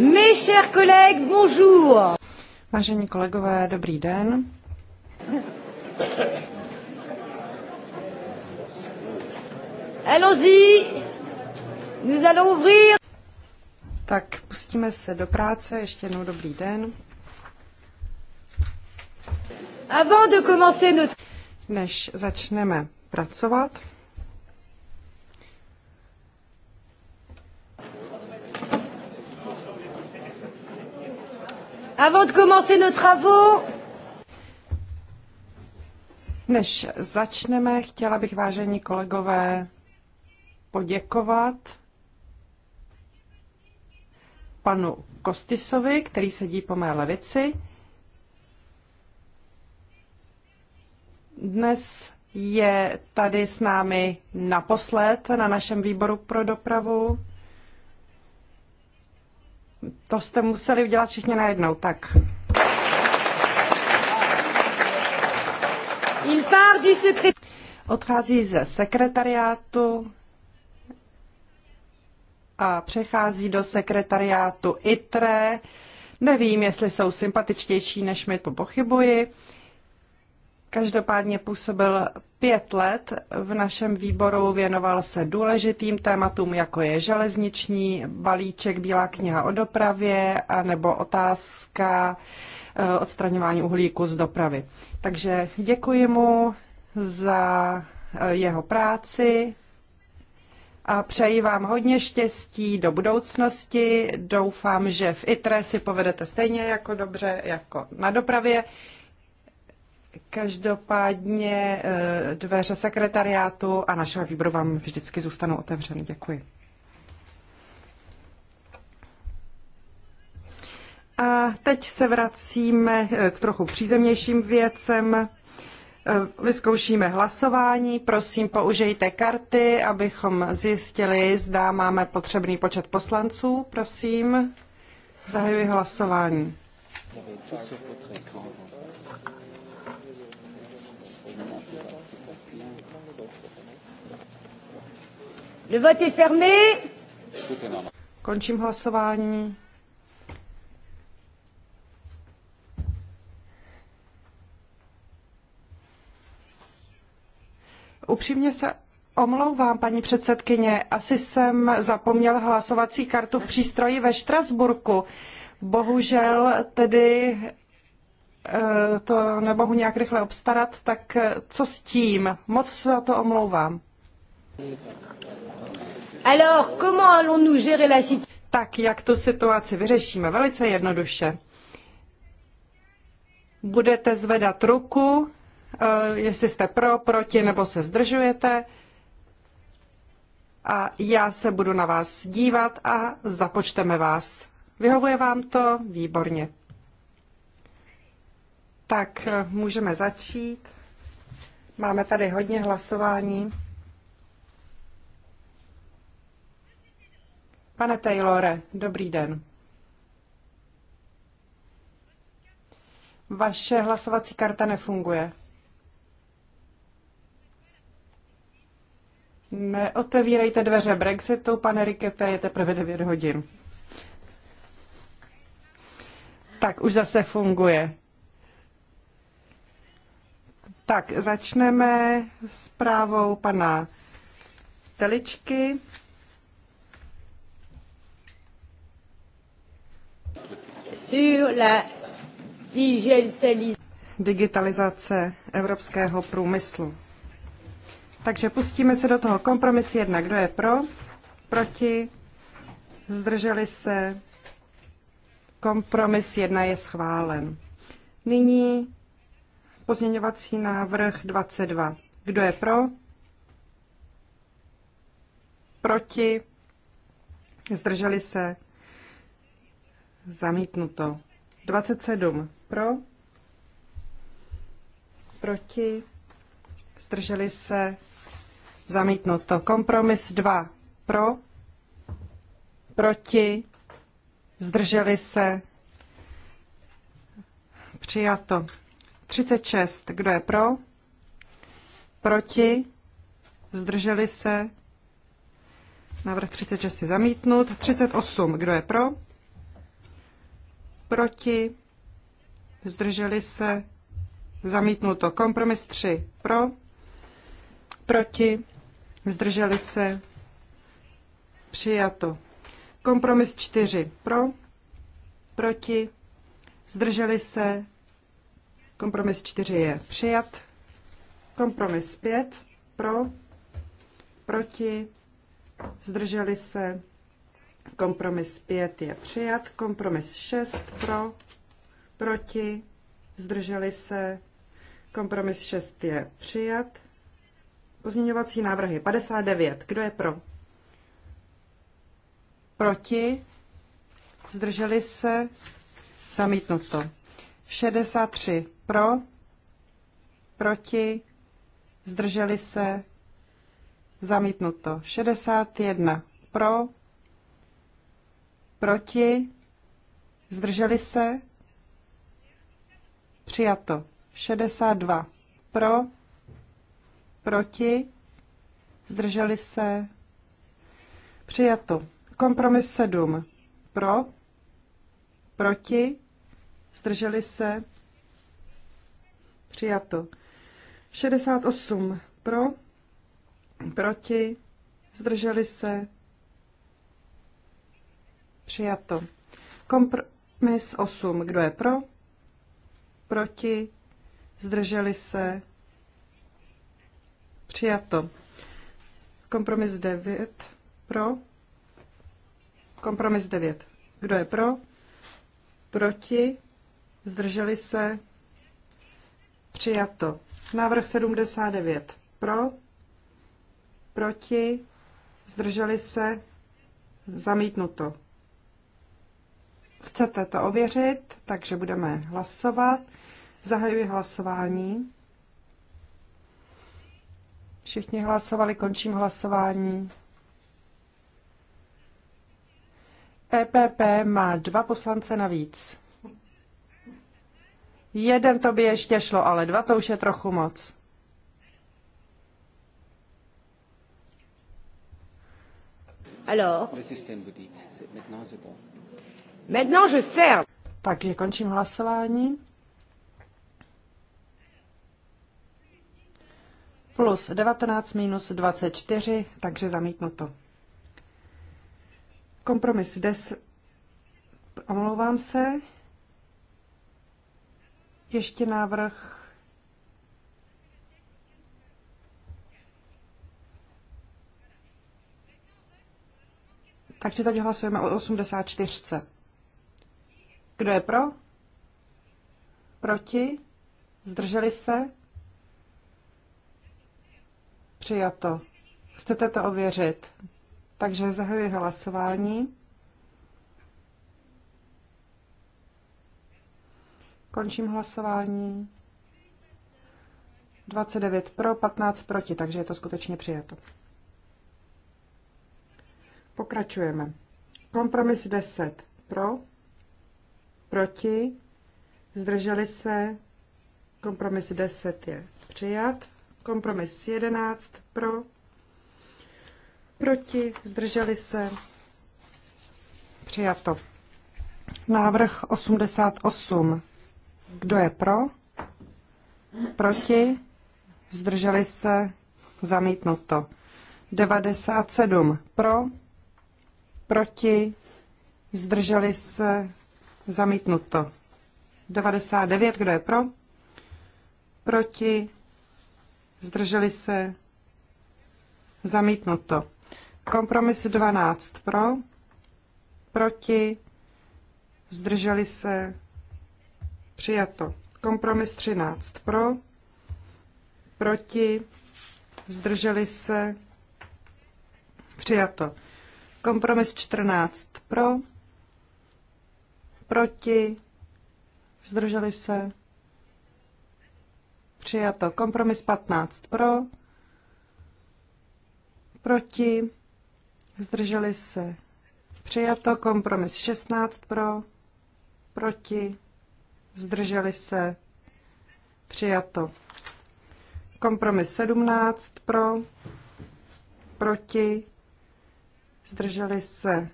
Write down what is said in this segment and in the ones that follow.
Mes chers collègues, bonjour. Vážení kolegové, dobrý den. Allons-y. Nous allons ouvrir. Tak pustíme se do práce. Ještě jednou dobrý den. Avant de commencer notre... Než začneme pracovat, Avant de commencer nos travaux, než začneme, chtěla bych, vážení kolegové, poděkovat panu Kostisovi, který sedí po mé levici. Dnes je tady s námi naposled na našem výboru pro dopravu to jste museli udělat všichni najednou, tak. Odchází ze sekretariátu a přechází do sekretariátu ITRE. Nevím, jestli jsou sympatičtější, než mi to pochybuji. Každopádně působil pět let v našem výboru, věnoval se důležitým tématům, jako je železniční balíček, bílá kniha o dopravě, nebo otázka eh, odstraňování uhlíku z dopravy. Takže děkuji mu za eh, jeho práci a přeji vám hodně štěstí do budoucnosti. Doufám, že v ITRE si povedete stejně jako dobře jako na dopravě. Každopádně eh, dveře sekretariátu a našeho výboru vám vždycky zůstanou otevřeny. Děkuji. A teď se vracíme eh, k trochu přízemnějším věcem. Eh, vyzkoušíme hlasování. Prosím, použijte karty, abychom zjistili, zda máme potřebný počet poslanců. Prosím, zahajuji hlasování. Le vote est fermé. Končím hlasování. Upřímně se omlouvám, paní předsedkyně. Asi jsem zapomněl hlasovací kartu v přístroji ve Štrasburku. Bohužel tedy eh, to nemohu nějak rychle obstarat, tak eh, co s tím? Moc se za to omlouvám. Alors, comment allons-nous gérer la situation? Tak, jak tu situaci vyřešíme? Velice jednoduše. Budete zvedat ruku, eh, jestli jste pro, proti nebo se zdržujete. A já se budu na vás dívat a započteme vás. Vyhovuje vám to? Výborně. Tak, eh, můžeme začít. Máme tady hodně hlasování. Pane Taylore, dobrý den. Vaše hlasovací karta nefunguje. Neotevírejte dveře Brexitu, pane Rikete, je teprve 9 hodin. Tak, už zase funguje. Tak, začneme s právou pana Teličky. digitalizace evropského průmyslu. Takže pustíme se do toho kompromis jedna. Kdo je pro? Proti? Zdrželi se? Kompromis jedna je schválen. Nyní pozměňovací návrh 22. Kdo je pro? Proti? Zdrželi se? Zamítnuto. 27 pro, proti, zdrželi se, zamítnuto. Kompromis 2 pro, proti, zdrželi se, přijato. 36, kdo je pro, proti, zdrželi se, návrh 36 je zamítnut. 38, kdo je pro, proti, zdrželi se, zamítnuto. Kompromis 3 pro, proti, zdrželi se, přijato. Kompromis 4 pro, proti, zdrželi se, kompromis 4 je přijat. Kompromis 5 pro, proti, zdrželi se, Kompromis 5 je přijat. Kompromis 6 pro, proti, zdrželi se. Kompromis 6 je přijat. Pozměňovací návrhy 59. Kdo je pro? Proti, zdrželi se, zamítnuto. 63 pro, proti, zdrželi se, zamítnuto. 61 pro, proti, zdrželi se, přijato. 62 pro, proti, zdrželi se, přijato. Kompromis 7 pro, proti, zdrželi se, přijato. 68 pro, proti, zdrželi se, Přijato. Kompromis 8. Kdo je pro? Proti? Zdrželi se? Přijato. Kompromis 9. Pro? Kompromis 9. Kdo je pro? Proti? Zdrželi se? Přijato. Návrh 79. Pro? Proti? Zdrželi se? Zamítnuto. Chcete to ověřit, takže budeme hlasovat. Zahajuji hlasování. Všichni hlasovali, končím hlasování. EPP má dva poslance navíc. Jeden to by ještě šlo, ale dva to už je trochu moc. Alors. Le système vous dit, maintenant c'est bon. Maintenant je ferme. Takže končím hlasování. Plus 19 minus 24, takže zamítnuto. Kompromis 10. Omlouvám se. Ještě návrh. Takže teď hlasujeme o 84. Kdo je pro? Proti? Zdrželi se? Přijato. Chcete to ověřit? Takže zahajuji hlasování. Končím hlasování. 29 pro, 15 proti, takže je to skutečně přijato. Pokračujeme. Kompromis 10 pro, proti, zdrželi se, kompromis 10 je přijat, kompromis 11 pro, proti, zdrželi se, přijato. Návrh 88. Kdo je pro? Proti? Zdrželi se? Zamítnuto. 97. Pro? Proti? Zdrželi se? Zamítnuto. 99, kdo je pro? Proti? Zdrželi se? Zamítnuto. Kompromis 12 pro? Proti? Zdrželi se? Přijato. Kompromis 13 pro? Proti? Zdrželi se? Přijato. Kompromis 14 pro? proti, zdrželi se, přijato. Kompromis 15 pro, proti, zdrželi se, přijato. Kompromis 16 pro, proti, zdrželi se, přijato. Kompromis 17 pro, proti, zdrželi se,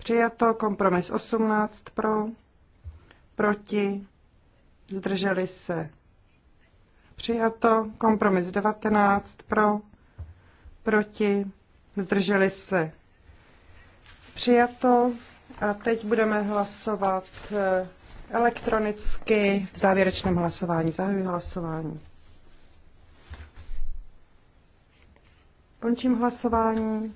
Přijato kompromis 18 pro, proti, zdrželi se. Přijato kompromis 19 pro, proti, zdrželi se. Přijato a teď budeme hlasovat eh, elektronicky v závěrečném hlasování. Zahajuji hlasování. Končím hlasování.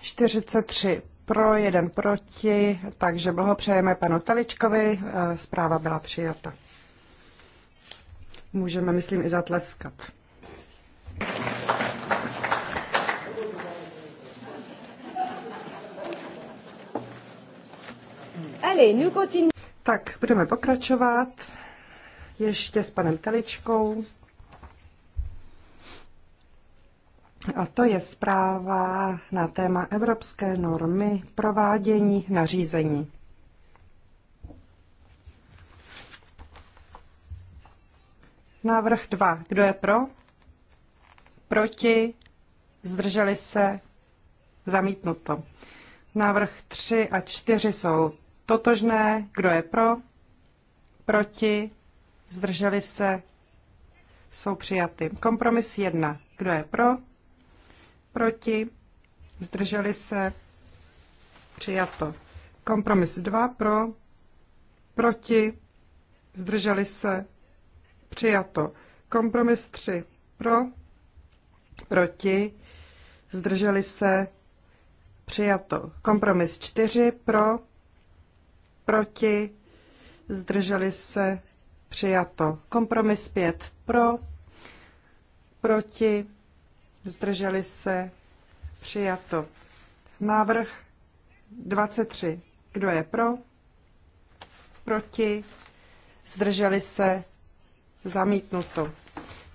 43 pro, jeden proti, takže blahopřejeme panu Taličkovi, e, zpráva byla přijata. Můžeme, myslím, i zatleskat. Tak, budeme pokračovat ještě s panem Taličkou. A to je zpráva na téma evropské normy provádění nařízení. Návrh 2. Kdo je pro? Proti? Zdrželi se? Zamítnuto. Návrh 3 a 4 jsou totožné. Kdo je pro? Proti? Zdrželi se? Jsou přijaty. Kompromis 1. Kdo je pro? proti, zdrželi se, přijato. Kompromis 2 pro, proti, zdrželi se, přijato. Kompromis 3 pro, proti, zdrželi se, přijato. Kompromis 4 pro, proti, zdrželi se, přijato. Kompromis 5 pro, proti, zdrželi se, přijato. Návrh 23. Kdo je pro? Proti? Zdrželi se? Zamítnuto.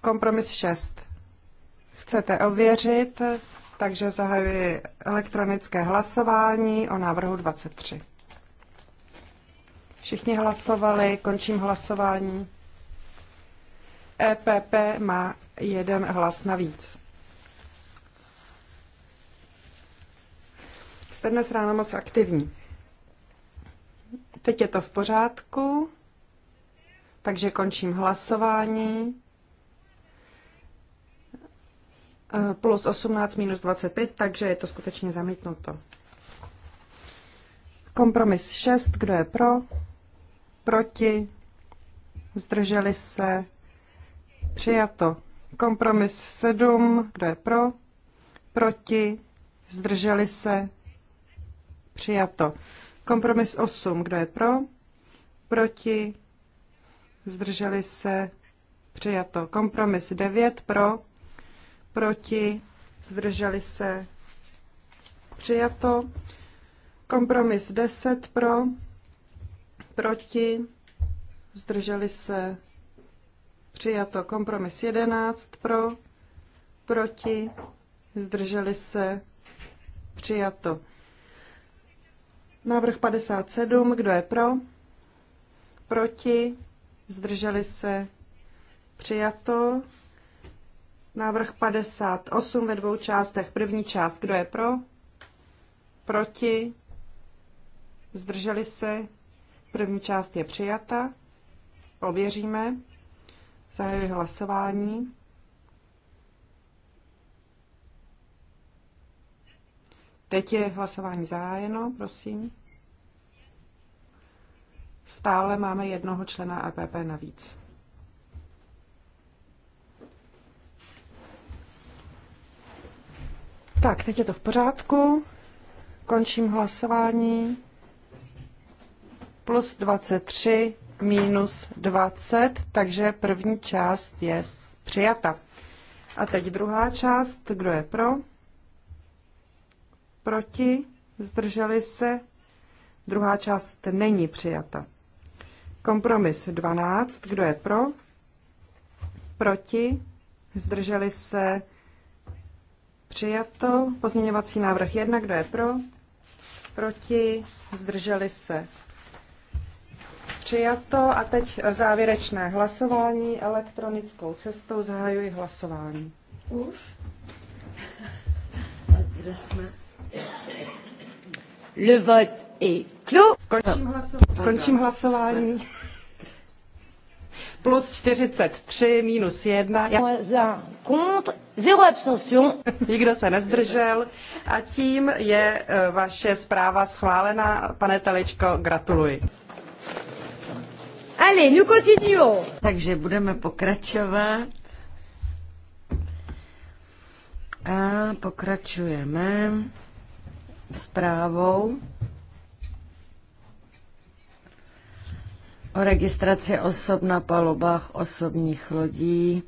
Kompromis 6. Chcete ověřit, takže zahajuji elektronické hlasování o návrhu 23. Všichni hlasovali, končím hlasování. EPP má jeden hlas navíc. jste dnes ráno moc aktivní. Teď je to v pořádku, takže končím hlasování. Eh, plus 18 minus 25, takže je to skutečně zamítnuto. Kompromis 6, kdo je pro? Proti? Zdrželi se? Přijato. Kompromis 7, kdo je pro? Proti? Zdrželi se? Přijato. Kompromis 8. Kdo je pro? Proti? Zdrželi se? Přijato. Kompromis 9. Pro? Proti? Zdrželi se? Přijato. Kompromis 10. Pro? Proti? Zdrželi se? Přijato. Kompromis 11. Pro? Proti? Zdrželi se? Přijato. Návrh 57, kdo je pro? Proti? Zdrželi se? Přijato. Návrh 58 ve dvou částech. První část, kdo je pro? Proti? Zdrželi se? První část je přijata. Ověříme. Zahajuji hlasování. Teď je hlasování zahájeno, prosím. Stále máme jednoho člena APP e navíc. Tak, teď je to v pořádku. Končím hlasování. Plus 23, minus 20, takže první část je přijata. A teď druhá část, kdo je pro? proti, zdrželi se, druhá část není přijata. Kompromis 12, kdo je pro, proti, zdrželi se, přijato. Pozměňovací návrh 1, kdo je pro, proti, zdrželi se, přijato. A teď závěrečné hlasování elektronickou cestou zahajuji hlasování. Už? kde jsme? Le vote est clos. Končím hlasování. Končím hlasování. Plus 43, minus 1. Já... Contre, zero abstention. Nikdo se nezdržel a tím je e, vaše zpráva schválena. Pane Telečko, gratuluji. Allez, nous continuons. Takže budeme pokračovat. A pokračujeme zprávou o registraci osob na palubách osobních lodí.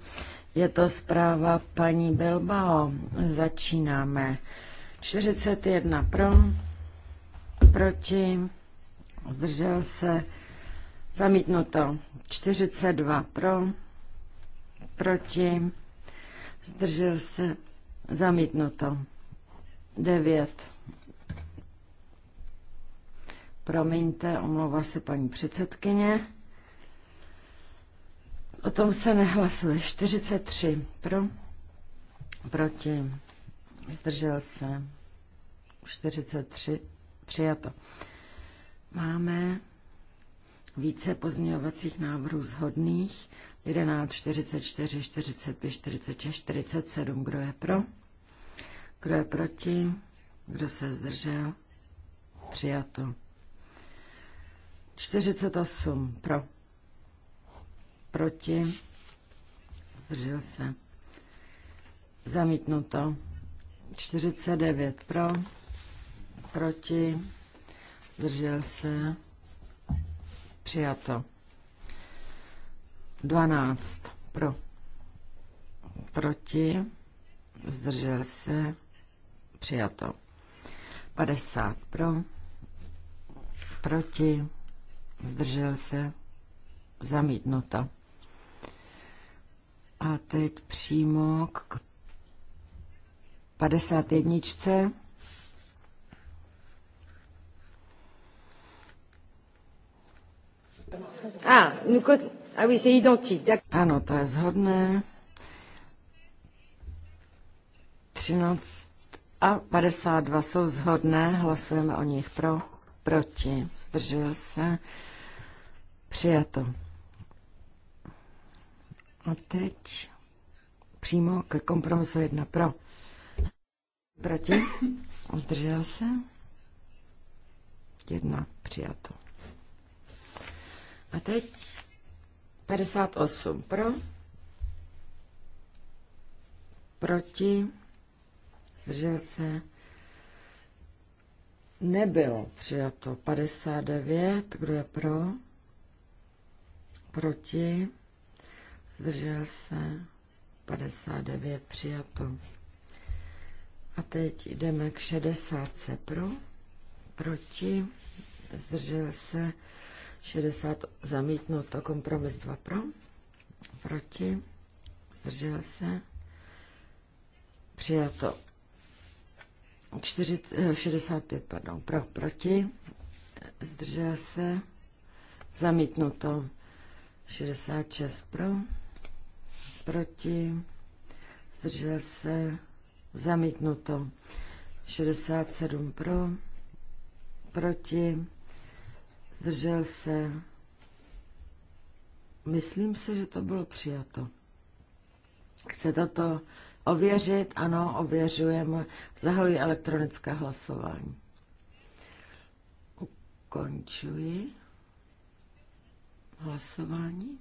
Je to zpráva paní Bilbao. Začínáme. 41 pro, proti, zdržel se, zamítnuto. 42 pro, proti, zdržel se, zamítnuto. 9 Promiňte, omlouvá se paní předsedkyně. O tom se nehlasuje. 43 pro, proti, zdržel se. 43 přijato. Máme více pozměňovacích návrhů zhodných. 11, 44, 45, 46, 47. Kdo je pro? Kdo je proti? Kdo se zdržel? Přijato. 48 pro. Proti. Zdržel se. Zamítnuto. 49 pro. Proti. Zdržel se. Přijato. 12 pro. Proti. Zdržel se. Přijato. 50 pro. Proti zdržel se, zamítnota A teď přímo k 51. Ah, nous... ah oui, Ano, to je zhodné. 13 a 52 jsou zhodné, hlasujeme o nich pro, proti, zdržel se, Přijato. A teď přímo ke kompromisu jedna pro. Proti? Zdržel se? Jedna přijato. A teď 58 pro. Proti? Zdržel se? Nebylo přijato. 59, kdo je pro? proti, zdržel se 59 přijato. A teď jdeme k 60 pro, proti, zdržel se 60 zamítnuto, kompromis 2 pro, proti, zdržel se, přijato 4, 65, eh, pardon, pro, proti, zdržel se, zamítnuto 66 pro, proti, zdržel se, zamítnuto. 67 pro, proti, zdržel se. Myslím se, že to bylo přijato. Chce toto ověřit? Ano, ověřujeme. Zahajuji elektronické hlasování. Ukončuji hlasování.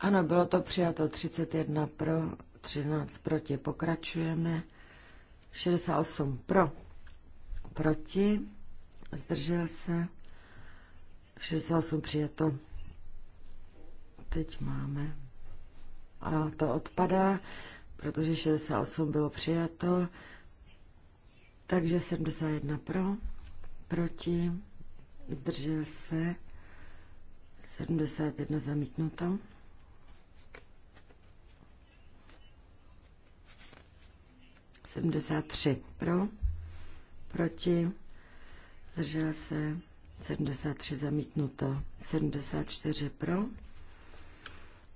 Ano, bylo to přijato 31 pro, 13 proti. Pokračujeme. 68 pro, proti, zdržel se. 68 přijato. Teď máme. A to odpadá, protože 68 bylo přijato. Takže 71 pro, proti, zdržel se. 71 zamítnuto. pro, proti, zdržel se, 73 zamítnuto, 74 pro,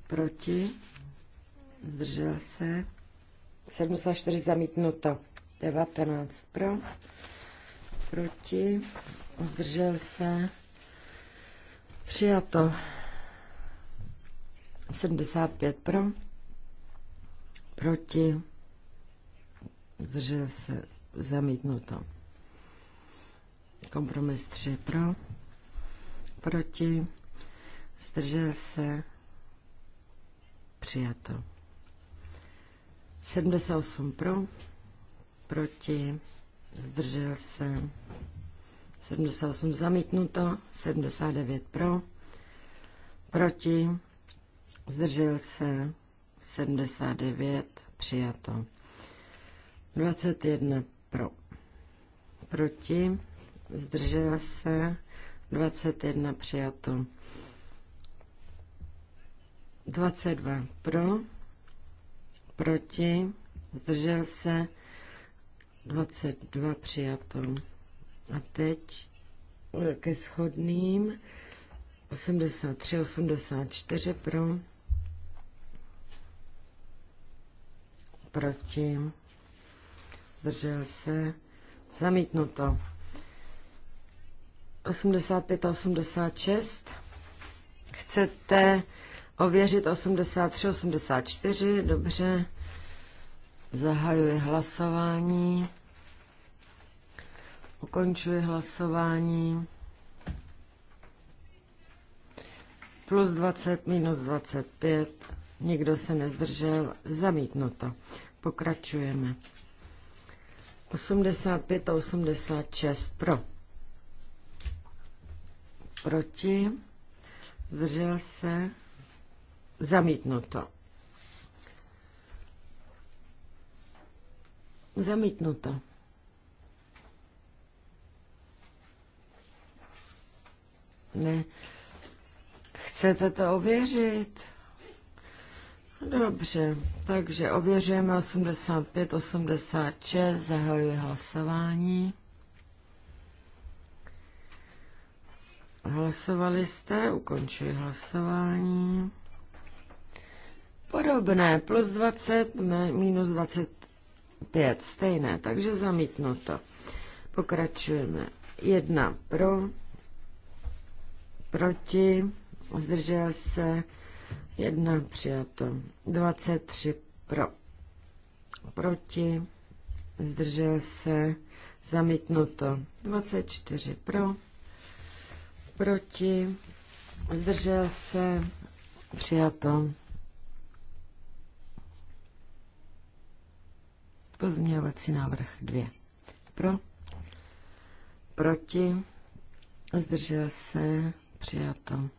proti, zdržel se, 74 zamítnuto, 19 pro, proti, zdržel se, Přijato 75 pro, proti, zdržel se, zamítnuto. Kompromis 3 pro, proti, zdržel se, přijato. 78 pro, proti, zdržel se, 78 zamítnuto, 79 pro, proti, zdržel se, 79 přijato, 21 pro, proti, zdržel se, 21 přijato, 22 pro, proti, zdržel se, 22 přijato. A teď ke shodným 83, 84 pro, proti, držel se, zamítnuto. 85 a 86. Chcete ověřit 83, 84, dobře. Zahajuji hlasování. Ukončuji hlasování. Plus 20, minus 25. Nikdo se nezdržel. Zamítnuto. Pokračujeme. 85 a 86 pro. Proti. Zdržel se. Zamítnuto. Zamítnuto. Ne. Chcete to ověřit? Dobře, takže ověřujeme 85, 86, zahajuji hlasování. Hlasovali jste, ukončuji hlasování. Podobné, plus 20, minus 25, stejné, takže zamítnuto. Pokračujeme. Jedna pro, proti, zdržel se, jedna přijato, 23 pro, proti, zdržel se, zamítnuto, 24 pro, proti, zdržel se, přijato. Pozměňovací návrh 2. Pro. Proti. Zdržel se. Přijato.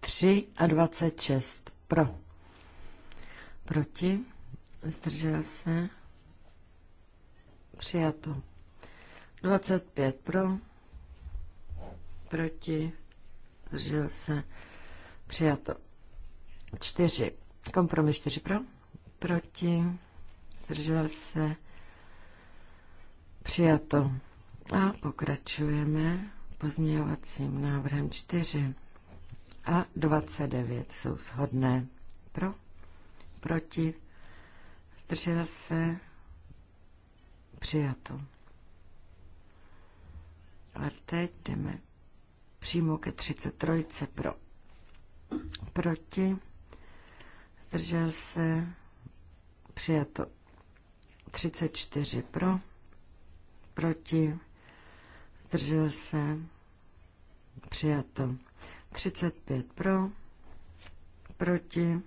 3 a 26. Pro. Proti. Zdržel se. Přijato. 25 pro. Proti. Zdržel se. Přijato. 4. Kompromis 4 pro. Proti. Zdržel se. Přijato. A pokračujeme pozměňovacím návrhem 4 a 29 jsou shodné. Pro, proti, zdržel se, přijato. Ale teď jdeme přímo ke 33 pro, proti, zdržel se, přijato. 34 pro, proti, zdržel se, Přijato. 35 pro, proti,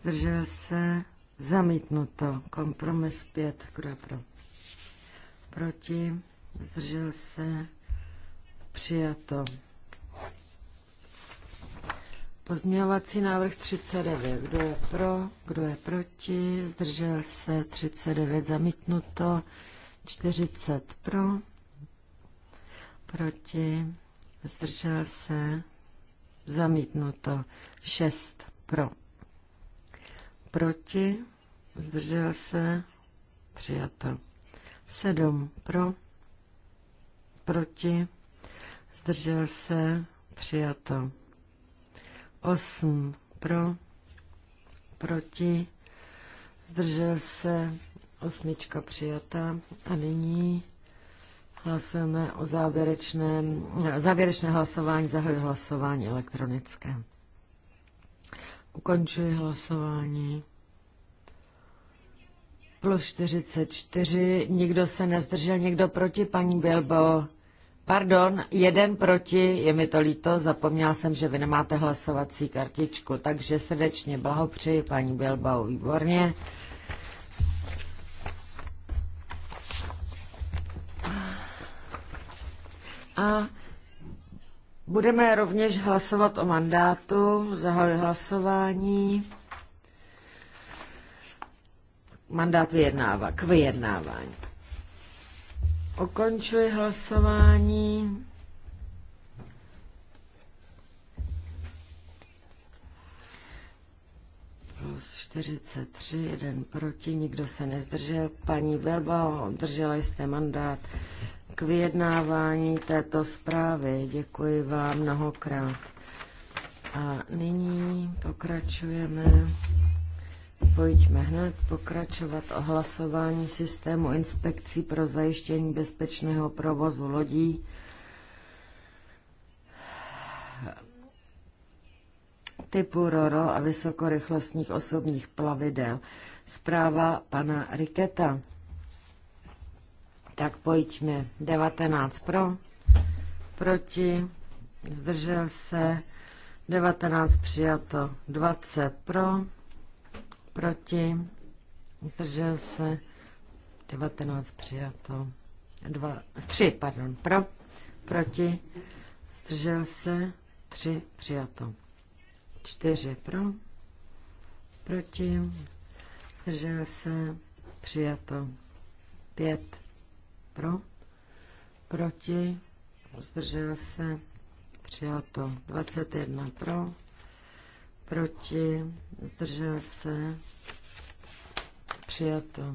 zdržel se, zamítnuto. Kompromis 5, kdo je pro? Proti, zdržel se, přijato. Pozměňovací návrh 39. Kdo je pro, kdo je proti, zdržel se 39, zamítnuto 40 pro, proti, zdržel se, zamítnuto. 6 pro, proti, zdržel se, přijato. 7 pro, proti, zdržel se, přijato. 8 pro, proti, zdržel se, osmička přijata. A nyní Hlasujeme o závěrečném, závěrečné hlasování, zahajuji hlasování elektronické. Ukončuji hlasování. Plus 44, nikdo se nezdržel, nikdo proti, paní Bilbo. Pardon, jeden proti, je mi to líto, zapomněl jsem, že vy nemáte hlasovací kartičku, takže srdečně blahopřeji, paní Bilbao, výborně. A budeme rovněž hlasovat o mandátu. Zahajuji hlasování. Mandát vyjednává, k vyjednávání. Okončuji hlasování. Plus 43, jeden proti, nikdo se nezdržel. Paní Velba, držela jste mandát k vyjednávání této zprávy. Děkuji vám mnohokrát. A nyní pokračujeme. Pojďme hned pokračovat o hlasování systému inspekcí pro zajištění bezpečného provozu lodí. typu RORO a vysokorychlostních osobních plavidel. Zpráva pana Riketa. Tak pojďme. 19 pro, proti, zdržel se, 19 přijato, 20 pro, proti, zdržel se, 19 přijato, 2, 3, pardon, pro, proti, zdržel se, 3 přijato, 4 pro, proti, zdržel se, přijato, 5 pro, proti, zdržel se, přijato 21 pro, proti, zdržel se, přijato.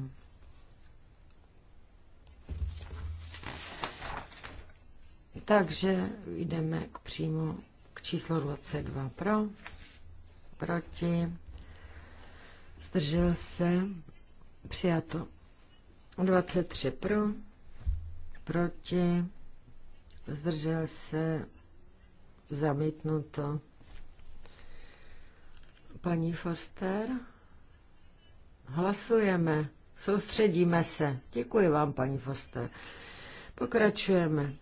Takže jdeme k přímo k číslu 22 pro, proti, zdržel se, přijato 23 pro, proti, zdržel se, zamítnuto. Paní Foster, hlasujeme, soustředíme se. Děkuji vám, paní Foster. Pokračujeme.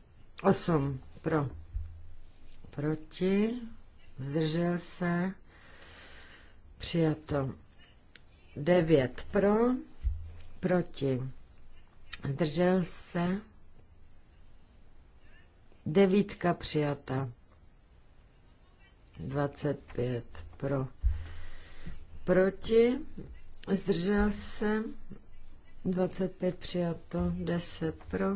8 pro, proti, zdržel se, přijato. 9 pro, proti, zdržel se, Devítka přijata. 25 pro. Proti. Zdržel se. 25 přijato. 10 pro.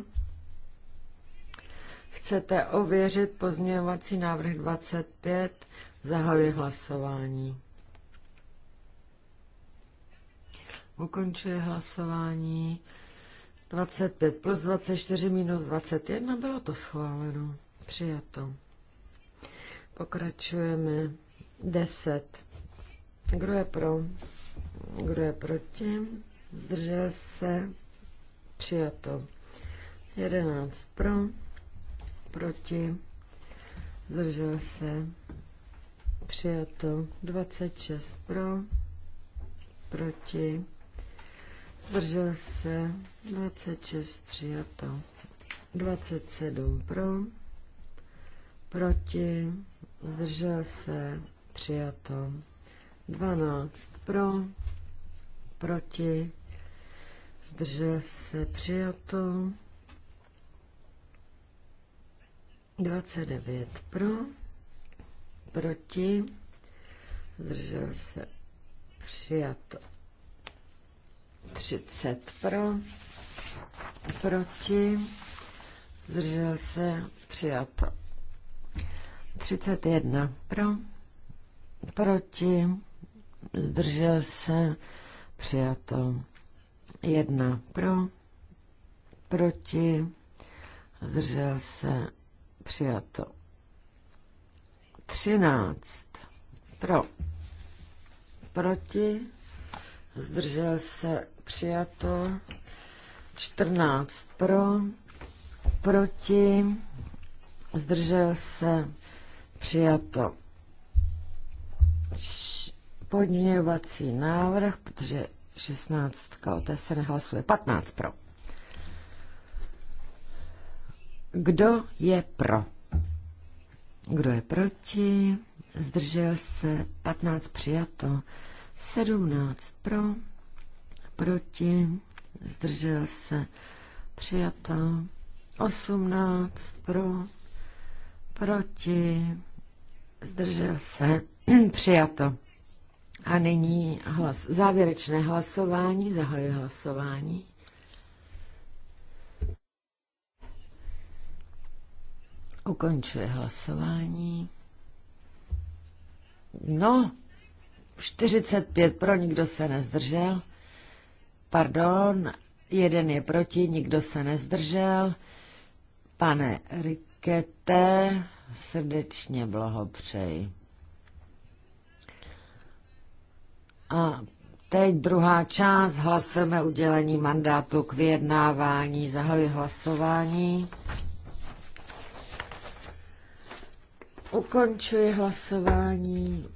Chcete ověřit pozměňovací návrh 25? Zahajuji hlasování. Ukončuji hlasování. 25 plus 24 minus 21 bylo to schváleno. Přijato. Pokračujeme. 10. Kdo je pro? Kdo je proti? Zdržel se? Přijato. 11 pro, proti, zdržel se, přijato. 26 pro, proti, zdržel se, 26 přijato, 27 pro, proti, zdržel se, přijato, 12 pro, proti, zdržel se, přijato, 29 pro, proti, zdržel se, přijato. 30 pro, proti, zdržel se, přijato. 31 pro, proti, zdržel se, přijato. 1 pro, proti, zdržel se, přijato. 13 pro, proti, zdržel se přijato, 14 pro, proti, zdržel se přijato podměňovací návrh, protože 16 o té se nehlasuje, 15 pro. Kdo je pro? Kdo je proti? Zdržel se 15 přijato. 17 pro, proti, zdržel se, přijato. 18 pro, proti, zdržel se, přijato. A nyní hlas, závěrečné hlasování, zahajuji hlasování. Ukončuje hlasování. No, 45 pro, nikdo se nezdržel. Pardon, jeden je proti, nikdo se nezdržel. Pane Rikete, srdečně blahopřeji. A teď druhá část. Hlasujeme udělení mandátu k vyjednávání. Zahajuji hlasování. Ukončuji hlasování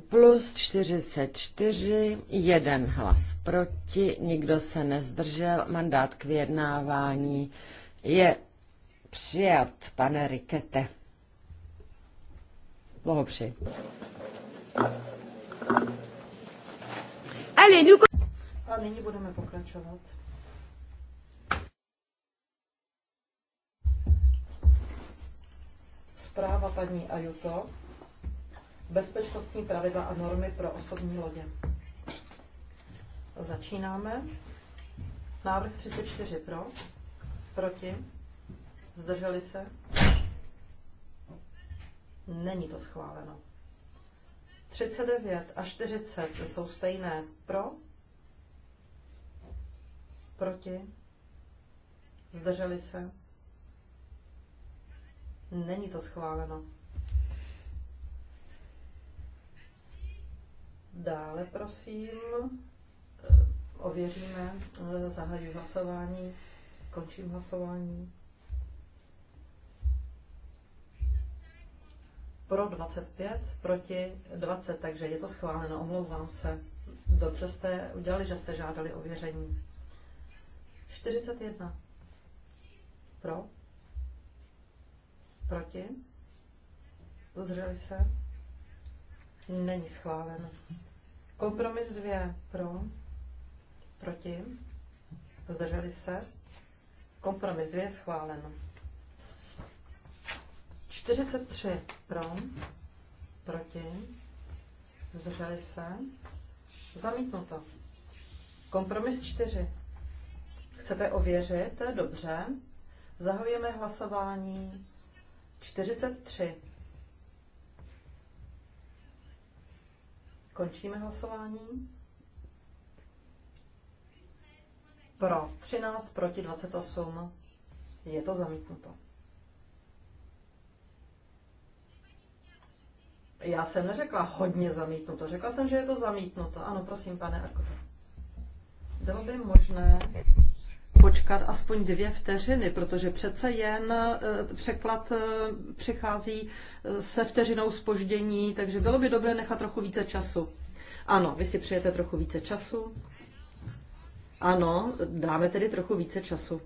plus 44, jeden hlas proti, nikdo se nezdržel, mandát k vyjednávání je přijat, pane Rikete. Blahopřeji. A nyní budeme pokračovat. Zpráva paní Ajuto bezpečnostní pravidla a normy pro osobní lodě. Začínáme. Návrh 34 pro, proti, zdrželi se. Není to schváleno. 39 a 40 jsou stejné pro, proti, zdrželi se. Není to schváleno. Dále prosím, eh, ověříme, eh, zahajuji hlasování, končím hlasování. Pro 25, proti 20, takže je to schváleno, omlouvám se. Dobře jste udělali, že jste žádali ověření. 41. Pro? Proti? Zdrželi se? Není schválen. Kompromis dvě pro, proti, zdrželi se. Kompromis dvě je schválen. 43 pro, proti, zdrželi se. Zamítnuto. Kompromis 4. Chcete ověřit? Dobře. Zahajujeme hlasování 43. Končíme hlasování. Pro 13, proti 28. Je to zamítnuto. Já jsem neřekla hodně zamítnuto, řekla jsem, že je to zamítnuto. Ano, prosím, pane Arkota. Bylo by možné počkat aspoň dvě vteřiny, protože přece jen e, překlad e, přichází e, se vteřinou spoždění, takže bylo by dobré nechat trochu více času. Ano, vy si přejete trochu více času. Ano, dáme tedy trochu více času.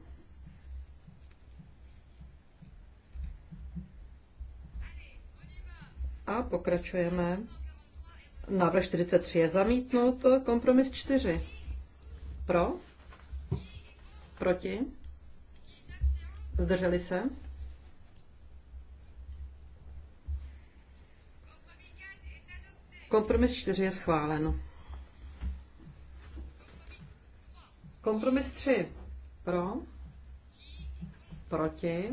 A pokračujeme. Návrh 43 je zamítnut, kompromis 4. Pro? Proti? Zdrželi se? Kompromis 4 je schválen. Kompromis 3. Pro. Proti.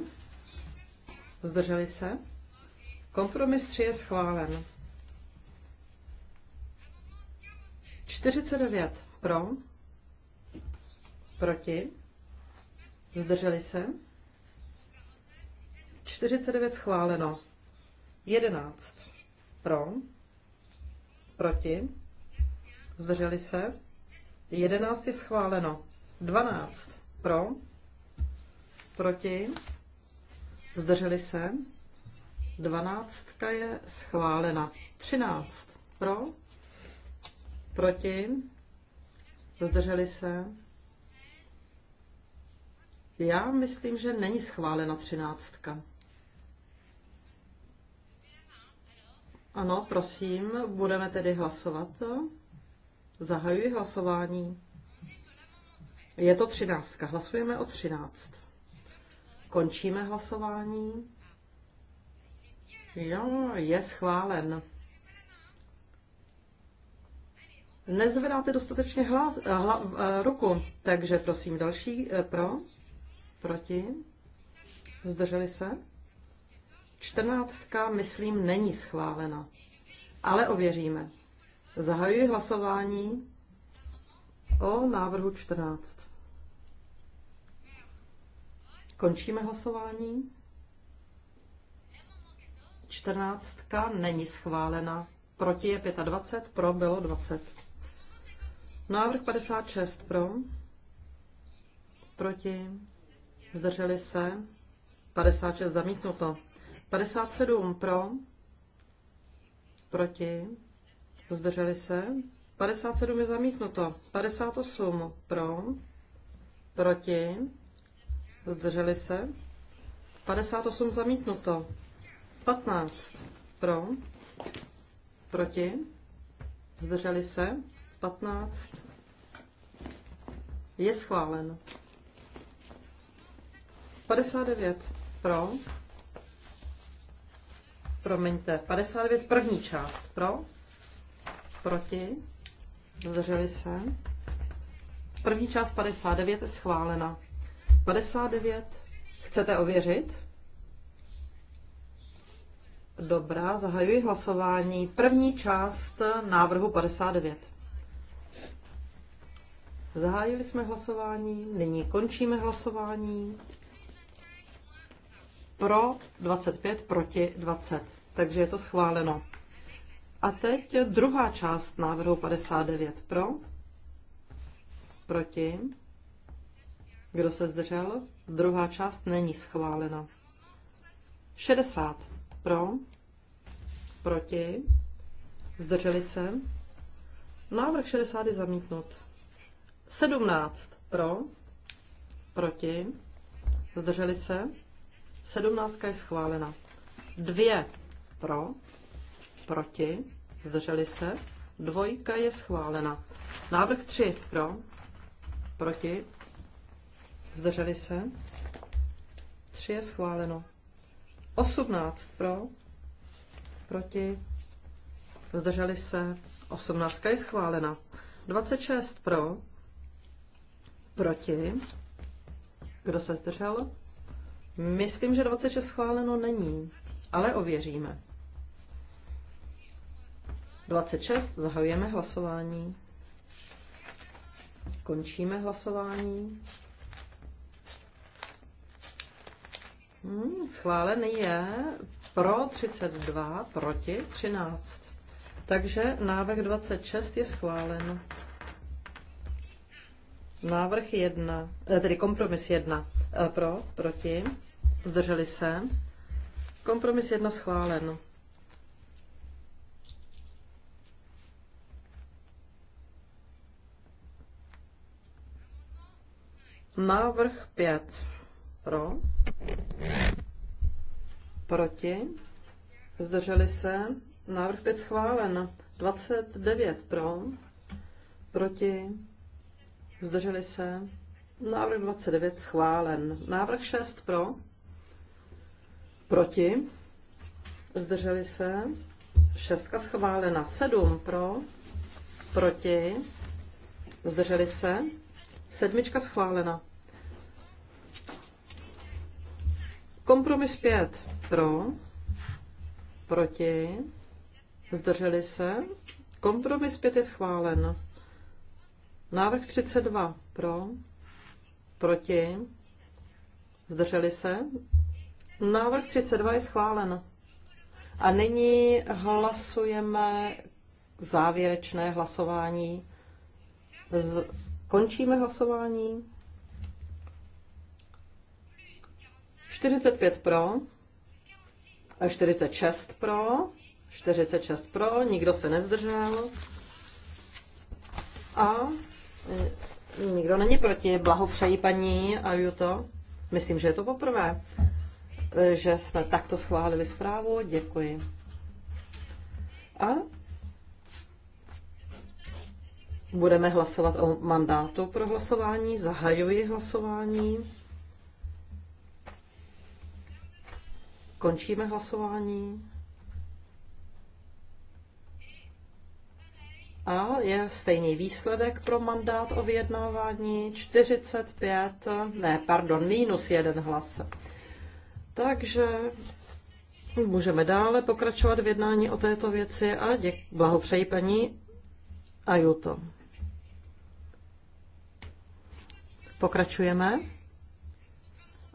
Zdrželi se. Kompromis 3 je schválen. 49. Pro. Proti. Zdrželi se? 49 schváleno. 11 pro. Proti. Zdrželi se? 11 je schváleno. 12 pro. Proti. Zdrželi se? 12 je schválena. 13 pro. Proti. Zdrželi se? Já myslím, že není schválena třináctka. Ano, prosím, budeme tedy hlasovat. Zahajuji hlasování. Je to třináctka. Hlasujeme o třináct. Končíme hlasování. Jo, je schválen. Nezvedáte dostatečně hlas, hla, eh, ruku, takže prosím další eh, pro. Proti? Zdrželi se? Čtrnáctka, myslím, není schválena. Ale ověříme. Zahajuji hlasování o návrhu 14. Končíme hlasování. Čtrnáctka není schválena. Proti je 25, pro bylo 20. Návrh 56 pro. Proti zdrželi se, 56 zamítnuto, 57 pro, proti, zdrželi se, 57 je zamítnuto, 58 pro, proti, zdrželi se, 58 zamítnuto, 15 pro, proti, zdrželi se, 15 je schválen. 59 pro. Promiňte, 59 první část pro. Proti. Zdrželi se. První část 59 je schválena. 59 chcete ověřit? Dobrá, zahajuji hlasování. První část návrhu 59. Zahájili jsme hlasování, nyní končíme hlasování pro 25, proti 20. Takže je to schváleno. A teď druhá část návrhu 59 pro, proti, kdo se zdržel? Druhá část není schválena. 60 pro, proti, zdrželi se. Návrh 60 je zamítnut. 17 pro, proti, zdrželi se. 17 je schválena. Dvě pro, proti, zdrželi se. Dvojka je schválena. Návrh tři pro, proti, zdrželi se. Tři je schváleno. Osmnáct pro, proti, zdrželi se. 18 je schválena. 26 pro, proti, kdo se zdržel? Myslím, že 26 schváleno není, ale ověříme. 26 zahajujeme hlasování. Končíme hlasování. Hmm, schválený je pro 32, proti 13. Takže návrh 26 je schválen. Návrh 1, eh, tedy kompromis 1 eh, pro, proti, Zdrželi se? Kompromis jedna schválen. Návrh 5. Pro. Proti. Zdrželi se. Návrh 5 schválen. 29 pro. Proti. Zdrželi se. Návrh 29 schválen. Návrh 6 pro. Proti? Zdrželi se? Šestka schválena. Sedm pro? Proti? Zdrželi se? Sedmička schválena. Kompromis pět pro? Proti? Zdrželi se? Kompromis pět je schválen. Návrh 32 pro? Proti? Zdrželi se? Návrh 32 je schválen. A nyní hlasujeme závěrečné hlasování. Z... Končíme hlasování. 45 pro, 46 pro, 46 pro, nikdo se nezdržel a e, nikdo není proti. Blahopřeji paní Ajuto. Myslím, že je to poprvé že jsme takto schválili zprávu. Děkuji. A budeme hlasovat o mandátu pro hlasování. Zahajuji hlasování. Končíme hlasování. A je stejný výsledek pro mandát o vyjednávání 45, ne, pardon, minus jeden hlas. Takže můžeme dále pokračovat v jednání o této věci a děk, blahopřeji paní Ajuto. Pokračujeme.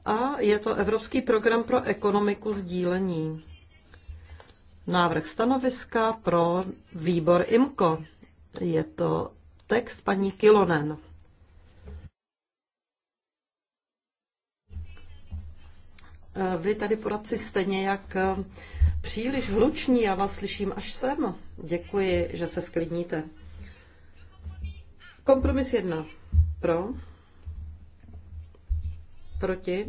A je to Evropský program pro ekonomiku sdílení. Návrh stanoviska pro výbor IMCO. Je to text paní Kilonen. Eh, vy tady poradci jste nějak eh, příliš hluční, já vás slyším až sem. Děkuji, že se sklidníte. Kompromis jedna. Pro. Proti.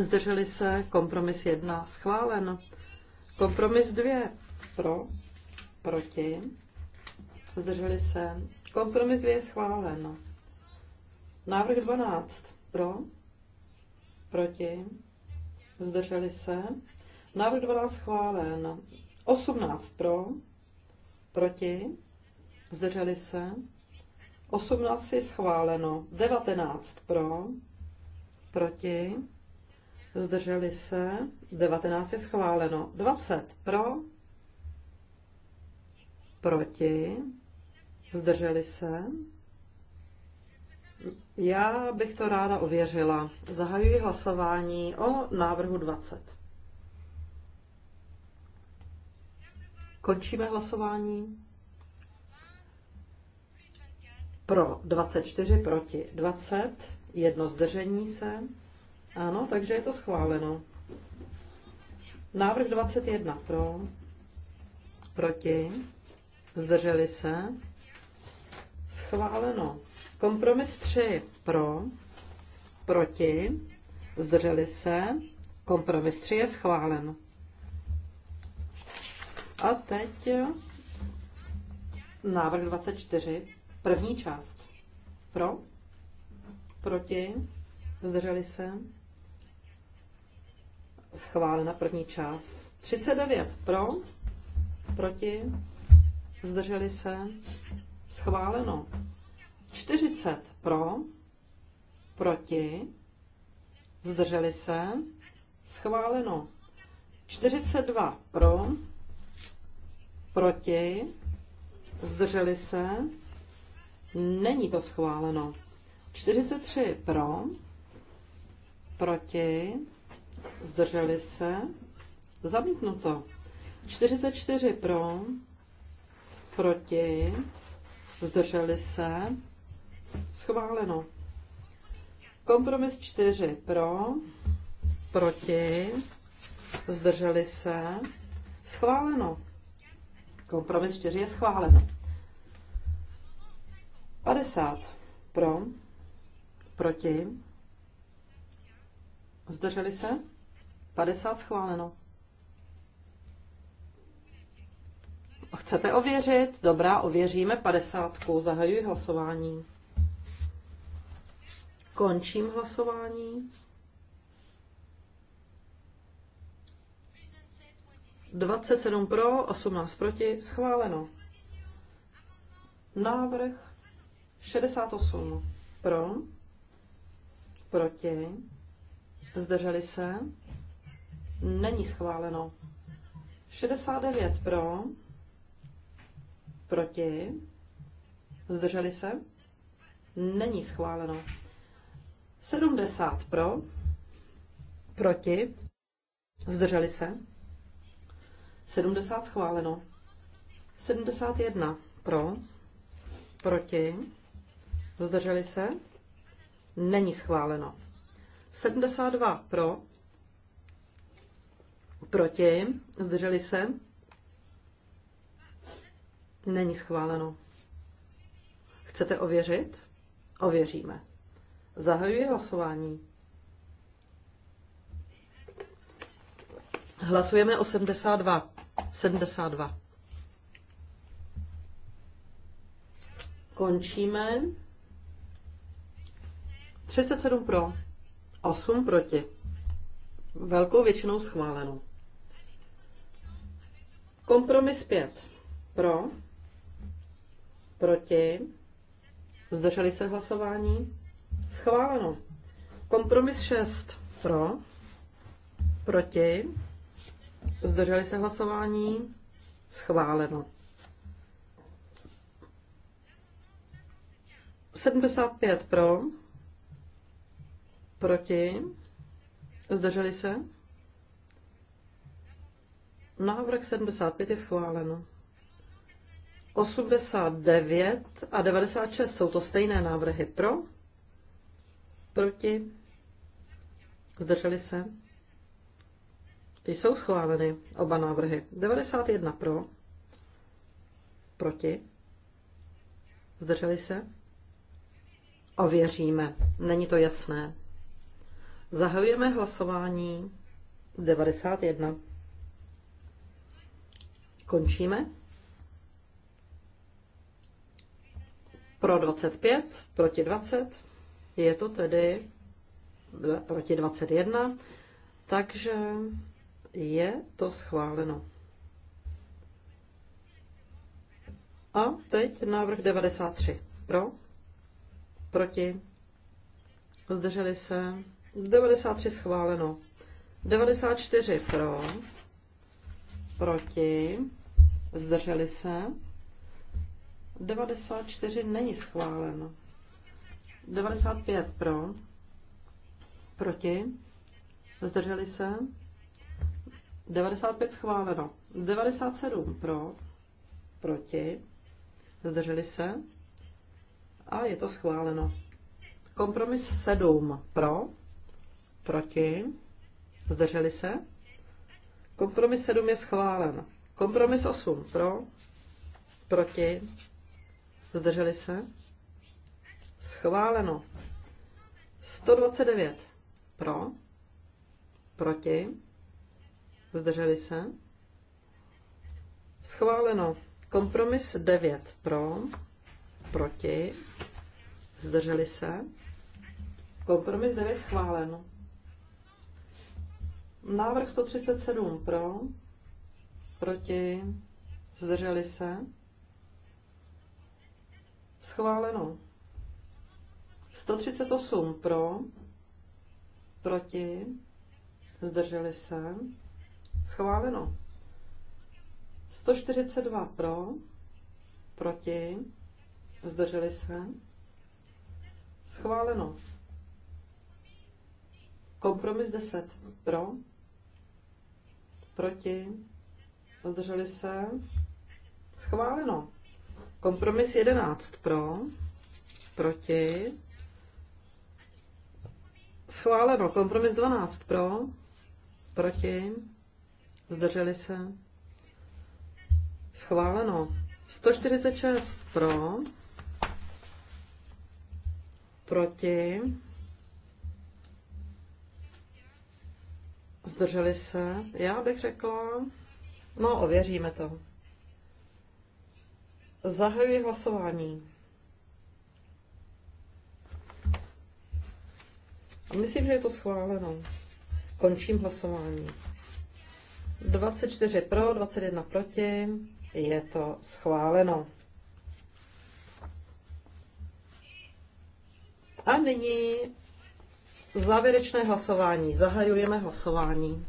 Zdrželi se. Kompromis jedna. Schválen. Kompromis dvě. Pro. Proti. Zdrželi se. Kompromis dvě schválen. Návrh 12. Pro proti, zdrželi se. Návrh 12 schválen. 18 pro, proti, zdrželi se. 18 je schváleno. 19 pro, proti, zdrželi se. 19 je schváleno. 20 pro, proti, zdrželi se. Já bych to ráda ověřila. Zahajuji hlasování o návrhu 20. Končíme hlasování. Pro 24, proti 20, jedno zdržení se. Ano, takže je to schváleno. Návrh 21 pro, proti, zdrželi se. Schváleno. Kompromis 3 pro, proti, zdrželi se, kompromis 3 je schválen. A teď návrh 24, první část. Pro, proti, zdrželi se, schválena první část. 39 pro, proti, zdrželi se, schváleno. 40 pro, proti, zdrželi se, schváleno. 42 pro, proti, zdrželi se, není to schváleno. 43 pro, proti, zdrželi se, zamítnuto. 44 pro, proti, zdrželi se, Schváleno. Kompromis 4 pro, proti, zdrželi se, schváleno. Kompromis 4 je schválen. 50 pro, proti, zdrželi se, 50 schváleno. Chcete ověřit? Dobrá, ověříme 50. Zahajuji hlasování. Končím hlasování. Dvacet sedm pro, osmnáct proti, schváleno. Návrh osm pro, proti, zdrželi se, není schváleno. Šedesát devět pro, proti, zdrželi se, není schváleno. 70 pro, proti, zdrželi se, 70 schváleno, 71 pro, proti, zdrželi se, není schváleno, 72 pro, proti, zdrželi se, není schváleno. Chcete ověřit? Ověříme. Zahajuji hlasování. Hlasujeme 82. 72. Končíme. 37 pro, 8 proti. Velkou většinou schváleno. Kompromis 5. Pro, proti, zdrželi se hlasování, Schváleno. Kompromis 6 pro, proti, zdrželi se hlasování, schváleno. 75 pro, proti, zdrželi se. Návrh 75 je schváleno. 89 a 96 jsou to stejné návrhy pro, proti, zdrželi se. Jsou schváleny oba návrhy. 91 pro, proti, zdrželi se. Ověříme, není to jasné. Zahajujeme hlasování 91. Končíme. Pro 25, proti 20. Je to tedy proti 21, takže je to schváleno. A teď návrh 93. Pro? Proti? Zdrželi se? 93 schváleno. 94 pro? Proti? Zdrželi se? 94 není schváleno. 95 pro, proti, zdrželi se, 95 schváleno, 97 pro, proti, zdrželi se a je to schváleno. Kompromis 7 pro, proti, zdrželi se. Kompromis 7 je schválen. Kompromis 8 pro, proti, zdrželi se. Schváleno. 129 pro, proti, zdrželi se. Schváleno. Kompromis 9 pro, proti, zdrželi se. Kompromis 9 schválen. Návrh 137 pro, proti, zdrželi se. Schváleno. 138 pro, proti, zdrželi se, schváleno. 142 pro, proti, zdrželi se, schváleno. Kompromis 10 pro, proti, zdrželi se, schváleno. Kompromis 11 pro, proti, Schváleno. Kompromis 12 pro, proti, zdrželi se. Schváleno. 146 pro, proti, zdrželi se. Já bych řekla, no ověříme to. Zahajuji hlasování. A Myslím, že je to schváleno. Končím hlasování. 24 pro, 21 proti. Je to schváleno. A nyní závěrečné hlasování. Zahajujeme hlasování.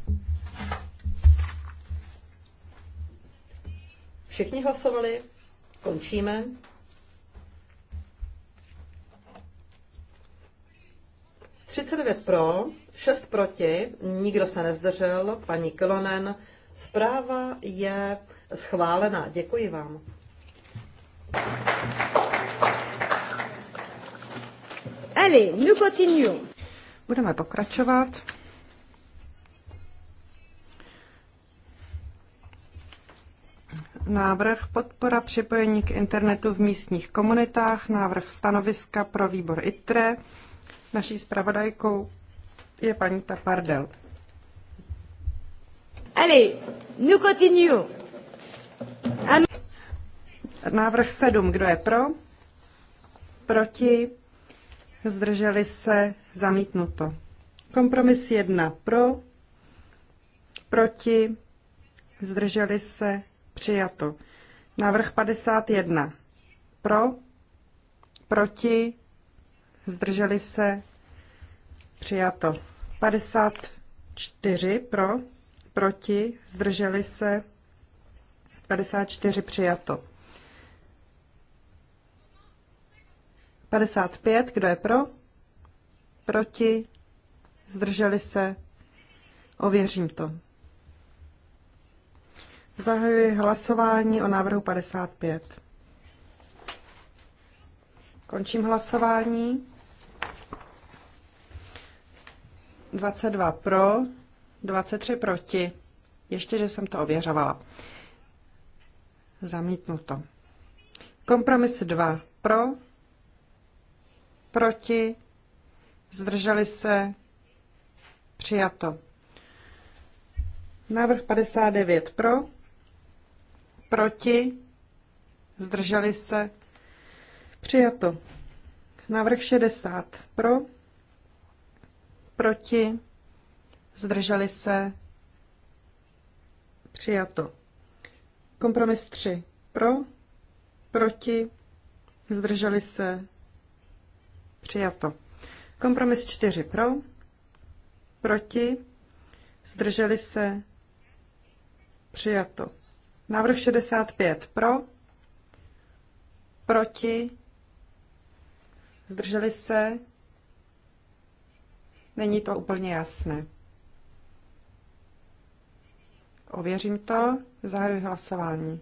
Všichni hlasovali? Končíme. 39 pro, 6 proti, nikdo se nezdržel, paní Kilonen. Zpráva je schválena. Děkuji vám. Allez, nous continuons. Budeme pokračovat. Návrh podpora připojení k internetu v místních komunitách, návrh stanoviska pro výbor ITRE. Naší zpravodajkou je paní Tapardel. Allez, nous continuons. An... Návrh 7. Kdo je pro? Proti? Zdrželi se? Zamítnuto. Kompromis 1. Pro? Proti? Zdrželi se? Přijato. Návrh 51. Pro? Proti? zdrželi se, přijato. 54 pro, proti, zdrželi se, 54 přijato. 55, kdo je pro? Proti? Zdrželi se? Ověřím to. Zahajuji hlasování o návrhu 55. Končím hlasování. 22 pro, 23 proti. Ještě, že jsem to ověřovala. Zamítnuto. Kompromis 2 pro, proti, zdrželi se, přijato. Návrh 59 pro, proti, zdrželi se, přijato. Návrh 60 pro, proti, zdrželi se, přijato. Kompromis 3 pro, proti, zdrželi se, přijato. Kompromis 4 pro, proti, zdrželi se, přijato. Návrh 65 pro, proti, zdrželi se, Není to úplně jasné. Ověřím to. Zahajuji hlasování.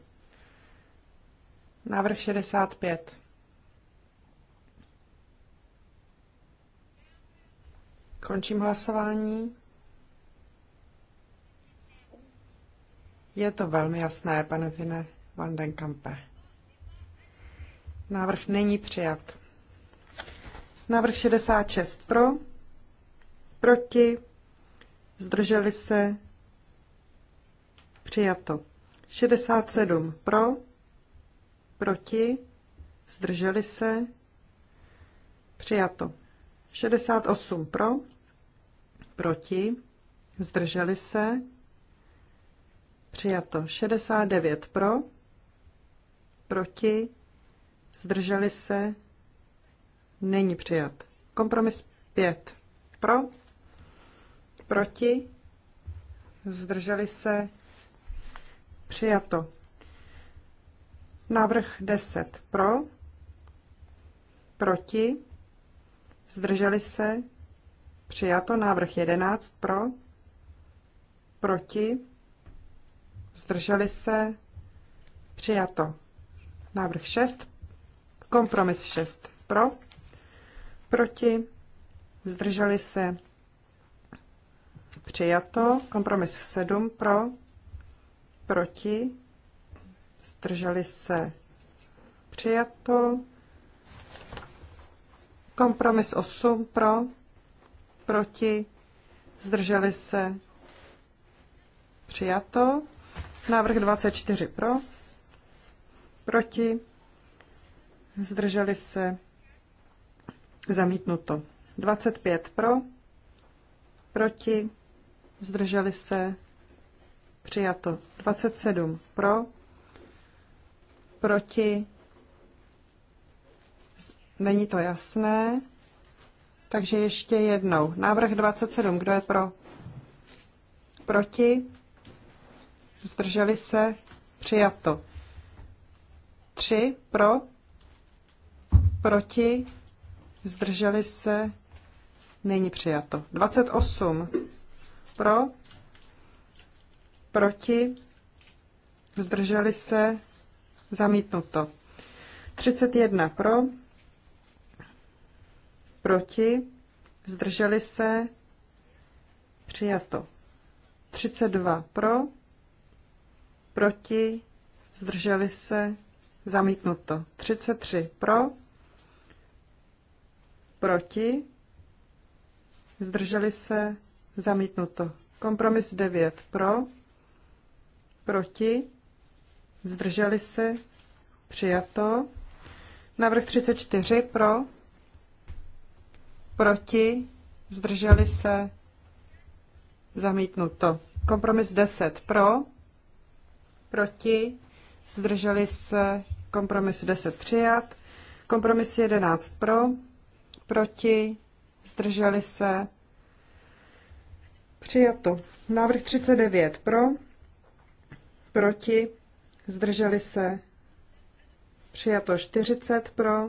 Návrh 65. Končím hlasování. Je to velmi jasné, pane Vine van den Kampe. Návrh není přijat. Návrh 66 pro proti, zdrželi se, přijato. 67 pro, proti, zdrželi se, přijato. 68 pro, proti, zdrželi se, přijato. 69 pro, proti, zdrželi se, není přijat. Kompromis 5 pro, proti, zdrželi se, přijato. Návrh 10 pro, proti, zdrželi se, přijato. Návrh 11 pro, proti, zdrželi se, přijato. Návrh 6, kompromis 6 pro, proti, zdrželi se, Přijato. Kompromis 7 pro. Proti. Zdrželi se. Přijato. Kompromis 8 pro. Proti. Zdrželi se. Přijato. Návrh 24 pro. Proti. Zdrželi se. Zamítnuto. 25 pro. Proti zdrželi se, přijato. 27 pro, proti, není to jasné, takže ještě jednou. Návrh 27, kdo je pro? Proti, zdrželi se, přijato. 3 pro, proti, zdrželi se, není přijato. 28 pro, proti, zdrželi se, zamítnuto. 31 pro, proti, zdrželi se, přijato. 32 pro, proti, zdrželi se, zamítnuto. 33 pro, proti, zdrželi se, Zamítnuto. Kompromis 9 pro, proti, zdrželi se, přijato. Návrh 34 pro, proti, zdrželi se, zamítnuto. Kompromis 10 pro, proti, zdrželi se, kompromis 10 přijat. Kompromis 11 pro, proti, zdrželi se, Přijato. Návrh 39 pro, proti, zdrželi se. Přijato 40 pro,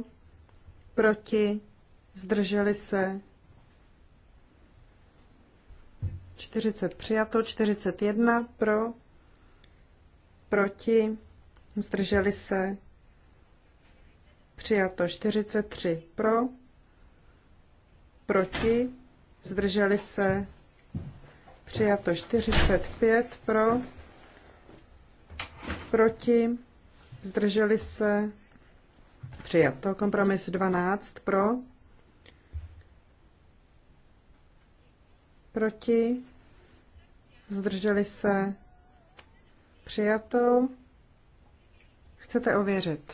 proti, zdrželi se. 40 přijato, 41 pro, proti, zdrželi se. Přijato 43 pro, proti, zdrželi se. Přijato 45 pro, proti, zdrželi se, přijato. Kompromis 12 pro, proti, zdrželi se, přijato. Chcete ověřit?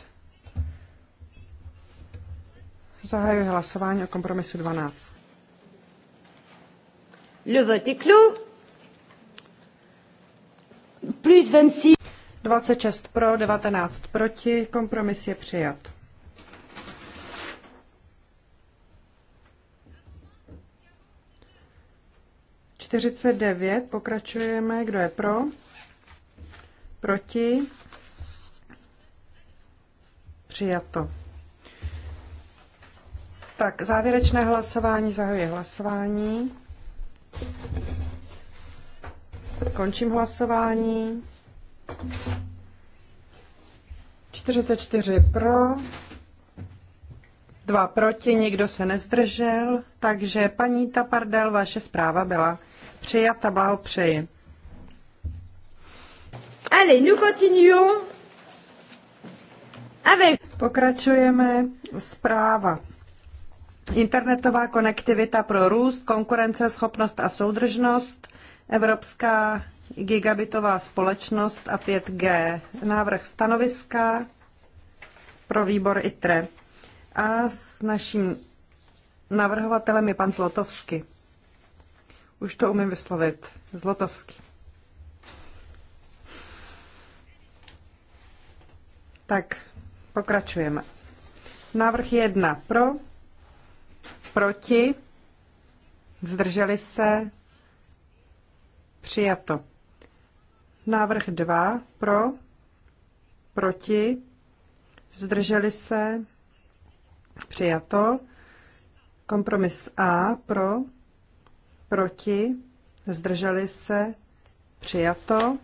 Zahajuji hlasování o kompromisu 12. Le vote est clos. 26 pro, 19 proti, kompromis je přijat. Čtyřicet devět, pokračujeme, kdo je pro, proti, přijato. Tak, závěrečné hlasování, zahajuji hlasování. Končím hlasování. 44 pro, 2 proti, nikdo se nezdržel, takže paní Tapardel, vaše zpráva byla přijata, blahopřeji. Allez, nous continuons avec... Pokračujeme zpráva. Internetová konektivita pro růst, konkurenceschopnost a soudržnost. Evropská gigabitová společnost a 5G. Návrh stanoviska pro výbor ITRE. A s naším navrhovatelem je pan Zlotovský. Už to umím vyslovit. Zlotovský. Tak, pokračujeme. Návrh jedna pro, proti, zdrželi se, Přijato. Návrh 2 pro, proti, zdrželi se, přijato. Kompromis A pro, proti, zdrželi se, přijato.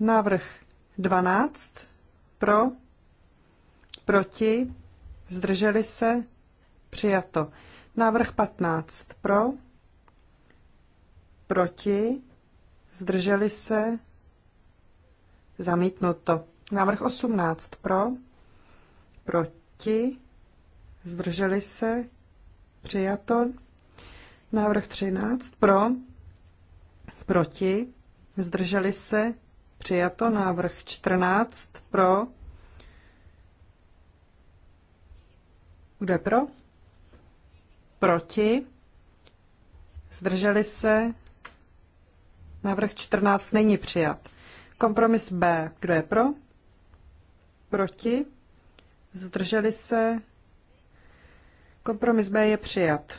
Návrh 12 pro, proti, zdrželi se, přijato. Návrh 15 pro, proti, zdrželi se, zamítnuto. Návrh 18 pro, proti, zdrželi se, přijato. Návrh 13 pro, proti, zdrželi se, přijato. Návrh 14 pro, kdo je pro? proti, zdrželi se, návrh 14 není přijat. Kompromis B, kdo je pro, proti, zdrželi se, kompromis B je přijat.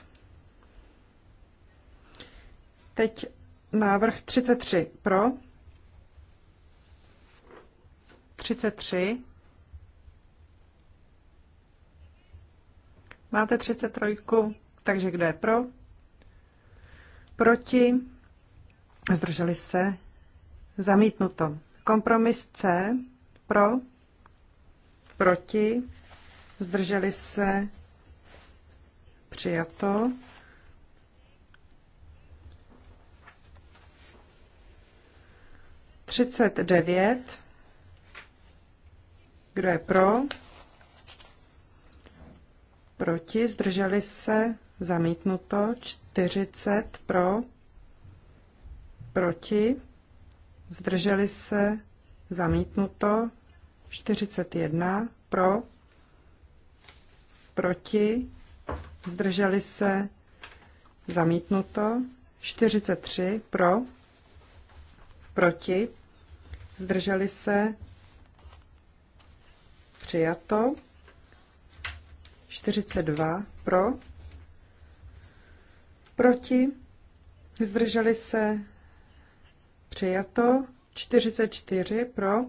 Teď návrh 33 pro, 33 Máte 33. Takže kdo je pro? Proti? Zdrželi se? Zamítnuto. Kompromis C. Pro? Proti? Zdrželi se? Přijato. Třicet devět. Kdo je pro? Proti? Zdrželi se? zamítnuto, 40 pro, proti, zdrželi se, zamítnuto, 41 pro, proti, zdrželi se, zamítnuto, 43 pro, proti, zdrželi se, přijato, 42 pro, Proti? Zdrželi se? Přijato. 44 pro?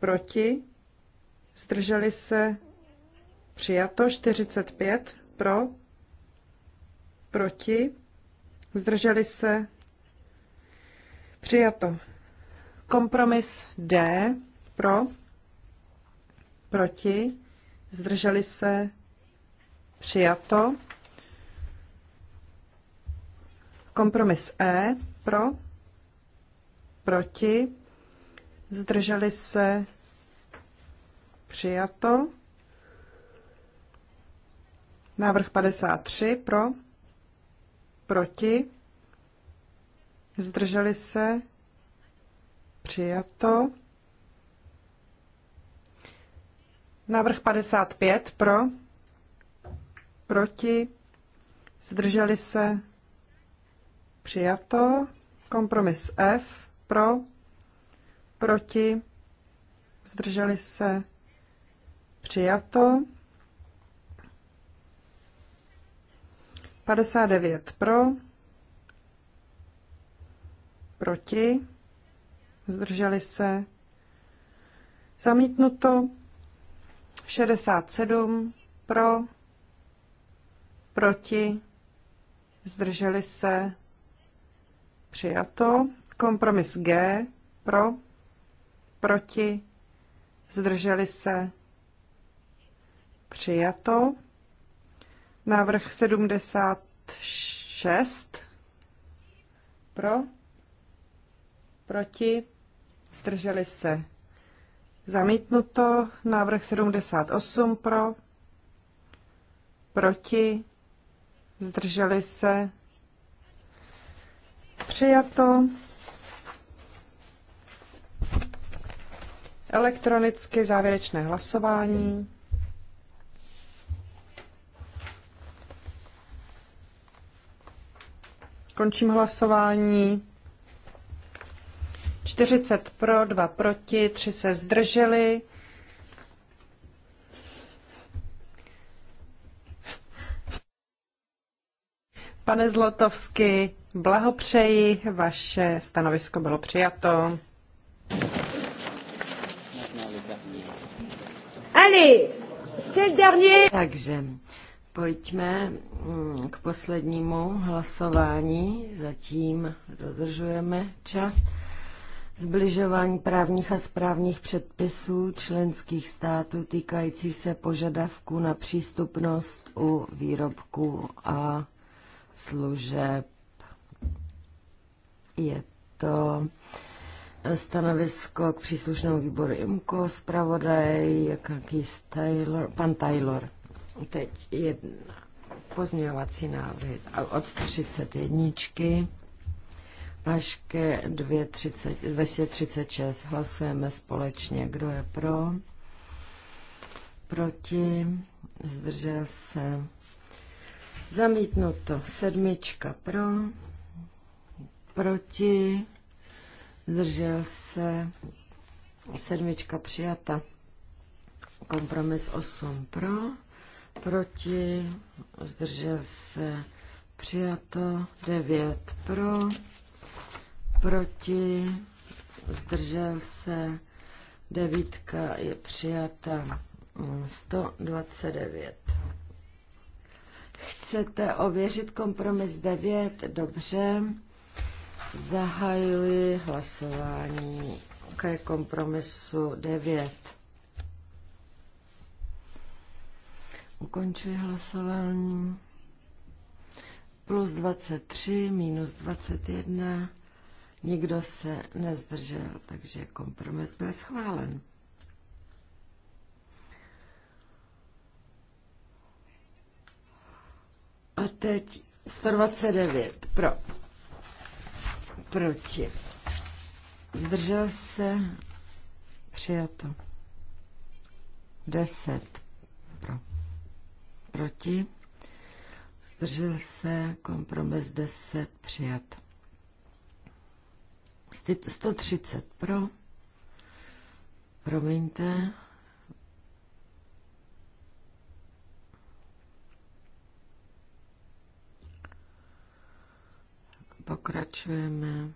Proti? Zdrželi se? Přijato. 45 pro? Proti? Zdrželi se? Přijato. Kompromis D pro, proti, zdrželi se, přijato. Kompromis E pro, proti, zdrželi se přijato. Návrh 53 pro, proti, zdrželi se přijato. Návrh 55 pro, proti, zdrželi se Přijato. Kompromis F pro, proti, zdrželi se, přijato. 59 pro, proti, zdrželi se, zamítnuto. 67 pro, proti, zdrželi se, Přijato. Kompromis G. Pro. Proti. Zdrželi se. Přijato. Návrh 76. Pro. Proti. Zdrželi se. Zamítnuto. Návrh 78 pro. Proti. Zdrželi se. Přijato. Elektronicky závěrečné hlasování. Končím hlasování. 40 pro, 2 proti, 3 se zdrželi. Pane Zlotovsky, blahopřeji, vaše stanovisko bylo přijato. Allez, c'est dernier. Takže pojďme mm, k poslednímu hlasování. Zatím dodržujeme čas. Zbližování právních a správních předpisů členských států týkajících se požadavků na přístupnost u výrobků a služeb. Je to stanovisko k příslušnému výboru IMCO, zpravodaj, jaký Taylor, pan Taylor. Teď jedna pozměňovací návrhy od 31 až ke 230, 236. Hlasujeme společně. Kdo je pro? Proti? Zdržel se? Zamítnuto. Sedmička pro. Proti. Zdržel se. Sedmička přijata. Kompromis 8 pro. Proti. Zdržel se. Přijato. 9 pro. Proti. Zdržel se. Devítka je přijata. 129 Chcete ověřit kompromis 9? Dobře. Zahajuji hlasování ke kompromisu 9. Ukončuji hlasování. Plus 23, minus 21. Nikdo se nezdržel, takže kompromis byl schválen. A teď 129 pro. Proti. Zdržel se. Přijato. 10 pro. Proti. Zdržel se. Kompromis 10 přijat. 130 pro. Promiňte. Pokračujeme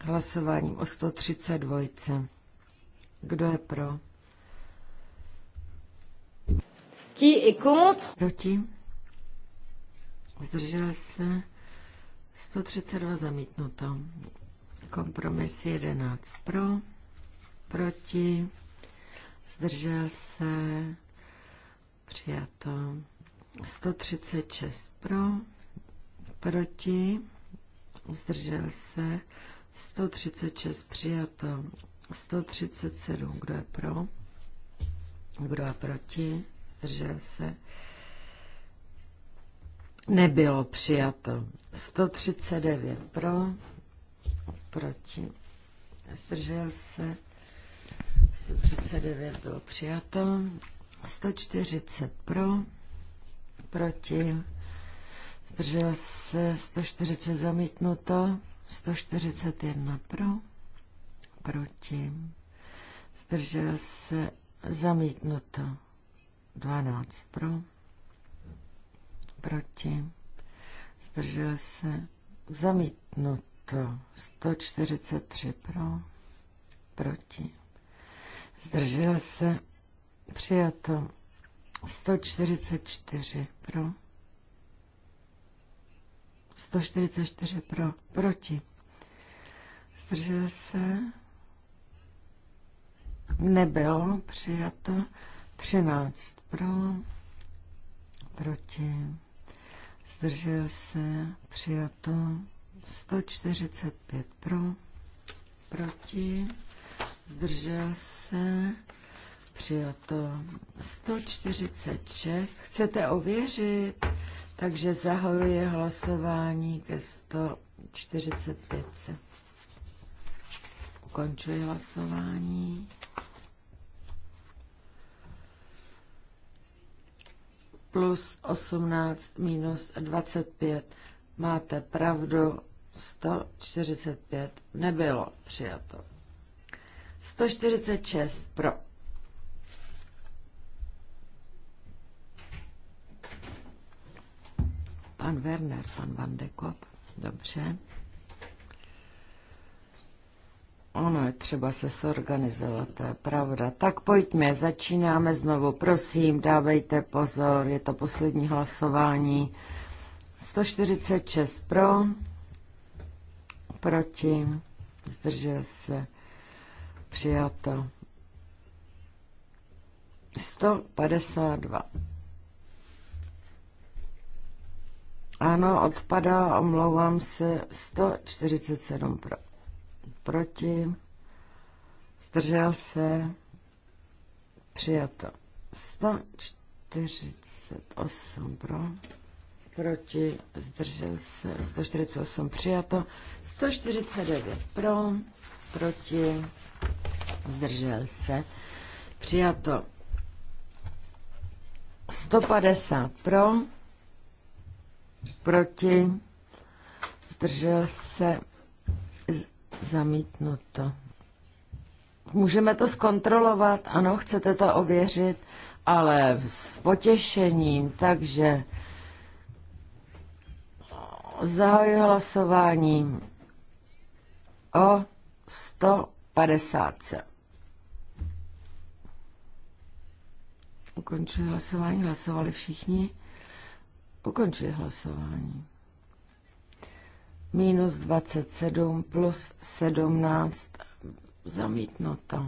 hlasováním o 132. Kdo je pro? Qui i contre? Proti. Zdržel se. 132 zamítnuto. Kompromis 11 pro. Proti. Zdržel se. Přijato. 136 pro proti, zdržel se, 136 přijato, 137, kdo je pro, kdo je proti, zdržel se, nebylo přijato, 139 pro, proti, zdržel se, 139 bylo přijato, 140 pro, proti, Zdržel se 140 zamítnuto, 141 pro, proti. Zdržel se zamítnuto, 12 pro, proti. Zdržel se zamítnuto, 143 pro, proti. Zdržel se přijato, 144 pro 144 pro, proti. Zdržel se. Nebylo přijato. 13 pro, proti. Zdržel se. Přijato. 145 pro, proti. Zdržel se. Přijato 146. Chcete ověřit? Takže zahajuji hlasování ke 145. Ukončuji hlasování. Plus 18, minus 25. Máte pravdu, 145 nebylo přijato. 146 pro Pan Werner, pan Van de Kop, dobře. Ono je třeba se sorganizovat, to je pravda. Tak pojďme, začínáme znovu. Prosím, dávejte pozor, je to poslední hlasování. 146 pro, proti, zdržel se, přijato. 152 Ano, odpadá, omlouvám se, 147 pro, proti, zdržel se, přijato, 148 pro, proti, zdržel se, 148 přijato, 149 pro, proti, zdržel se, přijato, 150 pro, proti, zdržel se, zamítnuto. Můžeme to zkontrolovat, ano, chcete to ověřit, ale s potěšením, takže zahajuji hlasování o 150. Ukončuji hlasování, hlasovali všichni. Ukončuji hlasování. Minus 27 plus 17 zamítnuto.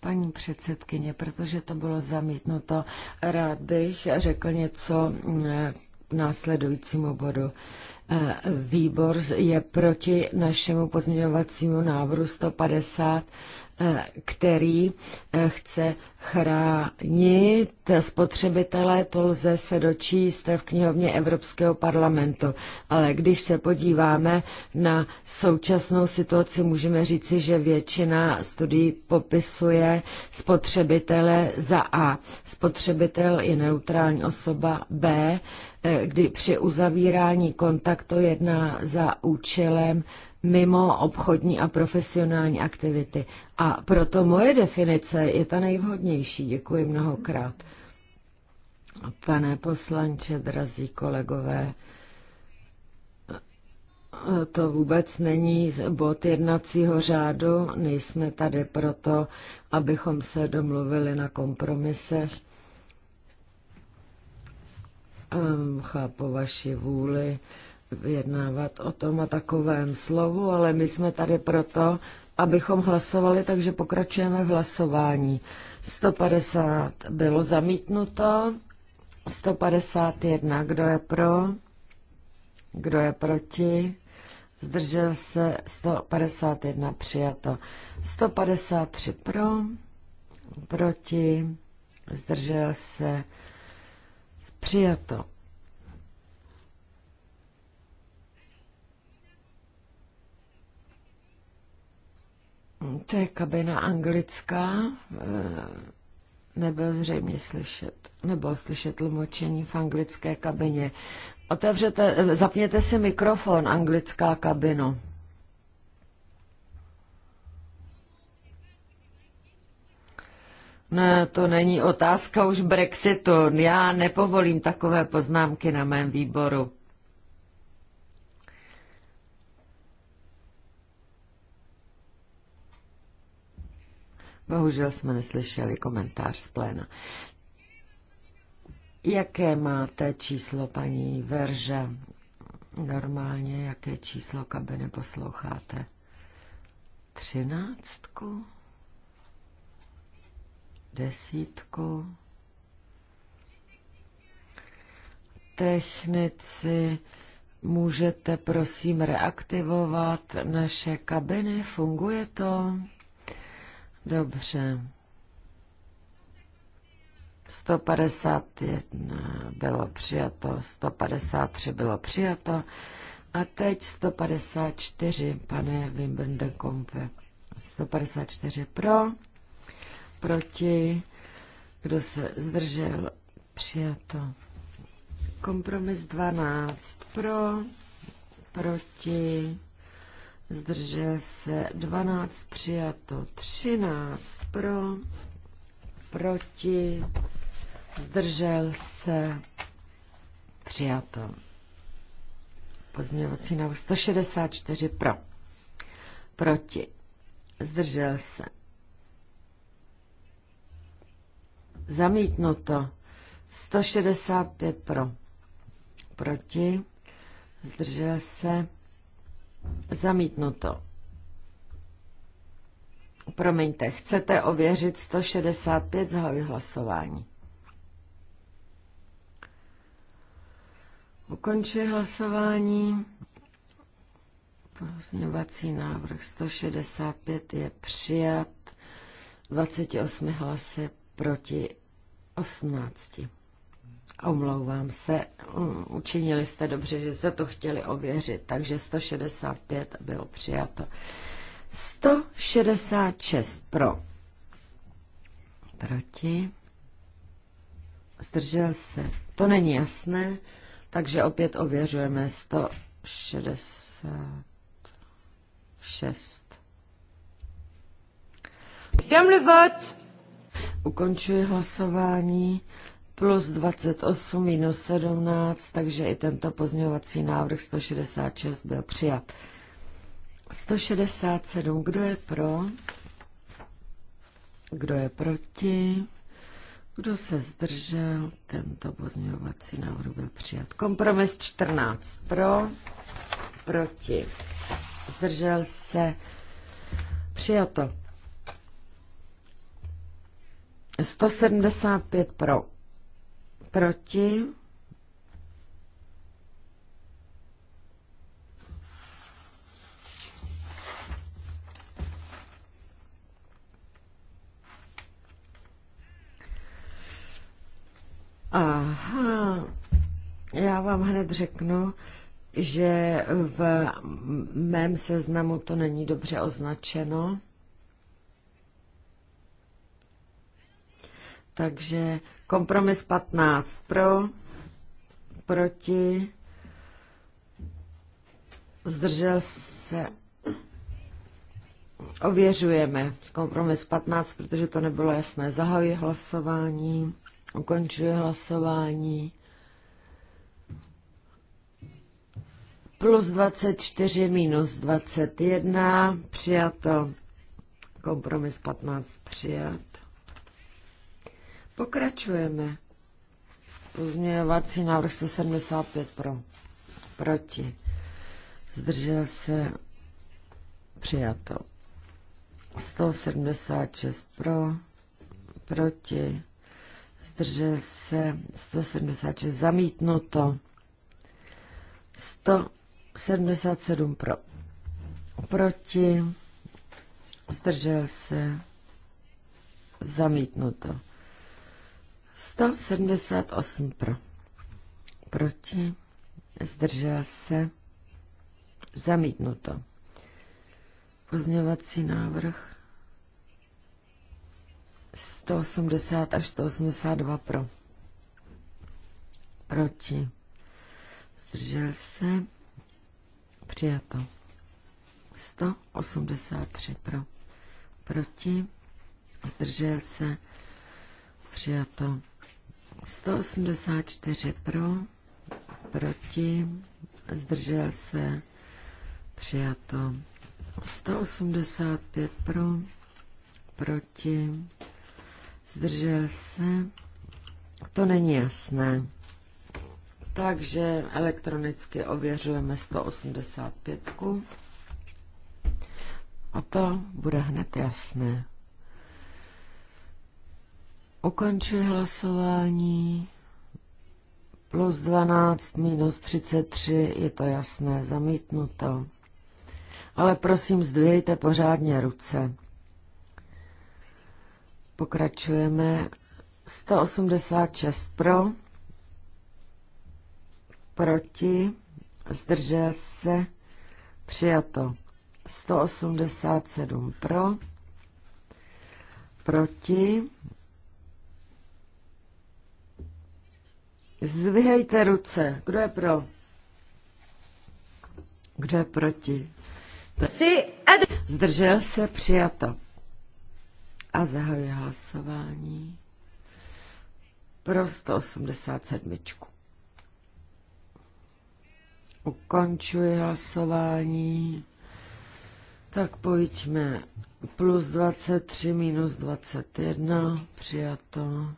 Paní předsedkyně, protože to bylo zamítnuto, rád bych řekl něco k následujícímu bodu. Výbor je proti našemu pozměňovacímu návrhu 150 který eh, chce chránit spotřebitele, to lze se dočíst v knihovně Evropského parlamentu. Ale když se podíváme na současnou situaci, můžeme říci, že většina studií popisuje spotřebitele za A. Spotřebitel je neutrální osoba B, eh, kdy při uzavírání kontaktu jedná za účelem mimo obchodní a profesionální aktivity. A proto moje definice je ta nejvhodnější. Děkuji mnohokrát. Pane poslanče, drazí kolegové, to vůbec není bod jednacího řádu, nejsme tady proto, abychom se domluvili na kompromisech. Ehm, chápu vaši vůli vyjednávat o tom a takovém slovu, ale my jsme tady proto, abychom hlasovali, takže pokračujeme v hlasování. 150 bylo zamítnuto, 151, kdo je pro, kdo je proti, zdržel se 151, přijato. 153 pro, proti, zdržel se, přijato. To je kabina anglická, eh, nebyl zřejmě slyšet, nebo slyšet tlumočení v anglické kabině. Otevřete, eh, zapněte si mikrofon, anglická kabino. Ne, to není otázka už Brexitu. Já nepovolím takové poznámky na mém výboru. Bohužel jsme neslyšeli komentář z pléna. Jaké máte číslo, paní Verže? Normálně, jaké číslo kabiny posloucháte? Třináctku? Desítku? Technici, můžete prosím reaktivovat naše kabiny? Funguje to? Dobře. 151 bylo přijato, 153 bylo přijato a teď 154, pane Kompe. 154 pro, proti, kdo se zdržel, přijato. Kompromis 12 pro, proti, zdržel se 12, přijato 13 pro, proti, zdržel se přijato. Pozměňovací návrh 164 pro, proti, zdržel se. Zamítnuto 165 pro, proti, zdržel se Zamítnuto. Promiňte, chcete ověřit 165 zahoji hlasování. Ukončuji hlasování. Pozměňovací návrh 165 je přijat 28 hlasy proti 18. Omlouvám se, učinili jste dobře, že jste to chtěli ověřit, takže 165 bylo přijato. 166 pro. Proti. Zdržel se. To není jasné, takže opět ověřujeme 166. Ferme le vote. Ukončuji hlasování plus 28 minus 17, takže i tento pozměňovací návrh 166 byl přijat. 167, kdo je pro? Kdo je proti? Kdo se zdržel? Tento pozměňovací návrh byl přijat. Kompromis 14 pro, proti. Zdržel se. Přijato. 175 pro Proti? Aha, já vám hned řeknu, že v mém seznamu to není dobře označeno. Takže kompromis 15 pro, proti, zdržel se. Ověřujeme kompromis 15, protože to nebylo jasné. Zahajuji hlasování, ukončuji hlasování. Plus 24 minus 21, přijato. Kompromis 15 přijat. Pokračujeme. Pozměňovací návrh 175 pro. Proti. Zdržel se. Přijato. 176 pro. Proti. Zdržel se. 176 zamítnuto. 177 pro. Proti. Zdržel se. Zamítnuto. 178 pro. Proti. zdržela se. Zamítnuto. Pozměňovací návrh 180 až 182 pro. Proti. Zdržel se. Přijato. 183 pro. Proti. Zdržel se. Přijato. 184 pro, proti, zdržel se, přijato. 185 pro, proti, zdržel se, to není jasné. Takže elektronicky ověřujeme 185. A to bude hned jasné. Ukončuji hlasování. Plus 12, minus 33, je to jasné, zamítnuto. Ale prosím, zdvějte pořádně ruce. Pokračujeme. 186 pro, proti, zdržel se, přijato. 187 pro, proti, Zvihejte ruce. Kdo je pro? Kdo je proti? Zdržel se přijato. A zahajuji hlasování pro 187. Ukončuji hlasování. Tak pojďme. Plus 23, minus 21, přijato.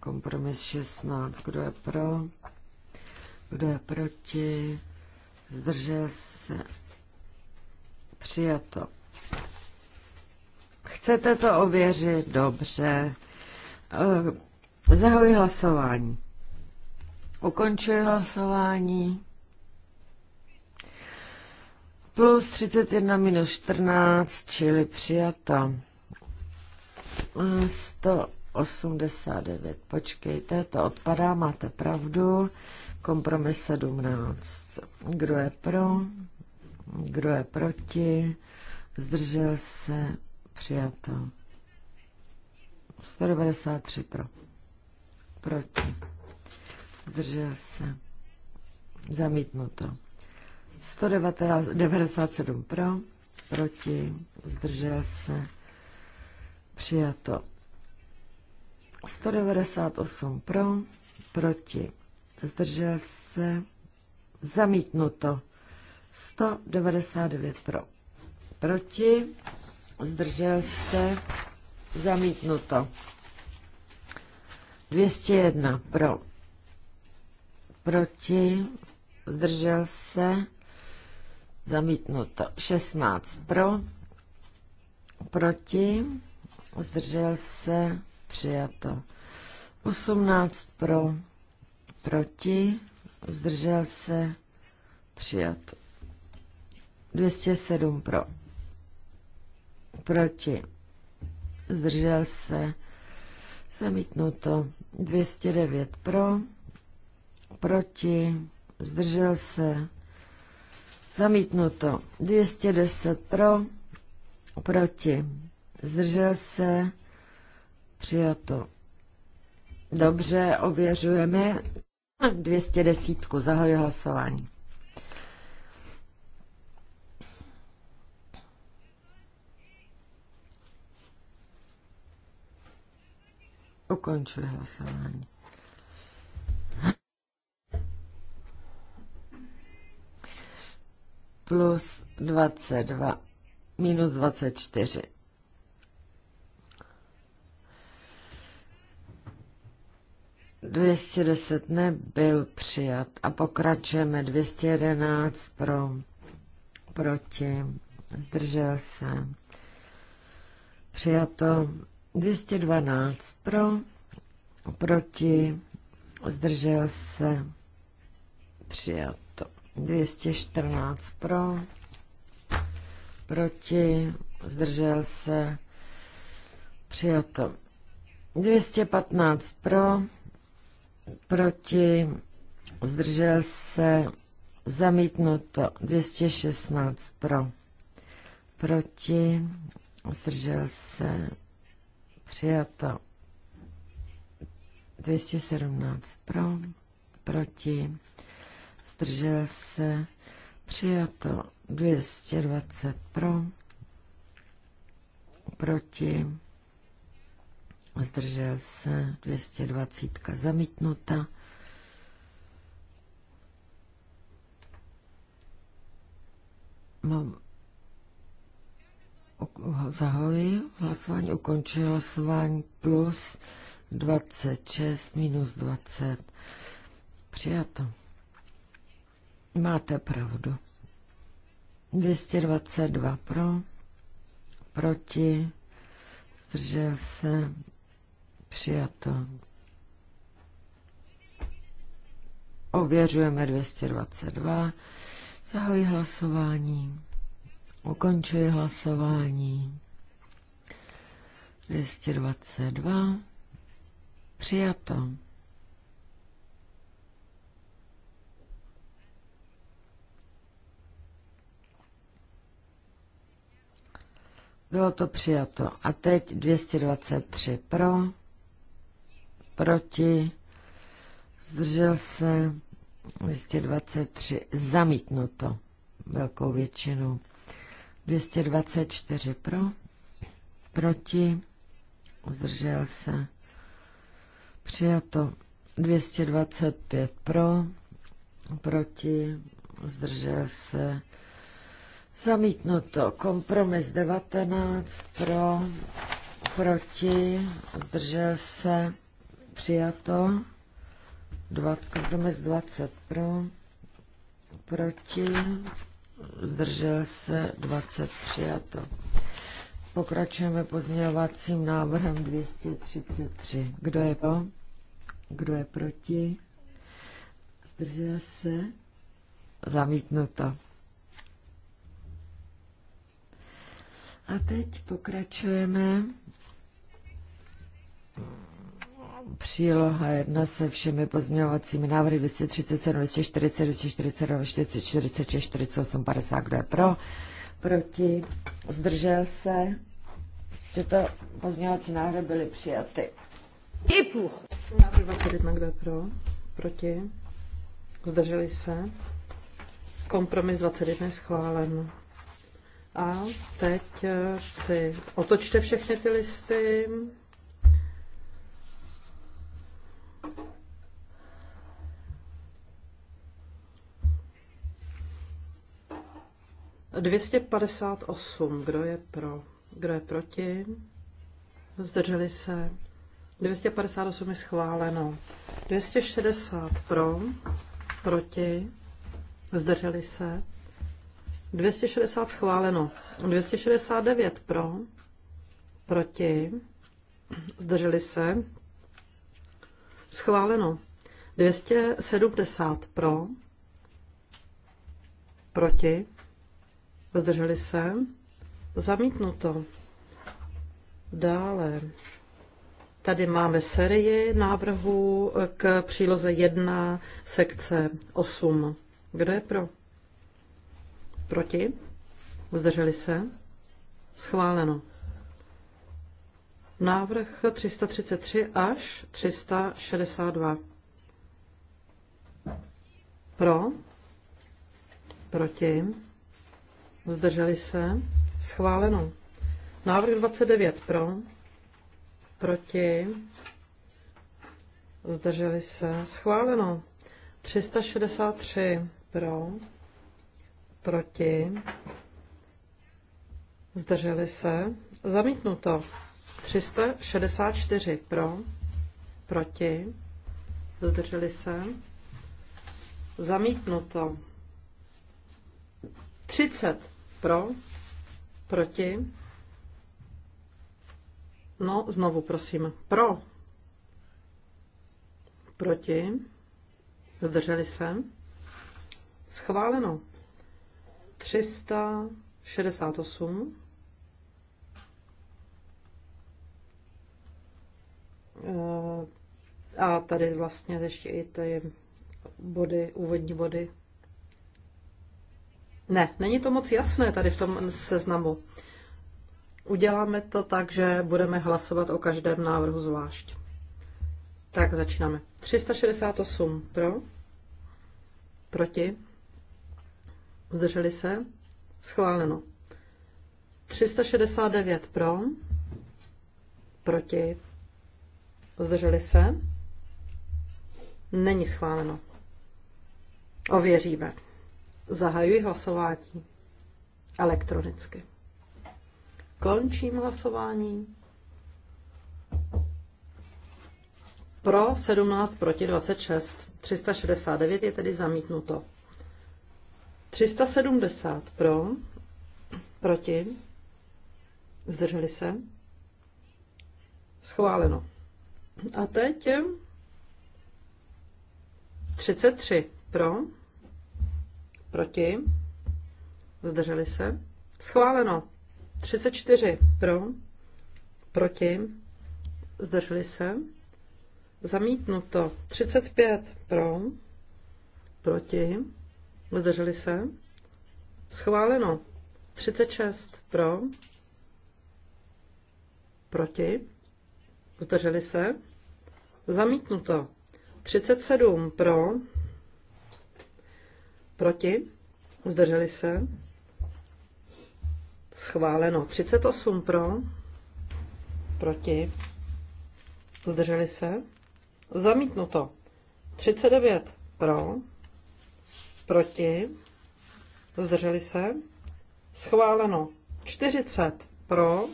Kompromis 16. Kdo je pro? Kdo je proti? Zdržel se? Přijato. Chcete to ověřit? Dobře. Eh, Zahoji hlasování. Ukončuji hlasování. Plus 31 minus 14, čili přijata. 100. Eh, 89. Počkejte, to odpadá, máte pravdu. Kompromis 17. Kdo je pro? Kdo je proti? Zdržel se? Přijato. 193 pro. Proti. Zdržel se. Zamítnuto. 197 pro. Proti. Zdržel se. Přijato. 198 pro, proti, zdržel se, zamítnuto. 199 pro, proti, zdržel se, zamítnuto. 201 pro, proti, zdržel se, zamítnuto. 16 pro, proti, zdržel se, přijato. 18 pro, proti, zdržel se, přijato. 207 pro, proti, zdržel se, zamítnuto. 209 pro, proti, zdržel se, zamítnuto. 210 pro, proti, zdržel se, Přijato. Dobře, ověřujeme. 210. Zahajuji hlasování. Ukončuji hlasování. Plus 22, minus 24. 210 nebyl přijat a pokračujeme 211 pro, proti, zdržel se. Přijato 212 pro, proti, zdržel se. Přijato 214 pro, proti, zdržel se. Přijato 215 pro, proti, zdržel se, zamítnuto 216 pro, proti, zdržel se, přijato 217 pro, proti, zdržel se, přijato 220 pro, proti, zdržel se, 220 zamítnuta. Mám zahoji hlasování, ukončil hlasování plus 26 minus 20. Přijato. Máte pravdu. 222 pro, proti, zdržel se, Přijato. Ověřujeme 222. Zahoji hlasování. Ukončuji hlasování. 222. Přijato. Bylo to přijato. A teď 223 pro, proti, zdržel se 223 zamítnuto velkou většinou. 224 pro, proti, zdržel se, přijato 225 pro, proti, zdržel se, zamítnuto, kompromis 19 pro, proti, zdržel se, přijato. Kompromis 20 pro, proti, zdržel se 20 přijato. Pokračujeme pozměňovacím návrhem 233. Kdo je pro? Kdo je proti? Zdržel se? Zamítnuto. A teď pokračujeme Příloha 1 se všemi pozměňovacími návrhy 237, 240, 242, 246, 48, 50. Kdo je pro? Proti? Zdržel se? Tyto pozměňovací návrhy byly přijaty. Typu! Návrh 21, kdo je pro? Proti? Zdrželi se? Kompromis 21 je schválen. A teď eh, si otočte všechny ty listy. 258. Kdo je pro? Kdo je proti? Zdrželi se. 258 je schváleno. 260 pro, proti, zdrželi se. 260 schváleno. 269 pro, proti, zdrželi se. Schváleno. 270 pro, proti, Zdrželi se? Zamítnuto. Dále. Tady máme sérii návrhů k příloze 1, sekce 8. Kdo je pro? Proti? Zdrželi se? Schváleno. Návrh 333 až 362. Pro? Proti? Zdrželi se? Schváleno. Návrh 29 pro. Proti. Zdrželi se? Schváleno. 363 pro. Proti. Zdrželi se? Zamítnuto. 364 pro. Proti. Zdrželi se? Zamítnuto. 30 pro? Proti? No, znovu prosím. Pro? Proti? Zdrželi se? Schváleno. 368. Eh, a tady vlastně ještě i ty body, úvodní body ne, není to moc jasné tady v tom seznamu. Uděláme to tak, že budeme hlasovat o každém návrhu zvlášť. Tak začínáme. 368 pro, proti, zdrželi se, schváleno. 369 pro, proti, zdrželi se, není schváleno. Ověříme. Zahajuji hlasování elektronicky. Končím hlasování. Pro 17, proti 26. 369 je tedy zamítnuto. 370 pro, proti, zdrželi se, schváleno. A teď 33 pro, Proti? Zdrželi se? Schváleno. 34 pro. Proti? Zdrželi se? Zamítnuto. 35 pro. Proti? Zdrželi se? Schváleno. 36 pro. Proti? Zdrželi se? Zamítnuto. 37 pro Proti? Zdrželi se? Schváleno. 38 pro. Proti? Zdrželi se? Zamítnuto. 39 pro. Proti? Zdrželi se? Schváleno. 40 pro.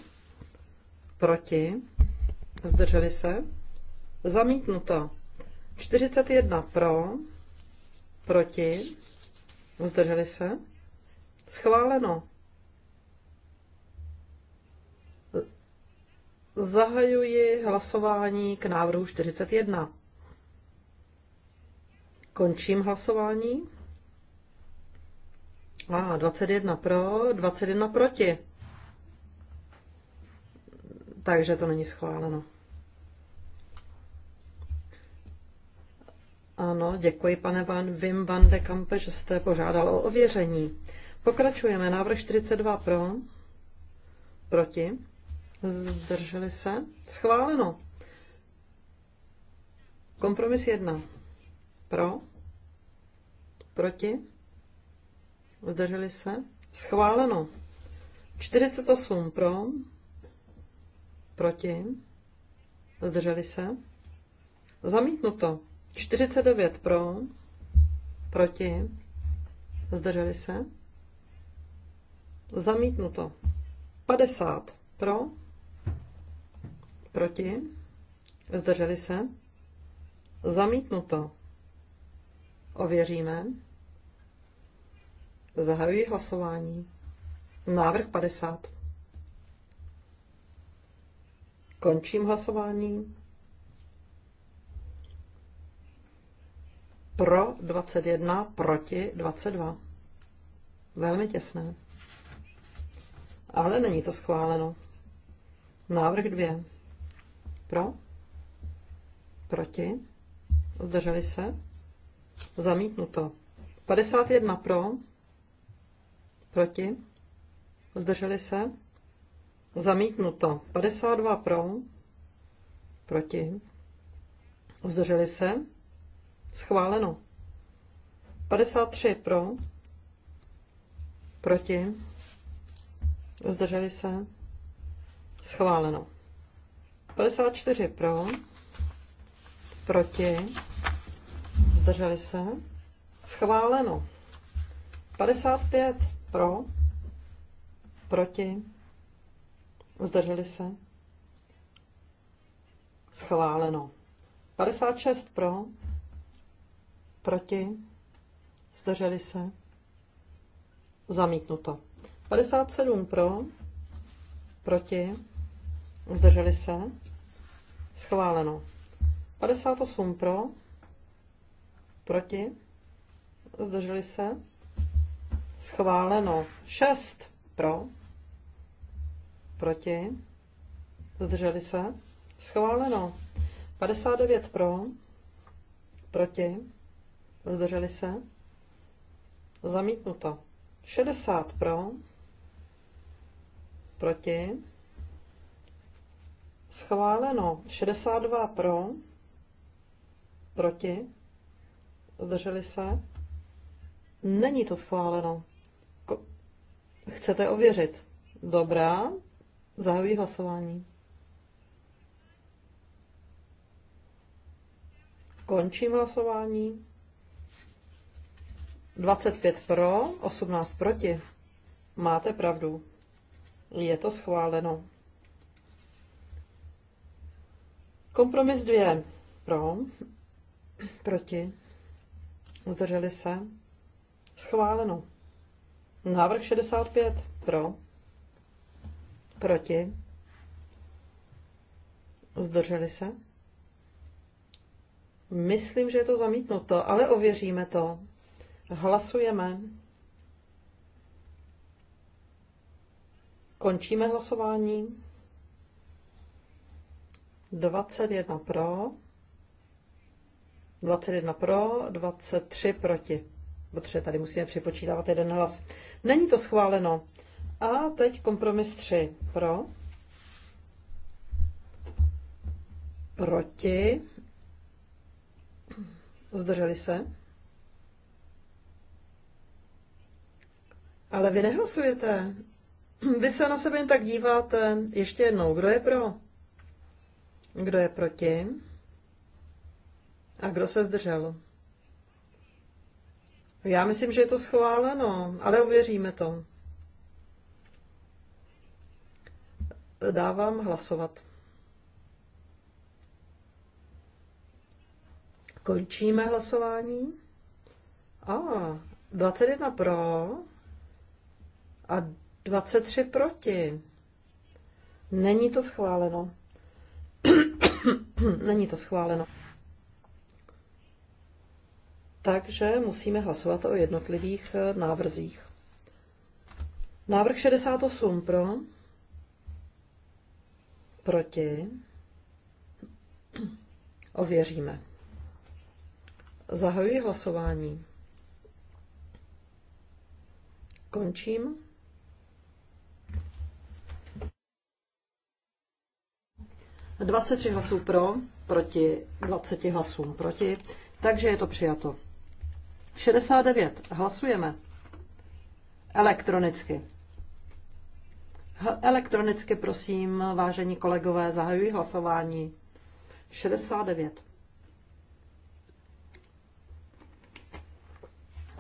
Proti? Zdrželi se? Zamítnuto. 41 pro. Proti? Zdrželi se? Schváleno. Zahajuji hlasování k návrhu 41. Končím hlasování. A ah, 21 pro, 21 proti. Takže to není schváleno. Ano, děkuji pane Van, Vim van de Kampe, že jste požádal o ověření. Pokračujeme. Návrh 42 pro. Proti. Zdrželi se. Schváleno. Kompromis 1. Pro. Proti. Zdrželi se. Schváleno. 48 pro. Proti. Zdrželi se. Zamítnuto. 49 pro, proti, zdrželi se, zamítnuto. 50 pro, proti, zdrželi se, zamítnuto. Ověříme. Zahajuji hlasování. Návrh 50. Končím hlasování. pro 21, proti 22. Velmi těsné. Ale není to schváleno. Návrh 2. Pro? Proti? Zdrželi se? Zamítnuto. 51 pro? Proti? Zdrželi se? Zamítnuto. 52 pro? Proti? Zdrželi se? Schváleno. 53 pro. Proti. Zdrželi se. Schváleno. 54 pro. Proti. Zdrželi se. Schváleno. 55 pro. Proti. Zdrželi se. Schváleno. 56 pro Proti? Zdrželi se? Zamítnuto. 57 pro? Proti? Zdrželi se? Schváleno. 58 pro? Proti? Zdrželi se? Schváleno. 6 pro? Proti? Zdrželi se? Schváleno. 59 pro? Proti? Zdrželi se? Zamítnuto. 60 pro. Proti. Schváleno. 62 pro. Proti. Zdrželi se? Není to schváleno. Ko- Chcete ověřit? Dobrá. Zahajuji hlasování. Končím hlasování. 25 pro, 18 proti. Máte pravdu. Je to schváleno. Kompromis 2 pro, proti. Zdrželi se. Schváleno. Návrh 65 pro, proti. Zdrželi se. Myslím, že je to zamítnuto, ale ověříme to. Hlasujeme. Končíme hlasování. 21 pro, 21 pro, 23 proti. Protože tady musíme připočítávat jeden hlas. Není to schváleno. A teď kompromis 3 pro, proti, zdrželi se. Ale vy nehlasujete. Vy se na sebe jen tak díváte. Ještě jednou, kdo je pro? Kdo je proti? A kdo se zdržel? Já myslím, že je to schváleno, ale uvěříme to. Dávám hlasovat. Končíme hlasování. A, 21 pro, a 23 proti. Není to schváleno. Není to schváleno. Takže musíme hlasovat o jednotlivých eh, návrzích. Návrh 68 pro, proti, ověříme. Zahajuji hlasování. Končím. 23 hlasů pro, proti 20 hlasům proti, takže je to přijato. 69. Hlasujeme. Elektronicky. Elektronicky, prosím, vážení kolegové, zahajují hlasování. 69.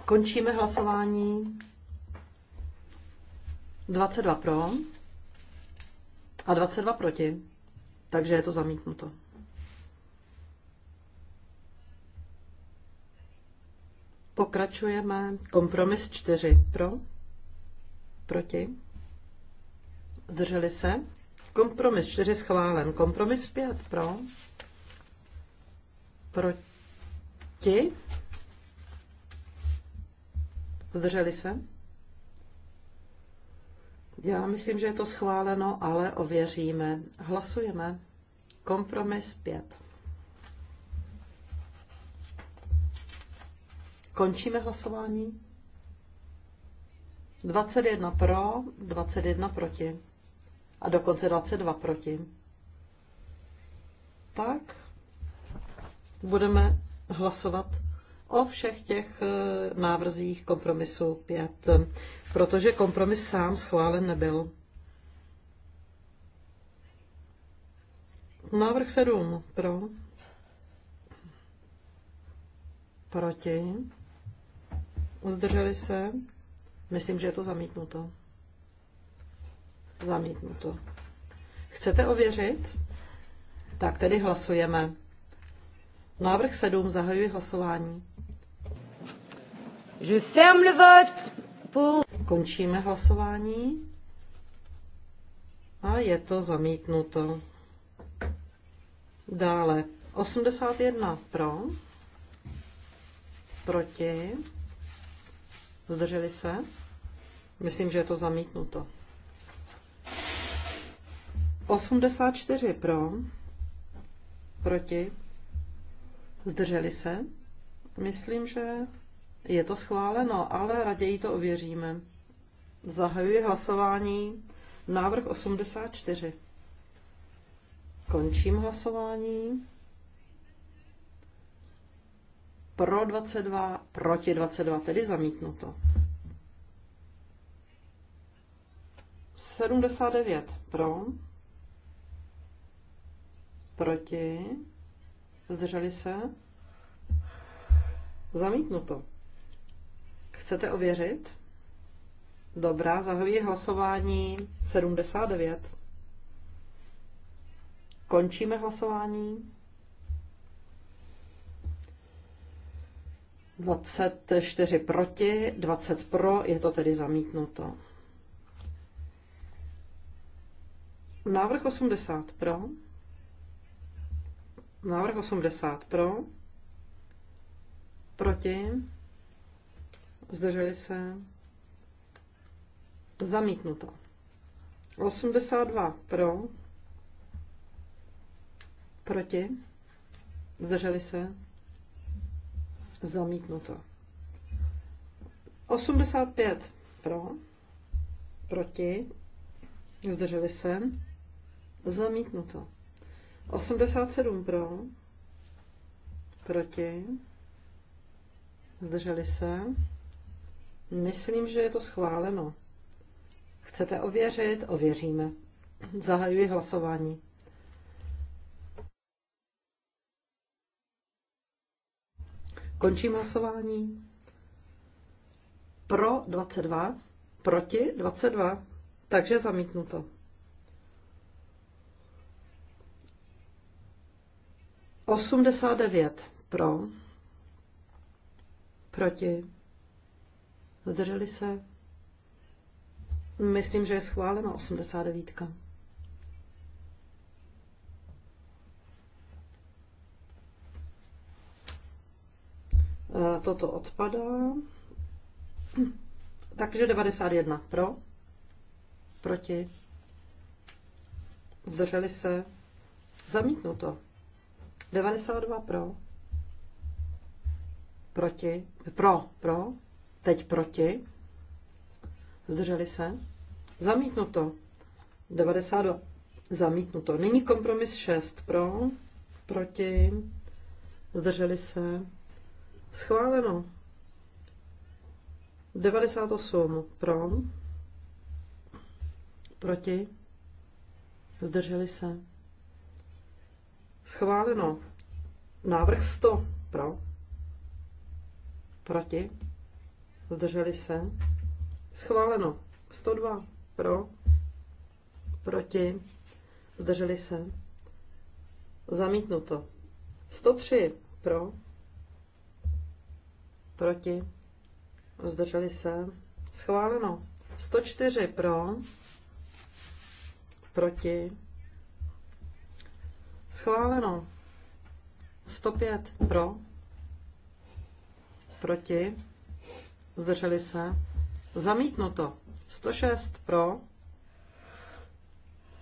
Končíme hlasování. 22 pro a 22 proti. Takže je to zamítnuto. Pokračujeme. Kompromis 4 pro, proti, zdrželi se. Kompromis 4 schválen. Kompromis 5 pro, proti, zdrželi se. Já myslím, že je to schváleno, ale ověříme. Hlasujeme. Kompromis 5. Končíme hlasování. 21 pro, 21 proti. A dokonce 22 proti. Tak, budeme hlasovat o všech těch e, návrzích kompromisu 5, protože kompromis sám schválen nebyl. Návrh 7 pro. Proti. Uzdrželi se. Myslím, že je to zamítnuto. Zamítnuto. Chcete ověřit? Tak tedy hlasujeme. Návrh 7. Zahajuji hlasování. Je ferme le vote pour... Končíme hlasování. A je to zamítnuto. Dále 81 pro, proti, zdrželi se. Myslím, že je to zamítnuto. 84 pro, proti, zdrželi se. Myslím, že je to schváleno, ale raději to ověříme. Zahajuji hlasování. Návrh 84. Končím hlasování. Pro 22, proti 22, tedy zamítnuto. 79 pro, proti, zdrželi se, zamítnuto. Chcete ověřit? Dobrá, zahajuji hlasování 79. Končíme hlasování. 24 proti, 20 pro, je to tedy zamítnuto. Návrh 80 pro. Návrh 80 pro. Proti zdrželi se, zamítnuto. 82 pro, proti, zdrželi se, zamítnuto. 85 pro, proti, zdrželi se, zamítnuto. 87 pro, proti, zdrželi se, Myslím, že je to schváleno. Chcete ověřit? Ověříme. Zahajuji hlasování. Končím hlasování. Pro 22, proti 22, takže zamítnuto. Osmdesát devět pro, proti Zdrželi se? Myslím, že je schválena 89. E, toto odpadá. Takže 91 pro, proti, zdrželi se, zamítnuto. 92 pro, proti, pro, pro, Teď proti. Zdrželi se. Zamítnuto. 92. Zamítnuto. Nyní kompromis 6 pro, proti, zdrželi se. Schváleno. 98 pro, proti, zdrželi se. Schváleno. Návrh 100 pro, proti, zdrželi se, schváleno. 102 pro, proti, zdrželi se, zamítnuto. 103 pro, proti, zdrželi se, schváleno. 104 pro, proti, schváleno. 105 pro, proti, zdrželi se, zamítnuto. 106 pro,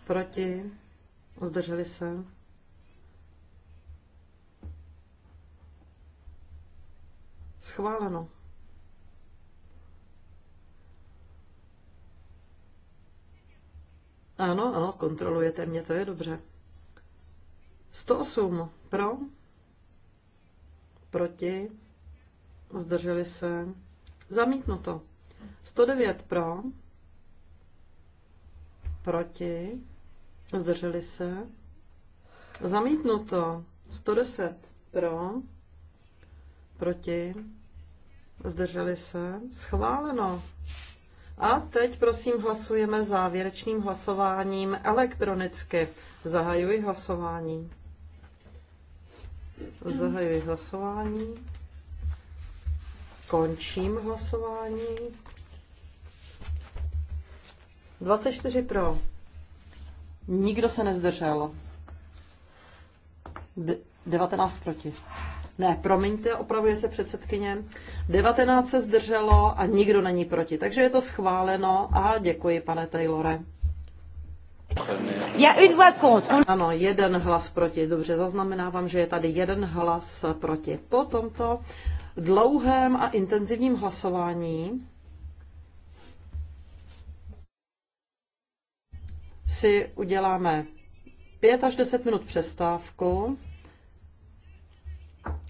proti, zdrželi se. Schváleno. Ano, ano, kontrolujete mě, to je dobře. 108 pro, proti, zdrželi se, Zamítnuto. 109 pro, proti, zdrželi se. Zamítnuto. 110 pro, proti, zdrželi se. Schváleno. A teď prosím hlasujeme závěrečným hlasováním elektronicky. Zahajuji hlasování. Zahajuji hlasování. Končím hlasování. 24 pro. Nikdo se nezdržel. De- 19 proti. Ne, promiňte, opravuje se předsedkyně. 19 se zdrželo a nikdo není proti. Takže je to schváleno a děkuji, pane Taylore. Já Ano, jeden hlas proti. Dobře, zaznamenávám, že je tady jeden hlas proti. Po tomto dlouhém a intenzivním hlasování si uděláme 5 až 10 minut přestávku,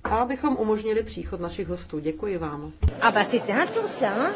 abychom umožnili příchod našich hostů. Děkuji vám. A ah, bah c'était intense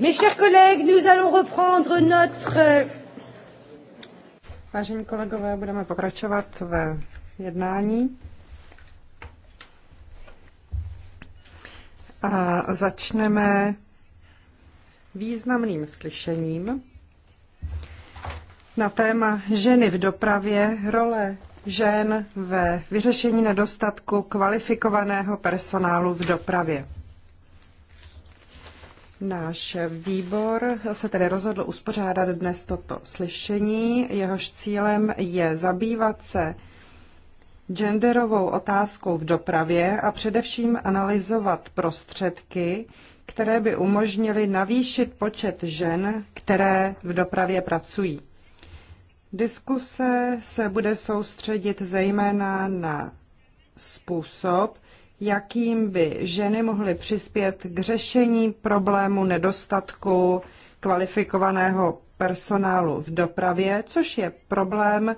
Mes chers collègues, nous allons reprendre notre... Euh, Vážení kolegové, budeme pokračovat ve jednání. A začneme významným slyšením na téma ženy v dopravě, role žen ve vyřešení nedostatku kvalifikovaného personálu v dopravě. Náš výbor se tedy rozhodl uspořádat dnes toto slyšení. Jehož cílem je zabývat se genderovou otázkou v dopravě a především analyzovat prostředky, které by umožnily navýšit počet žen, které v dopravě pracují. Diskuse se bude soustředit zejména na způsob, jakým by ženy mohly přispět k řešení problému nedostatku kvalifikovaného personálu v dopravě, což je problém,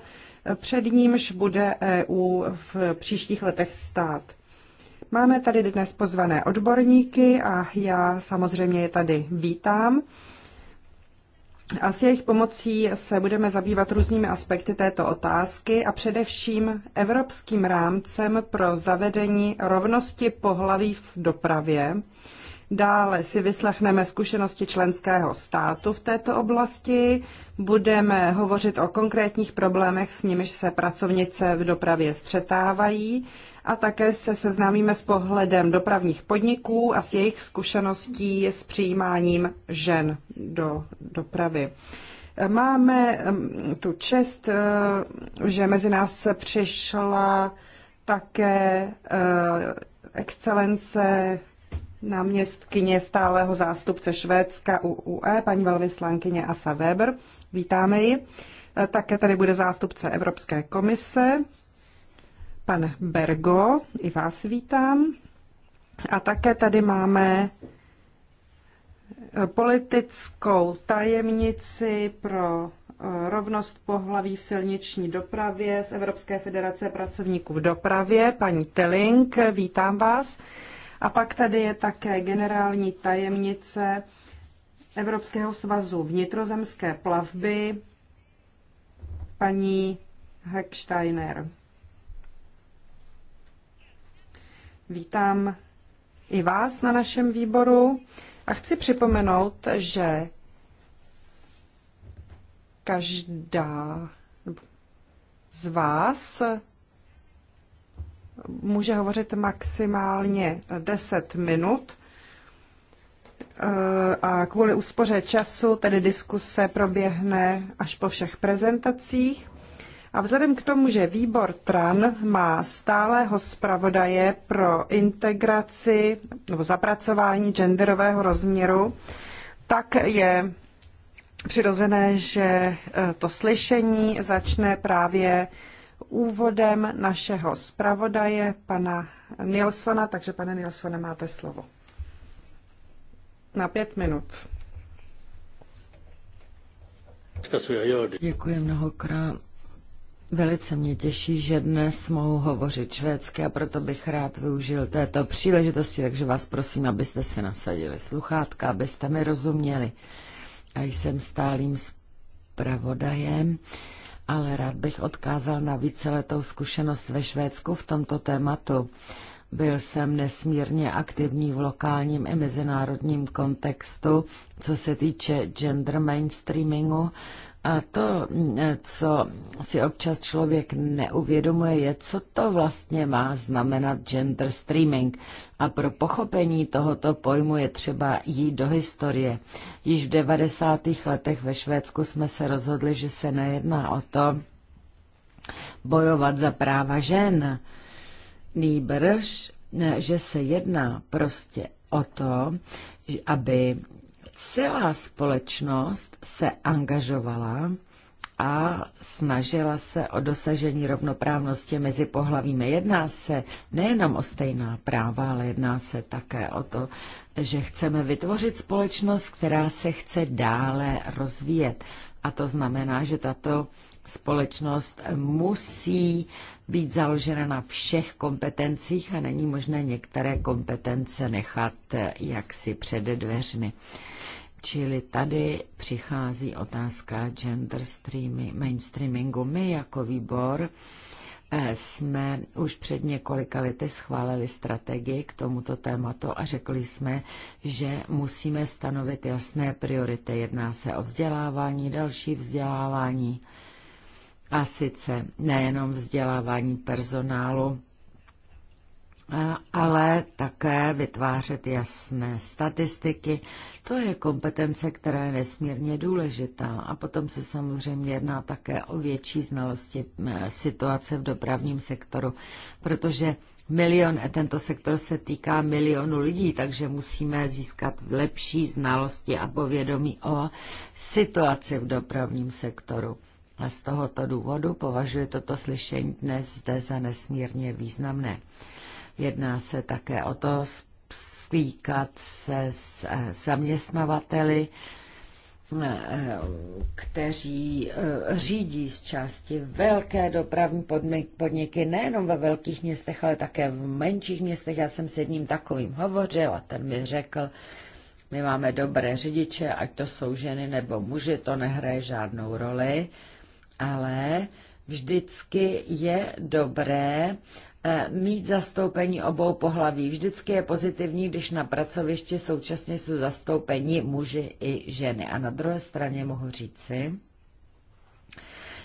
před nímž bude EU v příštích letech stát. Máme tady dnes pozvané odborníky a já samozřejmě je tady vítám. A s jejich pomocí se budeme zabývat různými aspekty této otázky a především evropským rámcem pro zavedení rovnosti pohlaví v dopravě. Dále si vyslechneme zkušenosti členského státu v této oblasti. Budeme hovořit o konkrétních problémech, s nimiž se pracovnice v dopravě střetávají a také se seznámíme s pohledem dopravních podniků a s jejich zkušeností s přijímáním žen do dopravy. Máme tu čest, eh, že mezi nás přišla také eh, excelence náměstkyně stáleho zástupce Švédska u UE, paní velvyslankyně Asa Weber. Vítáme ji. Eh, také tady bude zástupce Evropské komise, pan Bergo, i vás vítám. A také tady máme eh, politickou tajemnici pro eh, rovnost pohlaví v silniční dopravě z Evropské federace pracovníků v dopravě, paní Telling, vítám vás. A pak tady je také generální tajemnice Evropského svazu vnitrozemské plavby, paní Hecksteiner. Vítám i vás na našem výboru a chci připomenout, že každá z vás může hovořit maximálně 10 minut eh, a kvůli úspoře času tedy diskuse proběhne až po všech prezentacích. A vzhledem k tomu, že výbor TRAN má stálého zpravodaje pro integraci nebo zapracování genderového rozměru, tak je přirozené, že eh, to slyšení začne právě úvodem našeho zpravodaje, pana Nilsona. Takže, pane Nilsone, máte slovo. Na pět minut. Děkuji mnohokrát. Velice mě těší, že dnes mohu hovořit švédsky a proto bych rád využil této příležitosti, takže vás prosím, abyste se nasadili sluchátka, abyste mi rozuměli. A jsem stálým zpravodajem, ale rád bych odkázal na víceletou zkušenost ve Švédsku v tomto tématu. Byl jsem nesmírně aktivní v lokálním i mezinárodním kontextu, co se týče gender mainstreamingu, a to, co si občas člověk neuvědomuje, je, co to vlastně má znamenat gender streaming. A pro pochopení tohoto pojmu je třeba jít do historie. Již v 90. letech ve Švédsku jsme se rozhodli, že se nejedná o to bojovat za práva žen. Nýbrž, že se jedná prostě o to, aby Celá společnost se angažovala a snažila se o dosažení rovnoprávnosti mezi pohlavími. Jedná se nejenom o stejná práva, ale jedná se také o to, že chceme vytvořit společnost, která se chce dále rozvíjet. A to znamená, že tato společnost musí být založena na všech kompetencích a není možné některé kompetence nechat jaksi před dveřmi. Čili tady přichází otázka gender streamy, mainstreamingu. My jako výbor eh, jsme už před několika lety schválili strategii k tomuto tématu a řekli jsme, že musíme stanovit jasné priority. Jedná se o vzdělávání, další vzdělávání, a sice nejenom vzdělávání personálu, ale také vytvářet jasné statistiky. To je kompetence, která je nesmírně důležitá. A potom se samozřejmě jedná také o větší znalosti situace v dopravním sektoru, protože milion, tento sektor se týká milionu lidí, takže musíme získat lepší znalosti a povědomí o situaci v dopravním sektoru. A z tohoto důvodu považuji toto slyšení dnes zde za nesmírně významné. Jedná se také o to stýkat se s eh, zaměstnavateli, eh, kteří eh, řídí z části velké dopravní podniky nejenom ve velkých městech, ale také v menších městech. Já jsem s jedním takovým hovořil a ten mi řekl, my máme dobré řidiče, ať to jsou ženy nebo muži, to nehraje žádnou roli ale vždycky je dobré eh, mít zastoupení obou pohlaví. Vždycky je pozitivní, když na pracovišti současně jsou zastoupení muži i ženy. A na druhé straně mohu říci,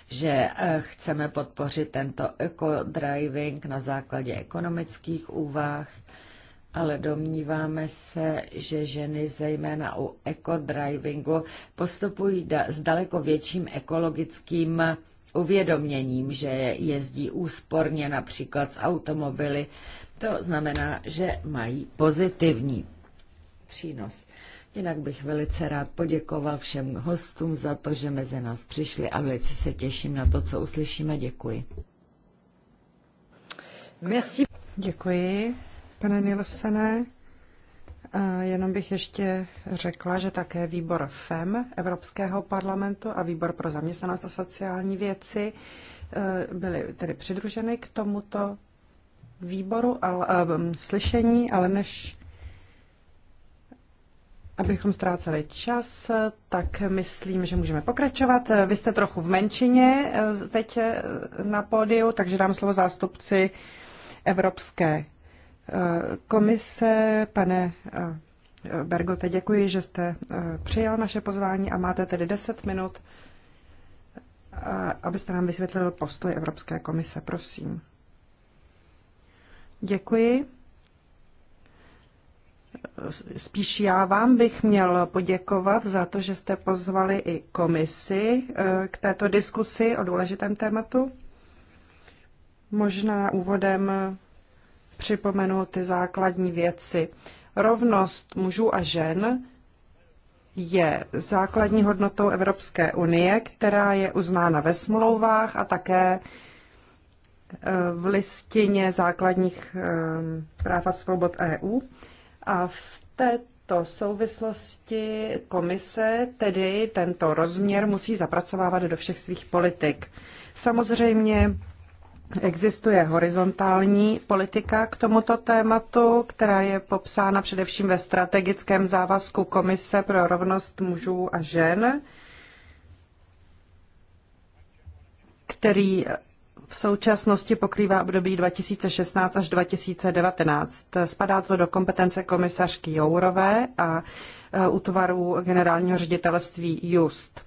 že eh, chceme podpořit tento eco-driving na základě ekonomických úvah – ale domníváme se, že ženy zejména u ekodrivingu postupují da- s daleko větším ekologickým uvědoměním, že jezdí úsporně například s automobily. To znamená, že mají pozitivní přínos. Jinak bych velice rád poděkoval všem hostům za to, že mezi nás přišli a velice se těším na to, co uslyšíme. Děkuji. Merci. Děkuji pane Nilsené, Jenom bych ještě řekla, že také výbor FEM Evropského parlamentu a výbor pro zaměstnanost a sociální věci e, byly tedy přidruženy k tomuto výboru a e, slyšení, ale než abychom ztráceli čas, tak myslím, že můžeme pokračovat. Vy jste trochu v menšině e, teď na pódiu, takže dám slovo zástupci Evropské komise. Pane eh, Bergote, děkuji, že jste eh, přijal naše pozvání a máte tedy 10 minut, eh, abyste nám vysvětlil postoj Evropské komise. Prosím. Děkuji. Spíš já vám bych měl poděkovat za to, že jste pozvali i komisi k této diskusi o důležitém tématu. Možná úvodem připomenu ty základní věci. Rovnost mužů a žen je základní hodnotou Evropské unie, která je uznána ve smlouvách a také eh, v listině základních eh, práv a svobod EU. A v této souvislosti komise tedy tento rozměr musí zapracovávat do všech svých politik. Samozřejmě Existuje horizontální politika k tomuto tématu, která je popsána především ve strategickém závazku Komise pro rovnost mužů a žen, který v současnosti pokrývá období 2016 až 2019. Spadá to do kompetence komisařky Jourové a e, útvaru generálního ředitelství Just.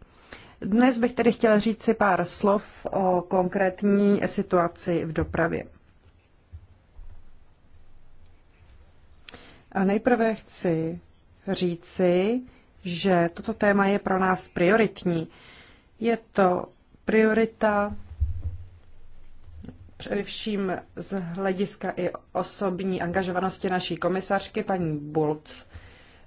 Dnes bych tedy chtěla říct si pár slov o konkrétní situaci v dopravě. A nejprve chci říci, že toto téma je pro nás prioritní. Je to priorita především z hlediska i osobní angažovanosti naší komisařky paní Bulc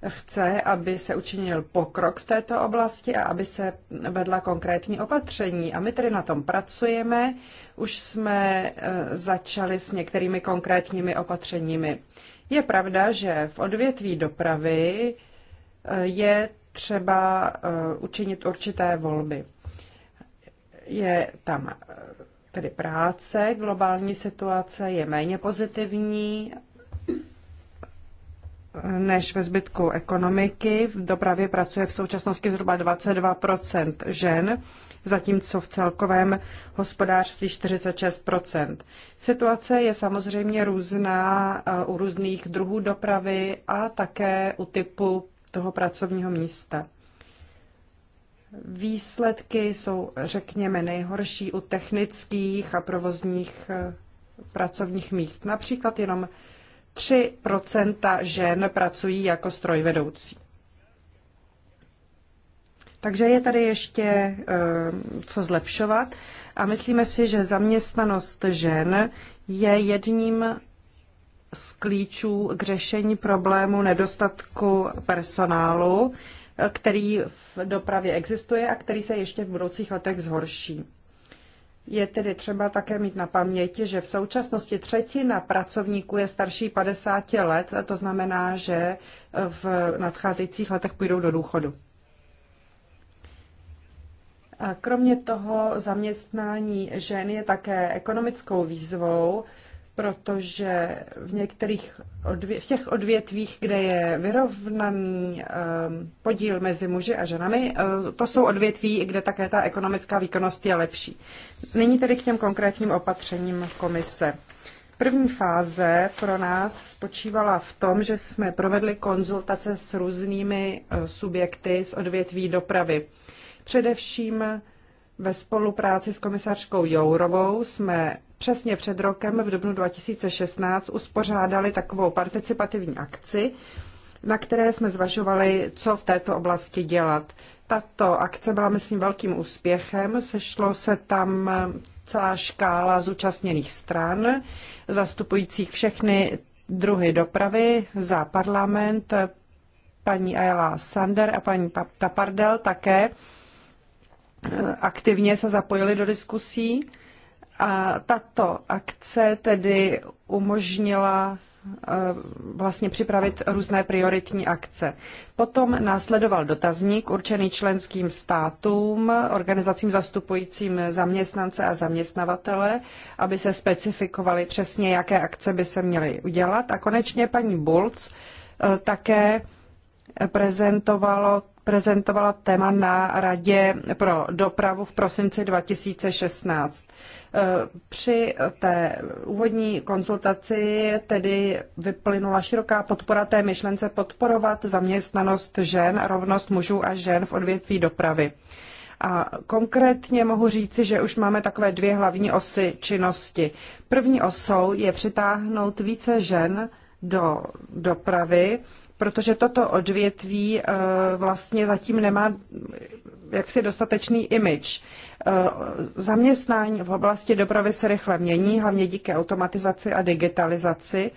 chce, aby se učinil pokrok v této oblasti a aby se vedla konkrétní opatření. A my tedy na tom pracujeme. Už jsme eh, začali s některými konkrétními opatřeními. Je pravda, že v odvětví dopravy eh, je třeba eh, učinit určité volby. Je tam tedy práce, globální situace je méně pozitivní než ve zbytku ekonomiky. V dopravě pracuje v současnosti zhruba 22 žen, zatímco v celkovém hospodářství 46 Situace je samozřejmě různá eh, u různých druhů dopravy a také u typu toho pracovního místa. Výsledky jsou, řekněme, nejhorší u technických a provozních eh, pracovních míst. Například jenom 3 žen pracují jako strojvedoucí. Takže je tady ještě eh, co zlepšovat a myslíme si, že zaměstnanost žen je jedním z klíčů k řešení problému nedostatku personálu, eh, který v dopravě existuje a který se ještě v budoucích letech zhorší. Je tedy třeba také mít na paměti, že v současnosti třetina pracovníků je starší 50 let, a to znamená, že v nadcházejících letech půjdou do důchodu. A kromě toho zaměstnání žen je také ekonomickou výzvou protože v některých odvě- v těch odvětvích, kde je vyrovnaný ehm, podíl mezi muži a ženami, eh, to jsou odvětví, kde také ta ekonomická výkonnost je lepší. Nyní tedy k těm konkrétním opatřením komise. První fáze pro nás spočívala v tom, že jsme provedli konzultace s různými eh, subjekty z odvětví dopravy. Především ve spolupráci s komisařkou Jourovou jsme přesně před rokem, v dubnu 2016, uspořádali takovou participativní akci, na které jsme zvažovali, co v této oblasti dělat. Tato akce byla, myslím, velkým úspěchem. Sešlo se tam celá škála zúčastněných stran, zastupujících všechny druhy dopravy za parlament, paní Ayala Sander a paní Tapardel také eh, aktivně se zapojili do diskusí. A tato akce tedy umožnila eh, vlastně připravit různé prioritní akce. Potom následoval dotazník určený členským státům, organizacím zastupujícím zaměstnance a zaměstnavatele, aby se specifikovali přesně, jaké akce by se měly udělat. A konečně paní Bulc eh, také prezentovalo prezentovala téma na Radě pro dopravu v prosinci 2016. E, při té úvodní konzultaci tedy vyplynula široká podpora té myšlence podporovat zaměstnanost žen, rovnost mužů a žen v odvětví dopravy. A konkrétně mohu říci, že už máme takové dvě hlavní osy činnosti. První osou je přitáhnout více žen do dopravy protože toto odvětví eh, vlastně zatím nemá jaksi dostatečný image. Eh, zaměstnání v oblasti dopravy se rychle mění, hlavně díky automatizaci a digitalizaci.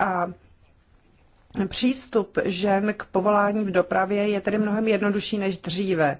A přístup žen k povolání v dopravě je tedy mnohem jednodušší než dříve.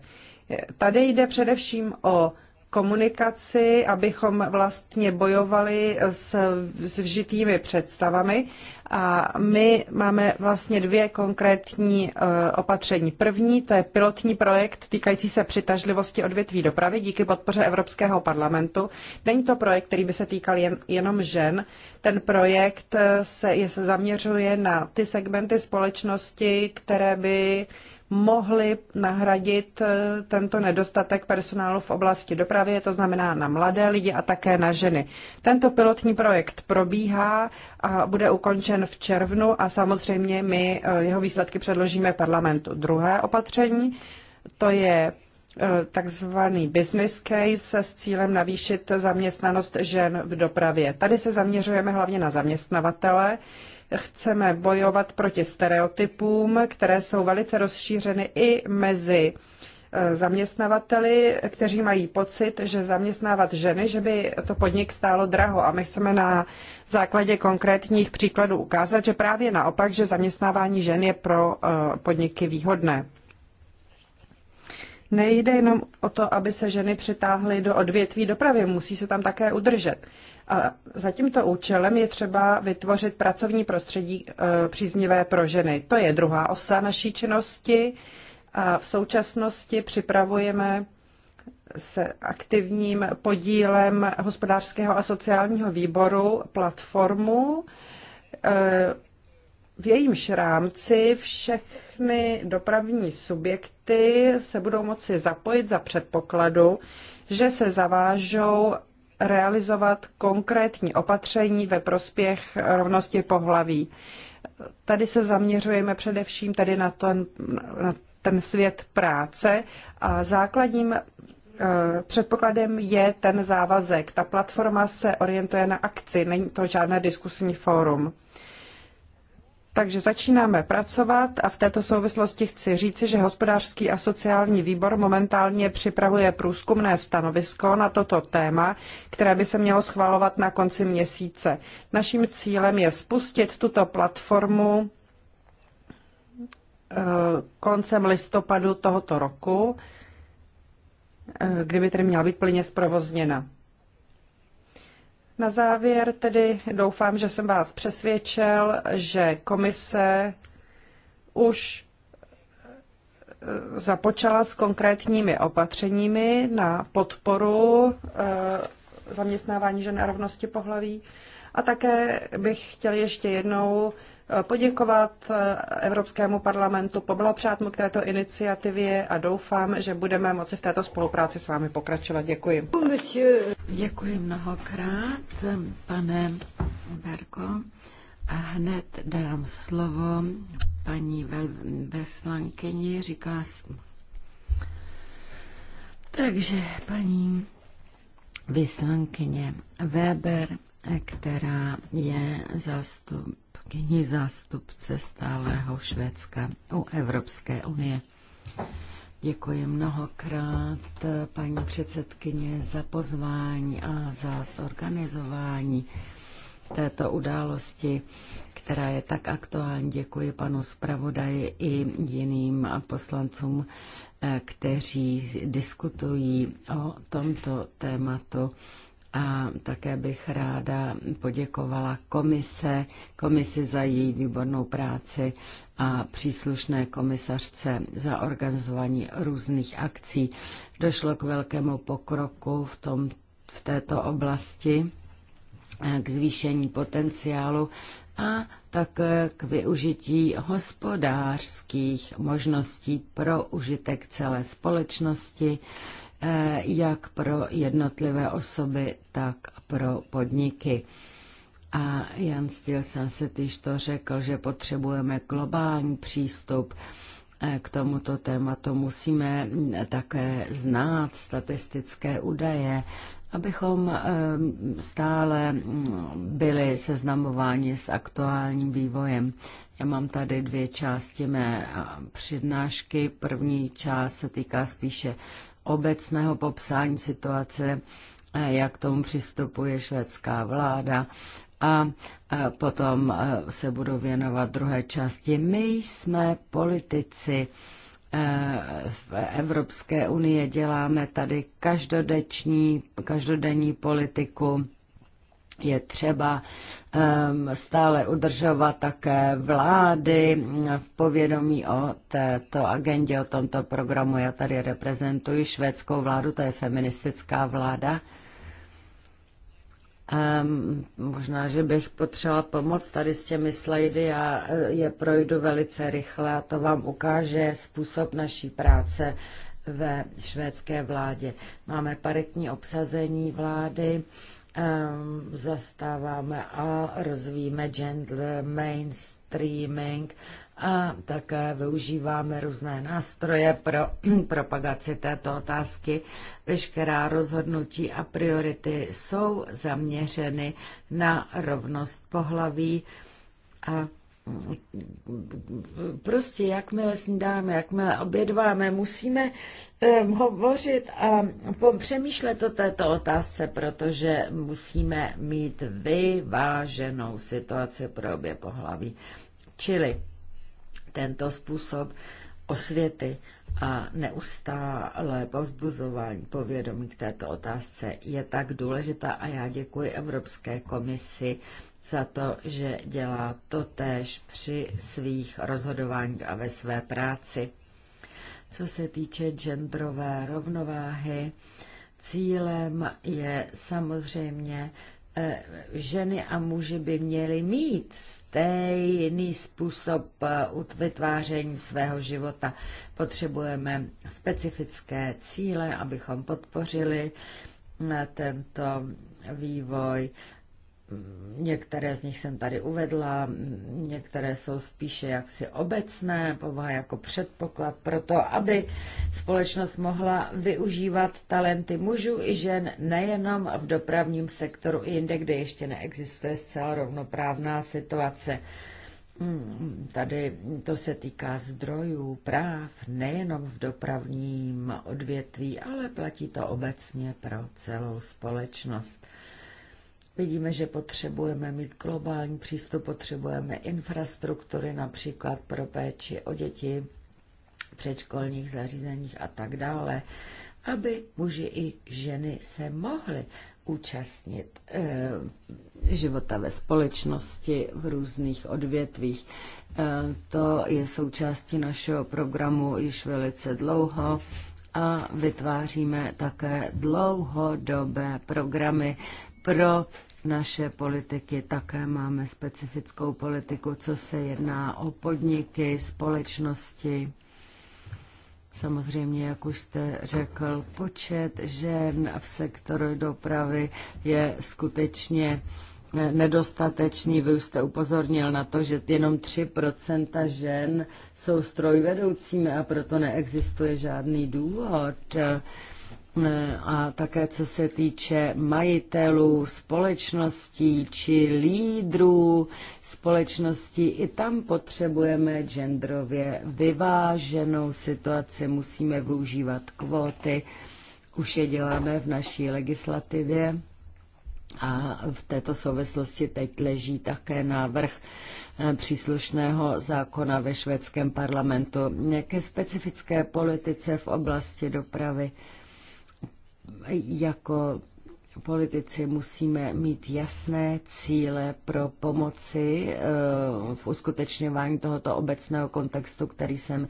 Tady jde především o komunikaci, abychom vlastně bojovali s, s vžitými představami. A my máme vlastně dvě konkrétní eh, opatření. První, to je pilotní projekt týkající se přitažlivosti odvětví dopravy díky podpoře Evropského parlamentu. Není to projekt, který by se týkal jen, jenom žen. Ten projekt eh, se, je, se zaměřuje na ty segmenty společnosti, které by uh, mohli nahradit eh, tento nedostatek personálu v oblasti dopravy, to znamená na mladé lidi a také na ženy. Tento pilotní projekt probíhá a bude ukončen v červnu a samozřejmě my eh, jeho výsledky předložíme parlamentu. Druhé opatření, to je eh, takzvaný business case s cílem navýšit zaměstnanost žen v dopravě. Tady se zaměřujeme hlavně na zaměstnavatele, chceme bojovat proti stereotypům, které jsou velice rozšířeny i mezi e, zaměstnavateli, kteří mají pocit, že zaměstnávat ženy, že by to podnik stálo draho. A my chceme na základě konkrétních příkladů ukázat, že právě naopak, že zaměstnávání žen je pro e, podniky výhodné. Nejde jenom o to, aby se ženy přitáhly do odvětví dopravy, musí se tam také udržet. A za tímto účelem je třeba vytvořit pracovní prostředí e, příznivé pro ženy. To je druhá osa naší činnosti. A v současnosti připravujeme s aktivním podílem hospodářského a sociálního výboru platformu, e, v jejímž rámci všechny dopravní subjekty se budou moci zapojit za předpokladu, že se zavážou realizovat konkrétní opatření ve prospěch rovnosti pohlaví. Tady se zaměřujeme především tady na ten, na ten svět práce a základním eh, předpokladem je ten závazek. Ta platforma se orientuje na akci, není to žádné diskusní fórum. Takže začínáme pracovat a v této souvislosti chci říci, že hospodářský a sociální výbor momentálně připravuje průzkumné stanovisko na toto téma, které by se mělo schvalovat na konci měsíce. Naším cílem je spustit tuto platformu eh, koncem listopadu tohoto roku, eh, kdyby tedy měla být plně zprovozněna. Na závěr tedy doufám, že jsem vás přesvědčil, že komise už eh, započala s konkrétními opatřeními na podporu eh, zaměstnávání žen a rovnosti pohlaví. A také bych chtěl ještě jednou eh, poděkovat Evropskému parlamentu, poblahopřát mu k této iniciativě a doufám, že budeme moci v této spolupráci s vámi pokračovat. Děkuji. Děkuji mnohokrát, pane Berko. A hned dám slovo paní veslankyni, říká takže paní vyslankyně Weber, která je zástupkyní zástupce stálého Švédska u Evropské unie. Děkuji mnohokrát paní předsedkyně za pozvání a za zorganizování této události, která je tak aktuální. Děkuji panu zpravodaji i jiným poslancům, eh, kteří diskutují o tomto tématu a také bych ráda poděkovala komise, komisi za její výbornou práci a příslušné komisařce za organizování různých akcí. Došlo k velkému pokroku v, tom, v této oblasti, k zvýšení potenciálu a také k využití hospodářských možností pro užitek celé společnosti Eh, jak pro jednotlivé osoby, tak pro podniky. A Jan Stilson se týž to řekl, že potřebujeme globální přístup eh, k tomuto tématu. Musíme mm, také znát statistické údaje, abychom eh, stále mm, byli seznamováni s aktuálním vývojem. Já mám tady dvě části mé přednášky. První část se týká spíše obecného popsání situace, eh, jak tomu přistupuje švédská vláda a eh, potom eh, se budu věnovat druhé části. My jsme politici v Evropské unii, děláme tady každodenní politiku je třeba ehm, stále udržovat také vlády v povědomí o této agendě, o tomto programu. Já tady reprezentuji švédskou vládu, to je feministická vláda. Um, možná, že bych potřebovala pomoc tady s těmi slajdy, já eh, je projdu velice rychle a to vám ukáže způsob naší práce ve švédské vládě. Máme paritní obsazení vlády, Ehm, zastáváme a rozvíjíme gender mainstreaming a také využíváme různé nástroje pro propagaci této otázky. Veškerá rozhodnutí a priority jsou zaměřeny na rovnost pohlaví a prostě jakmile snídáme, jakmile obědváme, musíme um, hovořit a přemýšlet o této otázce, protože musíme mít vyváženou situaci pro obě pohlaví. Čili tento způsob osvěty a neustále povzbuzování povědomí k této otázce je tak důležitá a já děkuji Evropské komisi za to, že dělá to též při svých rozhodováních a ve své práci. Co se týče genderové rovnováhy, cílem je samozřejmě eh, ženy a muži by měli mít stejný způsob eh, vytváření svého života. Potřebujeme specifické cíle, abychom podpořili eh, tento vývoj Některé z nich jsem tady uvedla, některé jsou spíše jaksi obecné, povaha jako předpoklad pro to, aby společnost mohla využívat talenty mužů i žen nejenom v dopravním sektoru i jinde, kde ještě neexistuje zcela rovnoprávná situace. Hmm, tady to se týká zdrojů, práv, nejenom v dopravním odvětví, ale platí to obecně pro celou společnost. Vidíme, že potřebujeme mít globální přístup, potřebujeme infrastruktury například pro péči o děti, předškolních zařízeních a tak dále, aby muži i ženy se mohly účastnit e, života ve společnosti v různých odvětvích. E, to je součástí našeho programu již velice dlouho a vytváříme také dlouhodobé programy pro naše politiky. Také máme specifickou politiku, co se jedná o podniky, společnosti. Samozřejmě, jak už jste řekl, počet žen v sektoru dopravy je skutečně eh, nedostatečný. Vy už jste upozornil na to, že jenom 3% žen jsou strojvedoucími a proto neexistuje žádný důvod a také co se týče majitelů společností či lídrů společností, i tam potřebujeme genderově vyváženou situaci, musíme využívat kvóty, už je děláme v naší legislativě. A v této souvislosti teď leží také návrh eh, příslušného zákona ve švédském parlamentu ke specifické politice v oblasti dopravy jako politici musíme mít jasné cíle pro pomoci eh, v uskutečňování tohoto obecného kontextu, který jsem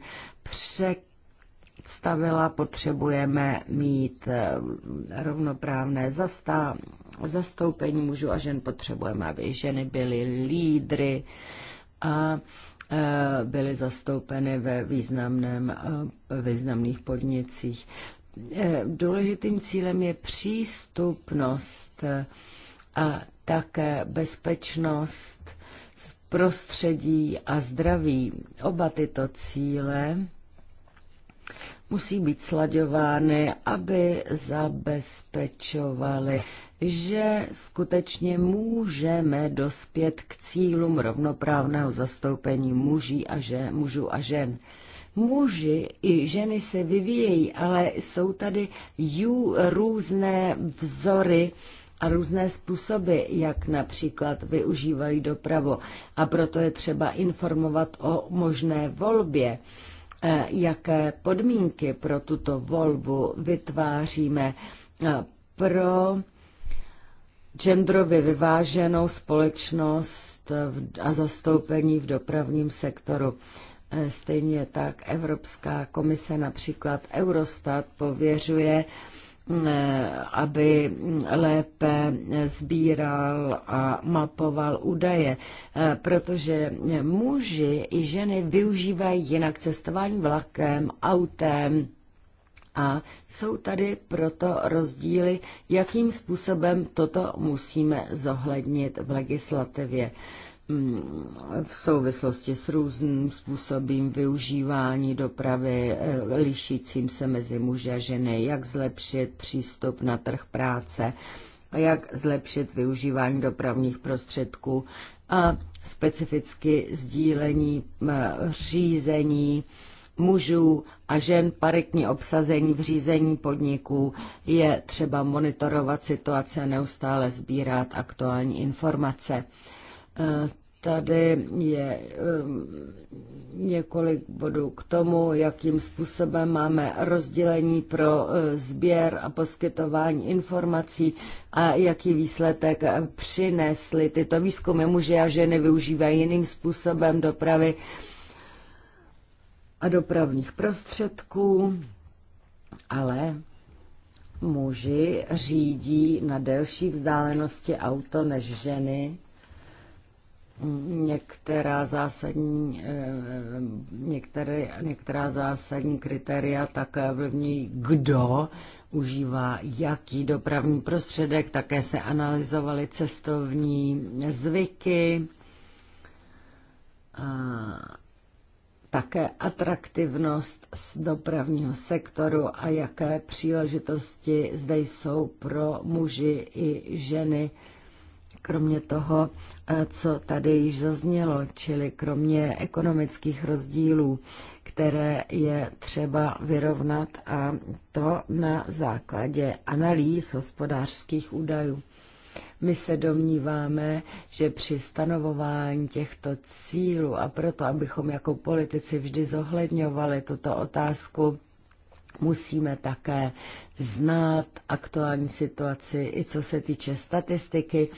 Stavila, Potřebujeme mít eh, rovnoprávné zastá, zastoupení mužů a žen. Potřebujeme, aby ženy byly lídry a eh, byly zastoupeny ve významném, významných podnicích. Eh, důležitým cílem je přístupnost eh, a také bezpečnost prostředí a zdraví. Oba tyto cíle musí být slaďovány, aby zabezpečovaly, že skutečně můžeme dospět k cílům rovnoprávného zastoupení muží a žen, mužů a žen. Muži i ženy se vyvíjejí, ale jsou tady jů různé vzory a různé způsoby, jak například využívají dopravu. A proto je třeba informovat o možné volbě e, jaké podmínky pro tuto volbu vytváříme e, pro genderově vyváženou společnost a zastoupení v dopravním sektoru. Stejně tak Evropská komise, například Eurostat, pověřuje mm, aby lépe sbíral a mapoval údaje, eh, protože muži i ženy využívají jinak cestování vlakem, autem, a jsou tady proto rozdíly, jakým způsobem toto musíme zohlednit v legislativě v souvislosti s různým způsobem využívání dopravy, eh, lišícím se mezi muže a ženy, jak zlepšit přístup na trh práce, jak zlepšit využívání dopravních prostředků a specificky sdílení eh, řízení mužů a žen paritní obsazení v řízení podniků je třeba monitorovat situace a neustále sbírat aktuální informace. Eh, Tady je um, několik bodů k tomu, jakým způsobem máme rozdělení pro uh, sběr a poskytování informací a jaký výsledek uh, přinesly tyto výzkumy. Muži a ženy využívají jiným způsobem dopravy a dopravních prostředků, ale muži řídí na delší vzdálenosti auto než ženy některá zásadní, eh, některé, některá zásadní kritéria také ovlivňují, kdo užívá jaký dopravní prostředek. Také se analyzovaly cestovní zvyky, a také atraktivnost z dopravního sektoru a jaké příležitosti zde jsou pro muži i ženy. Kromě toho co tady již zaznělo, čili kromě ekonomických rozdílů, které je třeba vyrovnat a to na základě analýz hospodářských údajů. My se domníváme, že při stanovování těchto cílů a proto, abychom jako politici vždy zohledňovali tuto otázku, musíme také znát aktuální situaci, i co se týče statistiky,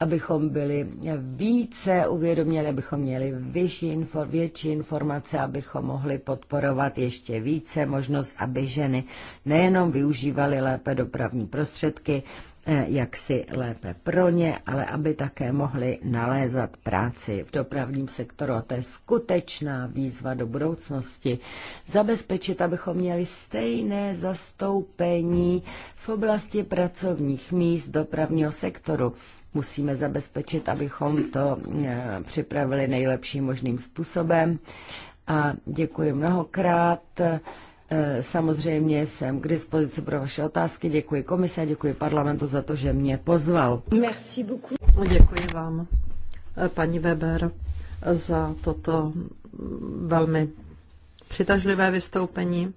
abychom byli více uvědoměli, abychom měli vyšší, infor, větší informace, abychom mohli podporovat ještě více možnost, aby ženy nejenom využívaly lépe dopravní prostředky, eh, jak si lépe pro ně, ale aby také mohli nalézat práci v dopravním sektoru. A to je skutečná výzva do budoucnosti. Zabezpečit, abychom měli stejné zastoupení opatření v oblasti pracovních míst dopravního sektoru. Musíme zabezpečit, abychom to eh, připravili nejlepším možným způsobem. A děkuji mnohokrát. Eh, samozřejmě jsem k dispozici pro vaše otázky. Děkuji komise, děkuji parlamentu za to, že mě pozval. Merci beaucoup. Děkuji vám, eh, paní Weber, za toto mm, velmi přitažlivé vystoupení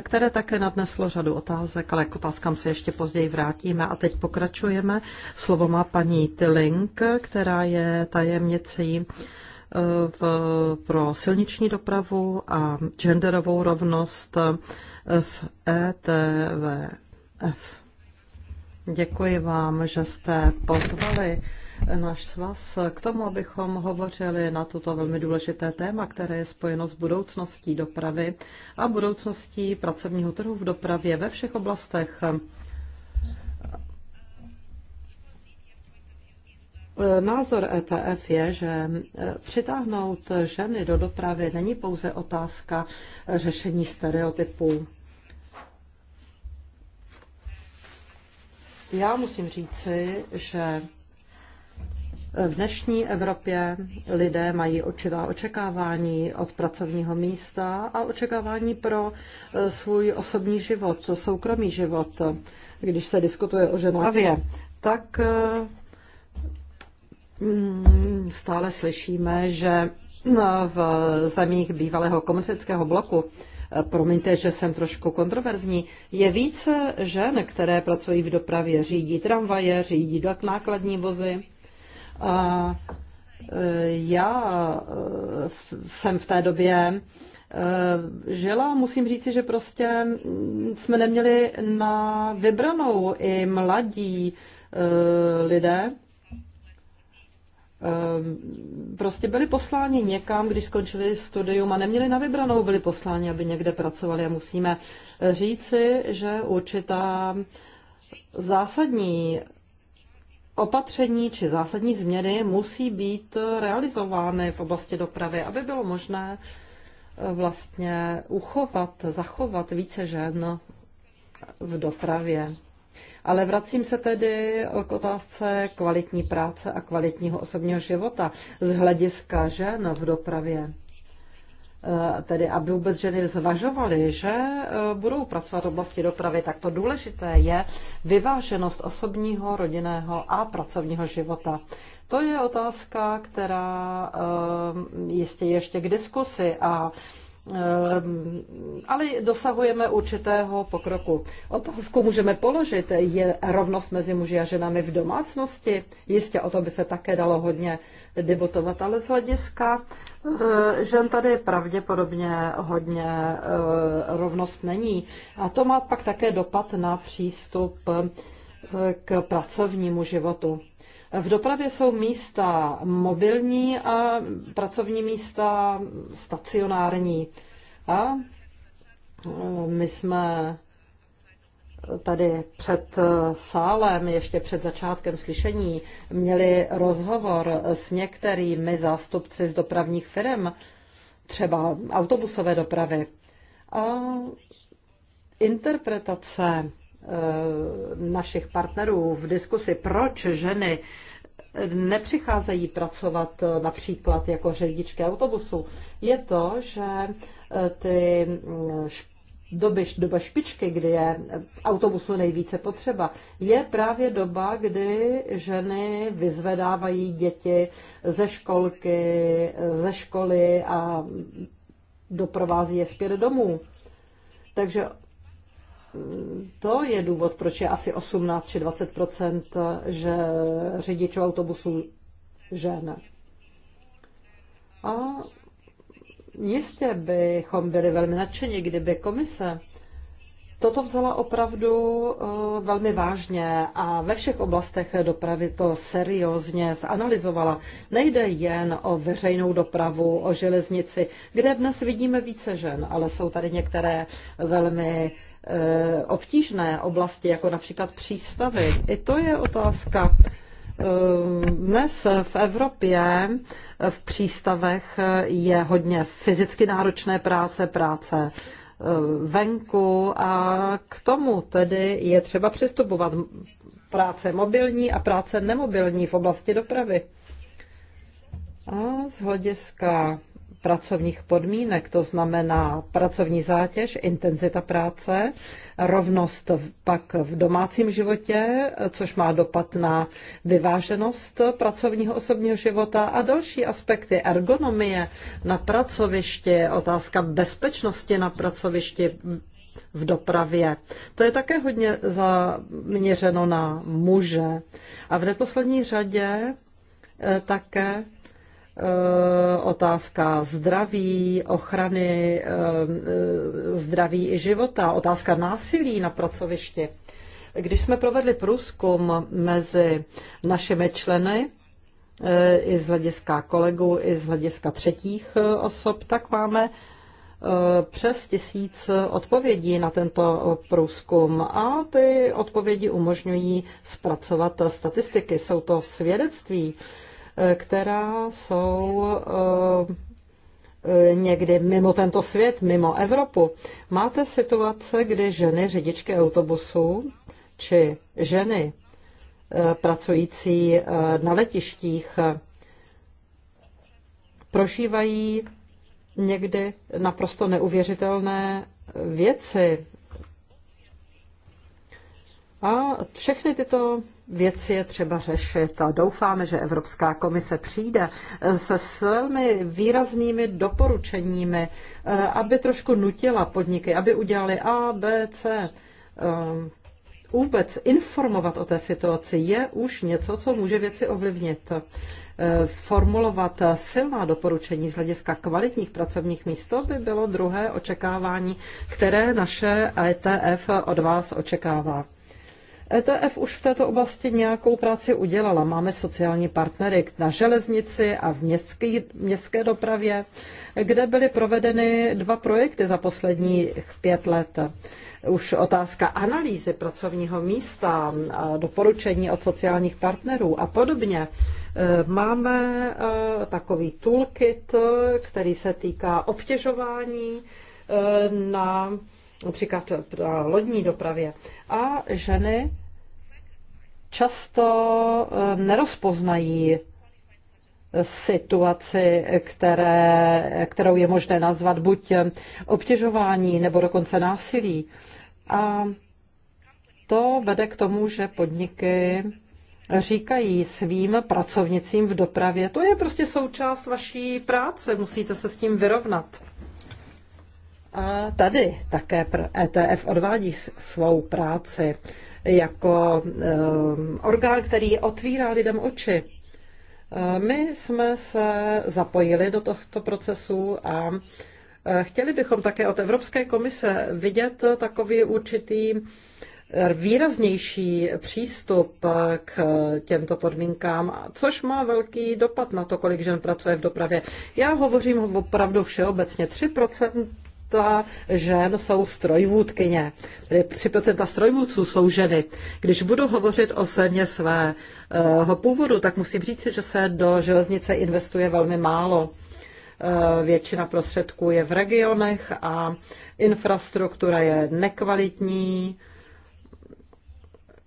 které také nadneslo řadu otázek, ale k otázkám se ještě později vrátíme. A teď pokračujeme. Slovo má paní Tilling, která je tajemnicí eh, v, pro silniční dopravu a genderovou rovnost eh, v ETVF. Děkuji vám, že jste pozvali náš svaz k tomu, abychom hovořili na toto velmi důležité téma, které je spojeno s budoucností dopravy a budoucností pracovního trhu v dopravě ve všech oblastech. Názor ETF je, že e, přitáhnout ženy do dopravy není pouze otázka e, řešení stereotypů. Já musím říci, že v dnešní Evropě lidé mají určitá očekávání od pracovního místa a očekávání pro eh, svůj osobní život, soukromý život. Když se diskutuje o ženávě, tak eh, mm, stále slyšíme, že eh, v zemích bývalého komunistického bloku promiňte, že jsem trošku kontroverzní, je více žen, které pracují v dopravě, řídí tramvaje, řídí nákladní vozy a e, já e, jsem v té době e, žila, musím říci, že prostě jsme neměli na vybranou i mladí lidé, prostě byli posláni někam, když skončili studium a neměli na vybranou, byli posláni, aby někde pracovali a musíme říci, že určitá zásadní opatření či zásadní změny musí být realizovány v oblasti dopravy, aby bylo možné eh, vlastně uchovat, zachovat více žen v dopravě. Ale vracím se tedy k otázce kvalitní práce a kvalitního osobního života z hlediska žen v dopravě. Eh, tedy aby vůbec ženy zvažovaly, že eh, budou pracovat v oblasti dopravy, tak to důležité je vyváženost osobního, rodinného a pracovního života. To je otázka, která eh, jistě ještě k diskusi a ale dosahujeme určitého pokroku. Otázku můžeme položit, je rovnost mezi muži a ženami v domácnosti? Jistě o to by se také dalo hodně debatovat, ale z hlediska Eh, žen tady pravděpodobně hodně eh, rovnost není. A to má pak také dopad na přístup eh, k pracovnímu životu. V dopravě jsou místa mobilní a pracovní místa stacionární. A my jsme tady před eh, sálem, ještě před začátkem slyšení, měli rozhovor s některými zástupci z dopravních firm, třeba autobusové dopravy. A interpretace eh, našich partnerů v diskusi, proč ženy nepřicházejí pracovat eh, například jako řidičky autobusu, je to, že ty mm, doby, doba špičky, kdy je autobusu nejvíce potřeba, je právě doba, kdy ženy vyzvedávají děti ze školky, ze školy a doprovází je zpět domů. Takže mm, to je důvod, proč je asi 18 či 20 že řidičů autobusů žen. A Jistě bychom byli velmi nadšeni, kdyby komise toto vzala opravdu eh, velmi vážně a ve všech oblastech dopravy to seriózně zanalizovala. Nejde jen o veřejnou dopravu, o železnici, kde dnes vidíme více žen, ale jsou tady některé velmi eh, obtížné oblasti, jako například přístavy. I to je otázka Ehm, dnes v Evropě eh, v přístavech eh, je hodně fyzicky náročné práce, práce eh, venku a k tomu tedy je třeba přistupovat práce mobilní a práce nemobilní v oblasti dopravy. A z hlediska pracovních podmínek, to znamená pracovní zátěž, intenzita práce, rovnost pak v domácím životě, což má dopad na vyváženost pracovního osobního života a další aspekty ergonomie na pracovišti, otázka bezpečnosti na pracovišti, v dopravě. To je také hodně zaměřeno na muže. A v neposlední řadě eh, také Eh, otázka zdraví, ochrany eh, zdraví i života, otázka násilí na pracovišti. Když jsme provedli průzkum mezi našimi členy, eh, i z hlediska kolegů, i z hlediska třetích osob, tak máme přes tisíc odpovědí na tento průzkum a ty odpovědi umožňují zpracovat statistiky. Jsou to svědectví Eh, která jsou eh, někdy mimo tento svět, mimo Evropu. Máte situace, kdy ženy řidičky autobusů či ženy eh, pracující na letištích prožívají někdy naprosto neuvěřitelné věci. A všechny tyto věci je třeba řešit a doufáme, že Evropská komise přijde se velmi výraznými doporučeními, eh, aby trošku nutila podniky, aby udělali A, B, C. Eh, vůbec informovat o té situaci je už něco, co může věci ovlivnit. Eh, formulovat silná doporučení z hlediska kvalitních pracovních míst, to by bylo druhé očekávání, které naše ETF od vás očekává. ETF už v této oblasti nějakou práci udělala. Máme sociální partnery na železnici a v městský, městské dopravě, kde byly provedeny dva projekty za posledních pět let. Už otázka analýzy pracovního místa, doporučení od sociálních partnerů a podobně. E, máme e, takový toolkit, který se týká obtěžování e, na například na lodní dopravě. A ženy často eh, nerozpoznají situaci, které, kterou je možné nazvat buď obtěžování nebo dokonce násilí. A to vede k tomu, že podniky říkají svým pracovnicím v dopravě, to je prostě součást vaší práce, musíte se s tím vyrovnat. A tady také ETF odvádí svou práci jako eh, orgán, který otvírá lidem oči. Eh, my jsme se zapojili do tohoto procesu a eh, chtěli bychom také od Evropské komise vidět takový určitý výraznější přístup k těmto podmínkám, což má velký dopad na to, kolik žen pracuje v dopravě. Já hovořím opravdu všeobecně. 3% 3% žen jsou strojvůdkyně, tedy 3% strojvůdců jsou ženy. Když budu hovořit o země svého původu, tak musím říct, že se do železnice investuje velmi málo. Eh, většina prostředků je v regionech a infrastruktura je nekvalitní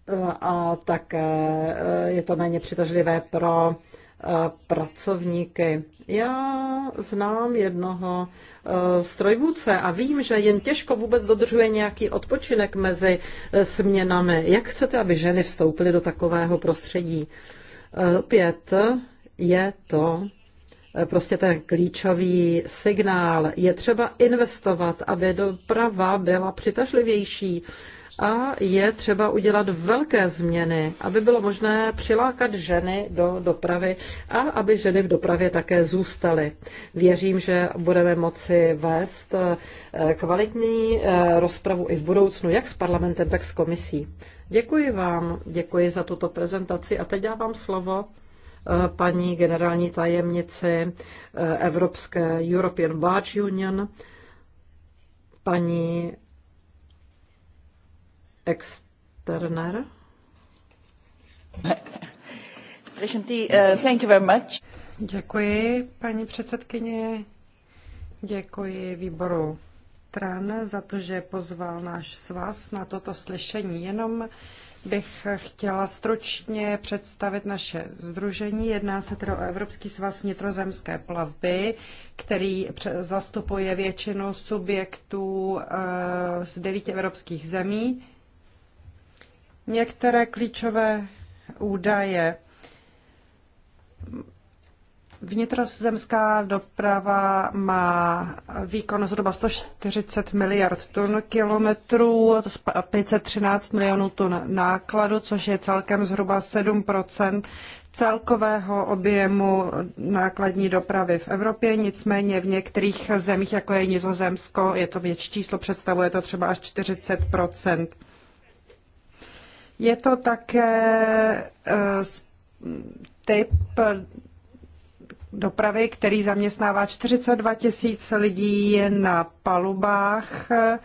eh, a také eh, je to méně přitažlivé pro Eh, pracovníky. Já znám jednoho eh, strojvůdce a vím, že jen těžko vůbec dodržuje nějaký odpočinek mezi eh, směnami. Jak chcete, aby ženy vstoupily do takového prostředí? Pět je to prostě ten klíčový signál. Je třeba investovat, aby doprava byla přitažlivější, a je třeba udělat velké změny, aby bylo možné přilákat ženy do dopravy a aby ženy v dopravě také zůstaly. Věřím, že budeme moci vést eh, kvalitní eh, rozpravu i v budoucnu, jak s parlamentem, tak s komisí. Děkuji vám, děkuji za tuto prezentaci a teď dávám slovo eh, paní generální tajemnici Evropské European Barge Union, paní Externer. Uh, thank you very much. Děkuji, paní předsedkyně. Děkuji výboru TRAN za to, že pozval náš svaz na toto slyšení. Jenom bych chtěla stručně představit naše združení. Jedná se tedy o Evropský svaz vnitrozemské plavby, který zastupuje většinu subjektů eh, z devíti evropských zemí některé klíčové údaje. Vnitrozemská doprava má výkon zhruba 140 miliard tun kilometrů, 513 milionů tun nákladu, což je celkem zhruba 7 celkového objemu nákladní dopravy v Evropě, nicméně v některých zemích, jako je Nizozemsko, je to větší číslo, představuje to třeba až 40 je to také eh, typ dopravy, který zaměstnává 42 tisíc lidí na palubách eh,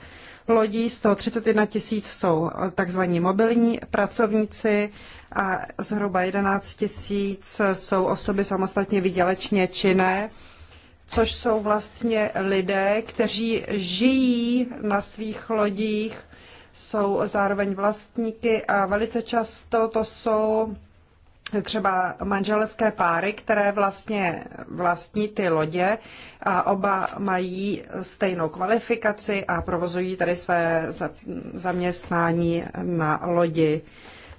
lodí, 131 tisíc jsou eh, takzvaní mobilní pracovníci a zhruba 11 tisíc jsou osoby samostatně vydělečně činné, což jsou vlastně lidé, kteří žijí na svých lodích jsou zároveň vlastníky a velice často to jsou třeba manželské páry, které vlastně vlastní ty lodě a oba mají stejnou kvalifikaci a provozují tady své zaměstnání na lodi.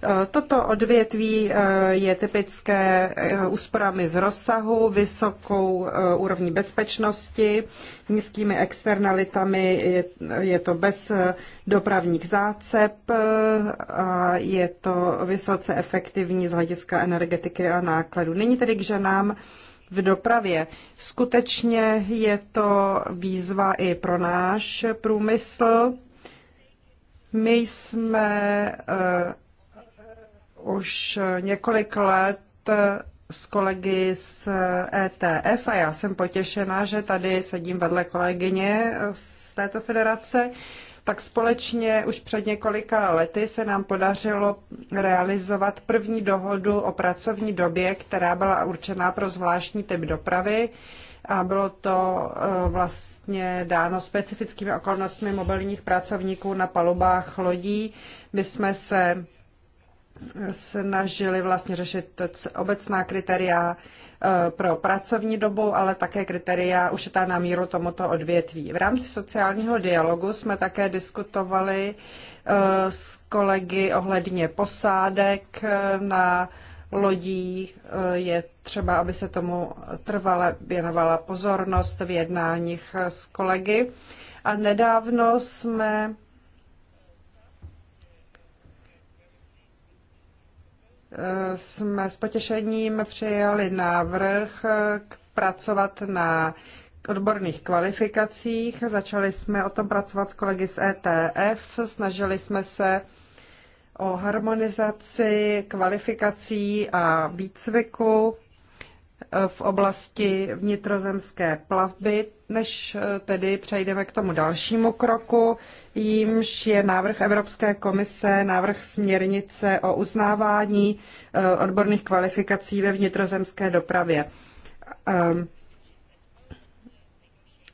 Eh, toto odvětví eh, je typické eh, úsporami z rozsahu, vysokou úrovní bezpečnosti, nízkými externalitami, je to bez dopravních zácep a je to vysoce efektivní z hlediska energetiky a nákladu. Není tedy k ženám v dopravě. Skutečně je to výzva i pro náš průmysl. My jsme už několik let s kolegy z ETF a já jsem potěšena, že tady sedím vedle kolegyně z této federace, tak společně už před několika lety se nám podařilo realizovat první dohodu o pracovní době, která byla určená pro zvláštní typ dopravy a bylo to eh, vlastně dáno specifickými okolnostmi mobilních pracovníků na palubách lodí. My jsme se snažili vlastně řešit obecná kritéria e, pro pracovní dobu, ale také kritéria ušitá na míru tomuto odvětví. V rámci sociálního dialogu jsme také diskutovali e, s kolegy ohledně posádek e, na lodí. Je třeba, aby se tomu trvale věnovala pozornost v jednáních s kolegy. A nedávno jsme jsme s potěšením přijali návrh eh, pracovat na odborných kvalifikacích. Začali jsme o tom pracovat s kolegy z ETF, snažili jsme se o harmonizaci kvalifikací a výcviku v oblasti vnitrozemské plavby, než eh, tedy přejdeme k tomu dalšímu kroku, jímž je návrh Evropské komise, návrh směrnice o uznávání eh, odborných kvalifikací ve vnitrozemské dopravě. Ehm,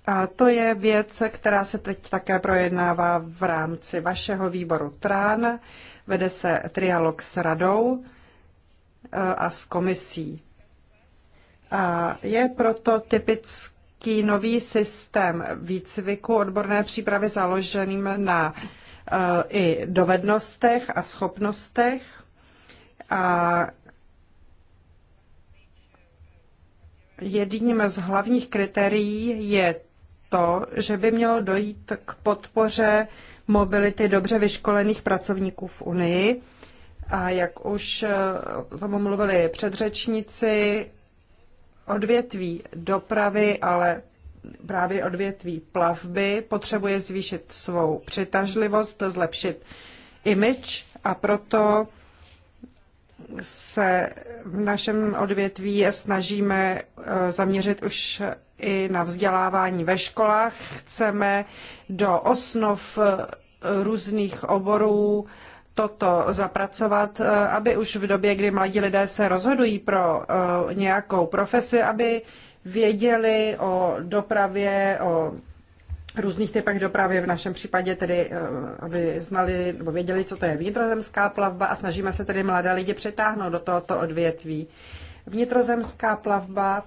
a to je věc, která se teď také projednává v rámci vašeho výboru TRAN. Vede se trialog s radou eh, a s komisí je proto typický nový systém výcviku odborné přípravy založeným na eh, i dovednostech a schopnostech. A jedním z hlavních kritérií je to, že by mělo dojít k podpoře mobility dobře vyškolených pracovníků v Unii. A jak už eh, o tom mluvili předřečníci, odvětví dopravy, ale právě odvětví plavby potřebuje zvýšit svou přitažlivost, zlepšit image a proto se v našem odvětví snažíme eh, zaměřit už i na vzdělávání ve školách. Chceme do osnov eh, různých oborů toto zapracovat, eh, aby už v době, kdy mladí lidé se rozhodují pro eh, nějakou profesi, aby věděli o dopravě, o různých typech dopravy, v našem případě tedy, eh, aby znali nebo věděli, co to je vnitrozemská plavba a snažíme se tedy mladé lidi přetáhnout do tohoto odvětví. Vnitrozemská plavba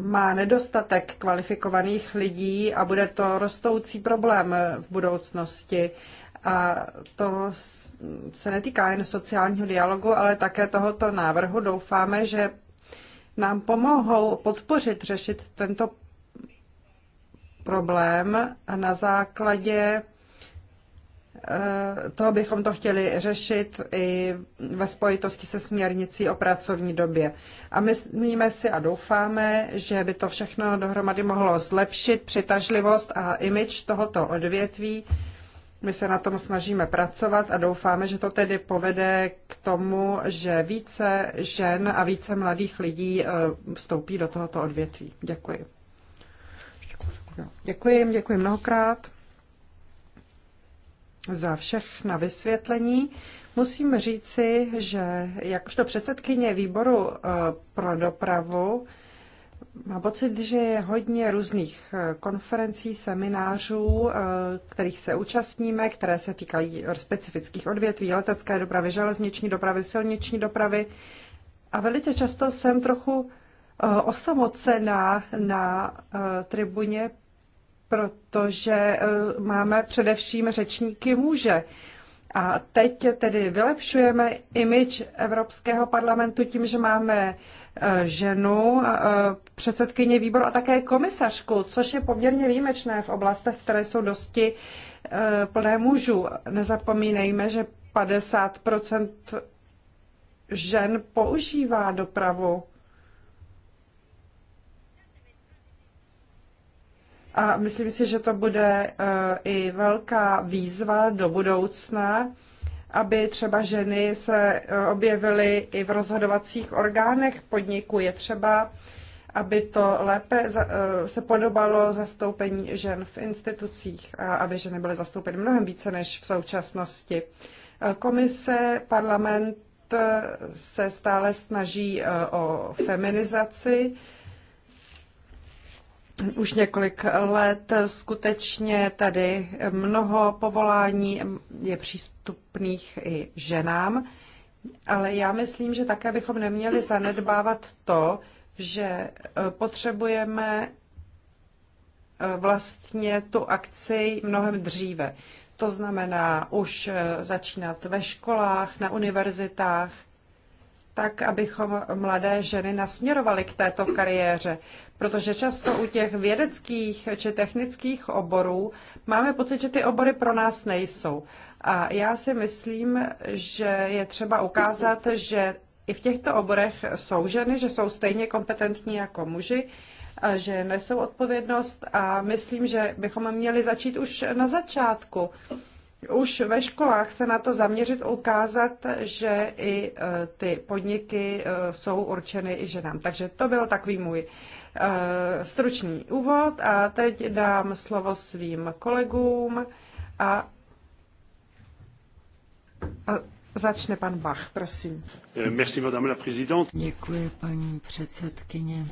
má nedostatek kvalifikovaných lidí a bude to rostoucí problém v budoucnosti. A to se netýká jen sociálního dialogu, ale také tohoto návrhu. Doufáme, že nám pomohou podpořit řešit tento problém a na základě eh, toho bychom to chtěli řešit i ve spojitosti se směrnicí o pracovní době. A myslíme si a doufáme, že by to všechno dohromady mohlo zlepšit přitažlivost a imič tohoto odvětví my se na tom snažíme pracovat a doufáme, že to tedy povede k tomu, že více žen a více mladých lidí eh, vstoupí do tohoto odvětví. Děkuji. Děkuji, děkuji mnohokrát za všech na vysvětlení. Musím říci, že jakožto předsedkyně výboru eh, pro dopravu Mám pocit, že je hodně různých eh, konferencí, seminářů, eh, kterých se účastníme, které se týkají specifických odvětví, letecké dopravy, železniční dopravy, silniční dopravy. A velice často jsem trochu eh, osamocená na tribuně, protože máme především řečníky muže. A teď tedy vylepšujeme imič Evropského parlamentu tím, že máme e, ženu, e, předsedkyně výboru a také komisařku, což je poměrně výjimečné v oblastech, které jsou dosti e, plné mužů. Nezapomínejme, že 50 žen používá dopravu. A myslím si, že to bude eh, i velká výzva do budoucna, aby třeba ženy se eh, objevily i v rozhodovacích orgánech podniku. Je třeba, aby to lépe eh, se podobalo zastoupení žen v institucích a aby ženy byly zastoupeny mnohem více než v současnosti. Komise, parlament se stále snaží o feminizaci už několik let skutečně tady mnoho povolání je přístupných i ženám, ale já myslím, že také bychom neměli zanedbávat to, že eh, potřebujeme eh, vlastně tu akci mnohem dříve. To znamená už eh, začínat ve školách, na univerzitách, tak, abychom mladé ženy nasměrovali k této kariéře. Protože často u těch vědeckých či technických oborů máme pocit, že ty obory pro nás nejsou. A já si myslím, že je třeba ukázat, že i v těchto oborech jsou ženy, že jsou stejně kompetentní jako muži, a že nesou odpovědnost a myslím, že bychom měli začít už na začátku už ve školách se na to zaměřit, ukázat, že i e, ty podniky e, jsou určeny i ženám. Takže to byl takový můj e, stručný úvod a teď dám slovo svým kolegům a, a začne pan Bach, prosím. Merci, madame la présidente. Děkuji, paní předsedkyně.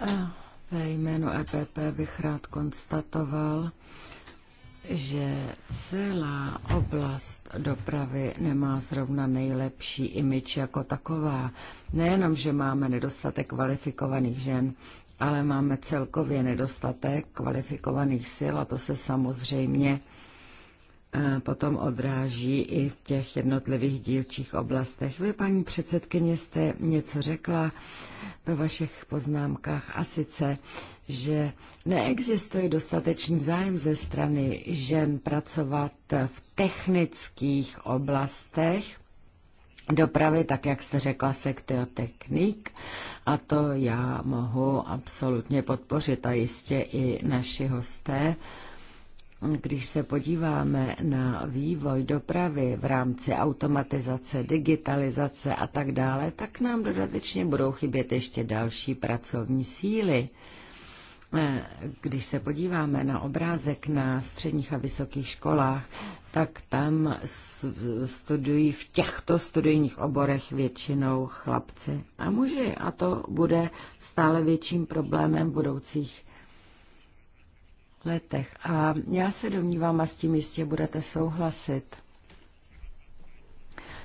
Uh. Ve jménu EPP bych rád konstatoval, že celá oblast dopravy nemá zrovna nejlepší imič jako taková. Nejenom, že máme nedostatek kvalifikovaných žen, ale máme celkově nedostatek kvalifikovaných sil a to se samozřejmě potom odráží i v těch jednotlivých dílčích oblastech. Vy, paní předsedkyně, jste něco řekla ve vašich poznámkách a sice, že neexistuje dostatečný zájem ze strany žen pracovat v technických oblastech, dopravy, tak jak jste řekla, sektor technik a to já mohu absolutně podpořit a jistě i naši hosté. Uh, když se podíváme na vývoj dopravy v rámci automatizace, digitalizace a tak dále, tak nám dodatečně budou chybět ještě další pracovní síly. Eh, když se podíváme na obrázek na středních a vysokých školách, tak tam studují v těchto studijních oborech většinou chlapci a muži. A to bude stále větším problémem budoucích letech. A já se domnívám, a s tím jistě budete souhlasit,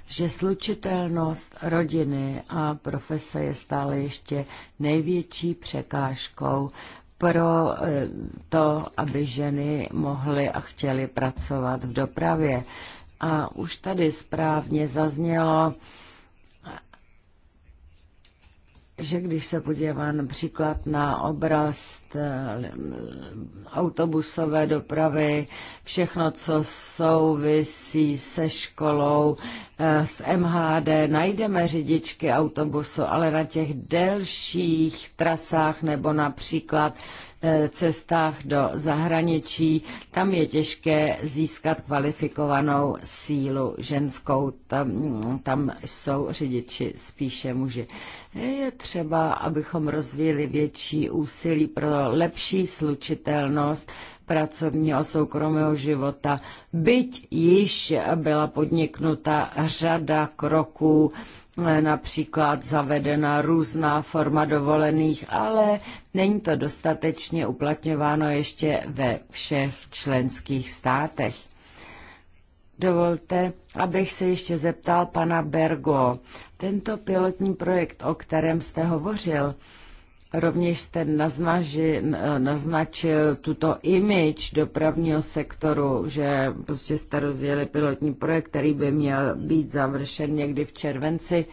že slučitelnost rodiny a profese je stále ještě největší překážkou pro eh, to, aby ženy mohly a chtěly pracovat v dopravě. A už tady správně zaznělo, že když se podívá například na obraz eh, autobusové dopravy, všechno, co souvisí se školou, eh, s MHD, najdeme řidičky autobusu, ale na těch delších trasách nebo například Eh, cestách do zahraničí. Tam je těžké získat kvalifikovanou sílu ženskou. Tam, tam jsou řidiči spíše muži. Je třeba, abychom rozvíjeli větší úsilí pro lepší slučitelnost pracovního soukromého života, byť již byla podniknuta řada kroků Eh, například zavedena různá forma dovolených, ale není to dostatečně uplatňováno ještě ve všech členských státech. Dovolte, abych se ještě zeptal pana Bergo. Tento pilotní projekt, o kterém jste hovořil, Rovněž jste naznaži, naznačil tuto image dopravního sektoru, že prostě jste rozjeli pilotní projekt, který by měl být završen někdy v červenci.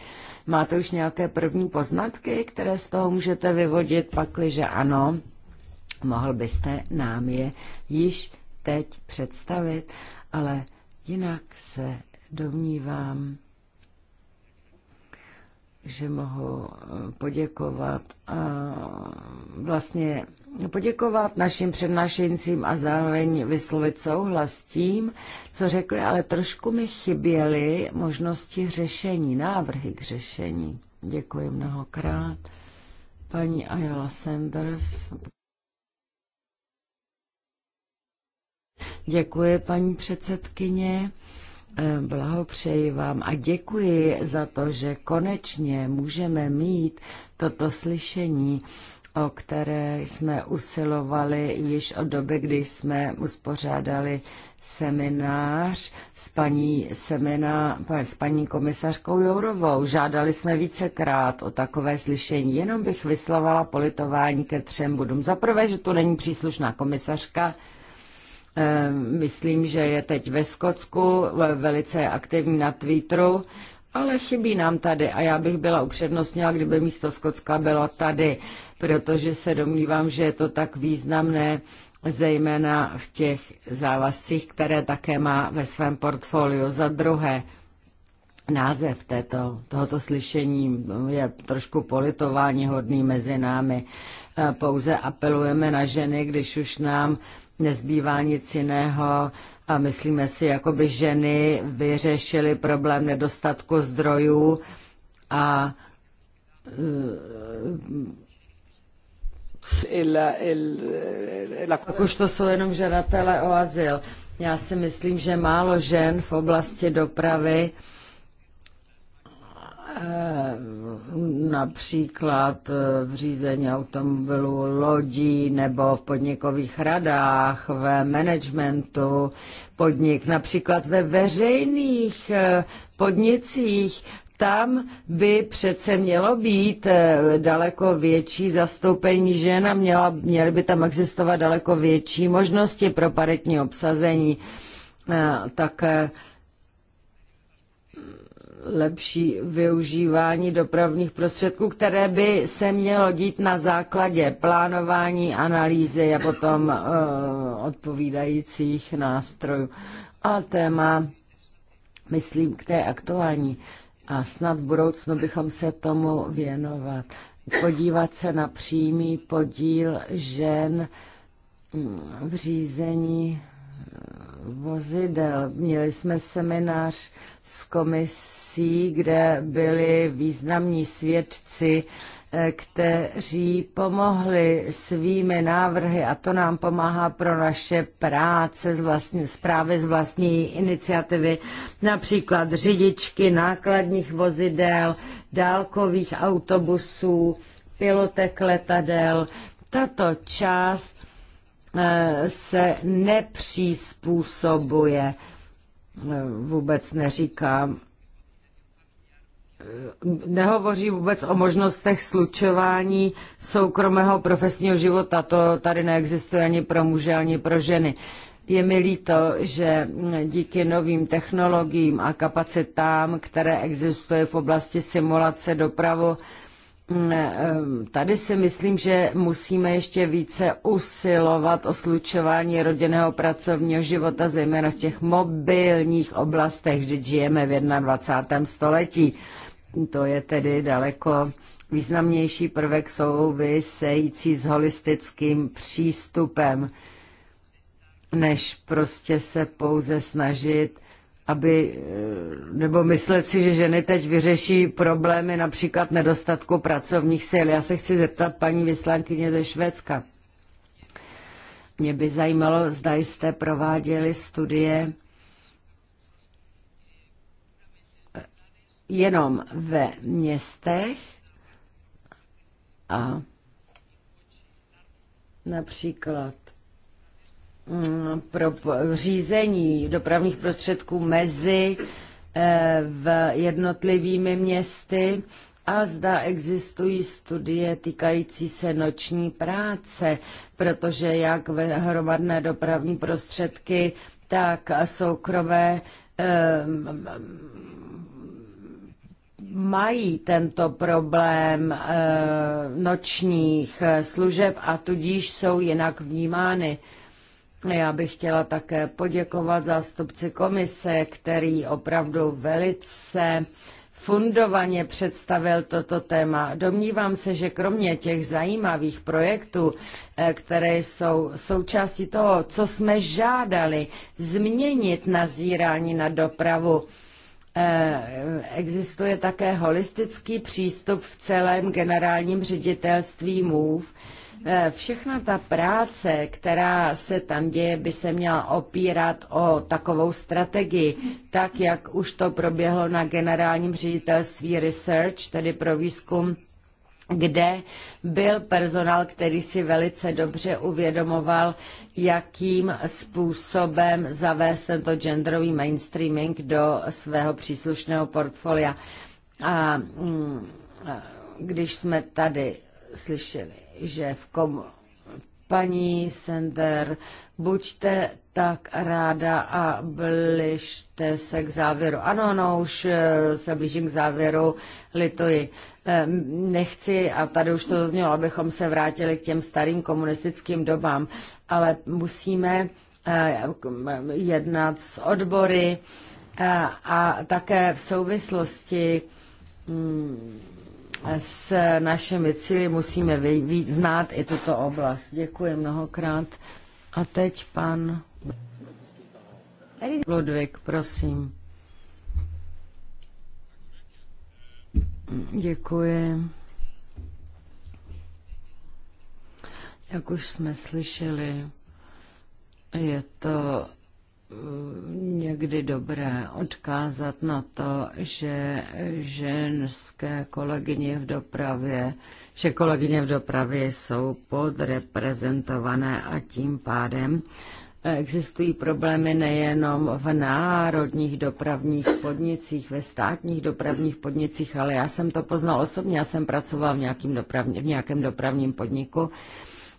Máte už nějaké první poznatky, které z toho můžete vyvodit, pakliže ano, mohl byste nám je již teď představit, ale jinak se domnívám, že mohu eh, poděkovat a vlastně poděkovat našim přednášejícím a zároveň vyslovit souhlas tím, co řekli, ale trošku mi chyběly možnosti řešení, návrhy k řešení. Děkuji mnohokrát. Paní Ayala Sanders. Děkuji, paní předsedkyně. Eh, blahopřeji vám a děkuji za to, že konečně můžeme mít toto slyšení, o které jsme usilovali již od doby, kdy jsme uspořádali seminář s paní, semina, s paní komisařkou Jourovou. Žádali jsme vícekrát o takové slyšení. Jenom bych vyslovala politování ke třem budům. Za prvé, že tu není příslušná komisařka, Ehm, myslím, že je teď ve Skotsku, eh, velice aktivní na Twitteru, ale chybí nám tady a já bych byla upřednostnila, kdyby místo Skotska bylo tady, protože se domnívám, že je to tak významné, zejména v těch závazcích, které také má ve svém portfoliu. Za druhé, Název této, tohoto slyšení je trošku politování hodný mezi námi. Eh, pouze apelujeme na ženy, když už nám nezbývá nic jiného a myslíme si, jako by ženy vyřešily problém nedostatku zdrojů a tak už to jsou jenom žadatelé o azyl. Já si myslím, že málo žen v oblasti dopravy Eh, například eh, v řízení automobilů, lodí nebo v podnikových radách, ve managementu podnik, například ve veřejných eh, podnicích, tam by přece mělo být daleko větší zastoupení žen a měla, měly by tam existovat daleko větší možnosti pro paritní obsazení. tak lepší využívání dopravních prostředků, které by se mělo dít na základě plánování, analýzy a potom uh, odpovídajících nástrojů. A téma, myslím, k té aktuální. A snad v budoucnu bychom se tomu věnovat. Podívat se na přímý podíl žen mm, v řízení vozidel. Měli jsme seminář s komisí, kde byli významní svědci, eh, kteří pomohli svými návrhy a to nám pomáhá pro naše práce z vlastní, zprávy z vlastní iniciativy, například řidičky nákladních vozidel, dálkových autobusů, pilotek letadel. Tato část Eh, se nepřizpůsobuje. Eh, vůbec neříkám, eh, nehovoří vůbec o možnostech slučování soukromého profesního života. To tady neexistuje ani pro muže, ani pro ženy. Je mi líto, že díky novým technologiím a kapacitám, které existují v oblasti simulace dopravu, Tady si myslím, že musíme ještě více usilovat o slučování rodinného pracovního života, zejména v těch mobilních oblastech, kde žijeme v 21. století. To je tedy daleko významnější prvek související s holistickým přístupem, než prostě se pouze snažit aby, eh, nebo myslet si, že ženy teď vyřeší problémy například nedostatku pracovních sil. Já se chci zeptat paní vyslankyně ze Švédska. Mě by zajímalo, zda jste prováděli studie eh, jenom ve městech a například Mm, pro řízení dopravních prostředků mezi eh, v jednotlivými městy a zda existují studie týkající se noční práce, protože jak hromadné dopravní prostředky, tak soukromé eh, mají tento problém eh, nočních služeb a tudíž jsou jinak vnímány. Já bych chtěla také poděkovat zástupci komise, který opravdu velice fundovaně představil toto téma. Domnívám se, že kromě těch zajímavých projektů, eh, které jsou součástí toho, co jsme žádali změnit nazírání na dopravu, eh, existuje také holistický přístup v celém generálním ředitelství MOVE, E, všechna ta práce, která se tam děje, by se měla opírat o takovou strategii, tak jak už to proběhlo na generálním ředitelství Research, tedy pro výzkum kde byl personál, který si velice dobře uvědomoval, jakým způsobem zavést tento genderový mainstreaming do svého příslušného portfolia. A mm, když jsme tady slyšeli že v kom... Paní Sender, buďte tak ráda a bližte se k závěru. Ano, ano, už eh, se blížím k závěru, lituji. Eh, nechci, a tady už to zaznělo, abychom se vrátili k těm starým komunistickým dobám, ale musíme eh, jednat s odbory a, a také v souvislosti hm, s našimi cíly musíme znát i tuto oblast. Děkuji mnohokrát. A teď pan Ludvík, prosím. Děkuji. Jak už jsme slyšeli, je to někdy dobré odkázat na to, že ženské kolegyně v dopravě, že kolegyně v dopravě jsou podreprezentované a tím pádem Existují problémy nejenom v národních dopravních podnicích, ve státních dopravních podnicích, ale já jsem to poznal osobně, já jsem pracoval v, nějakým dopravní, v nějakém dopravním podniku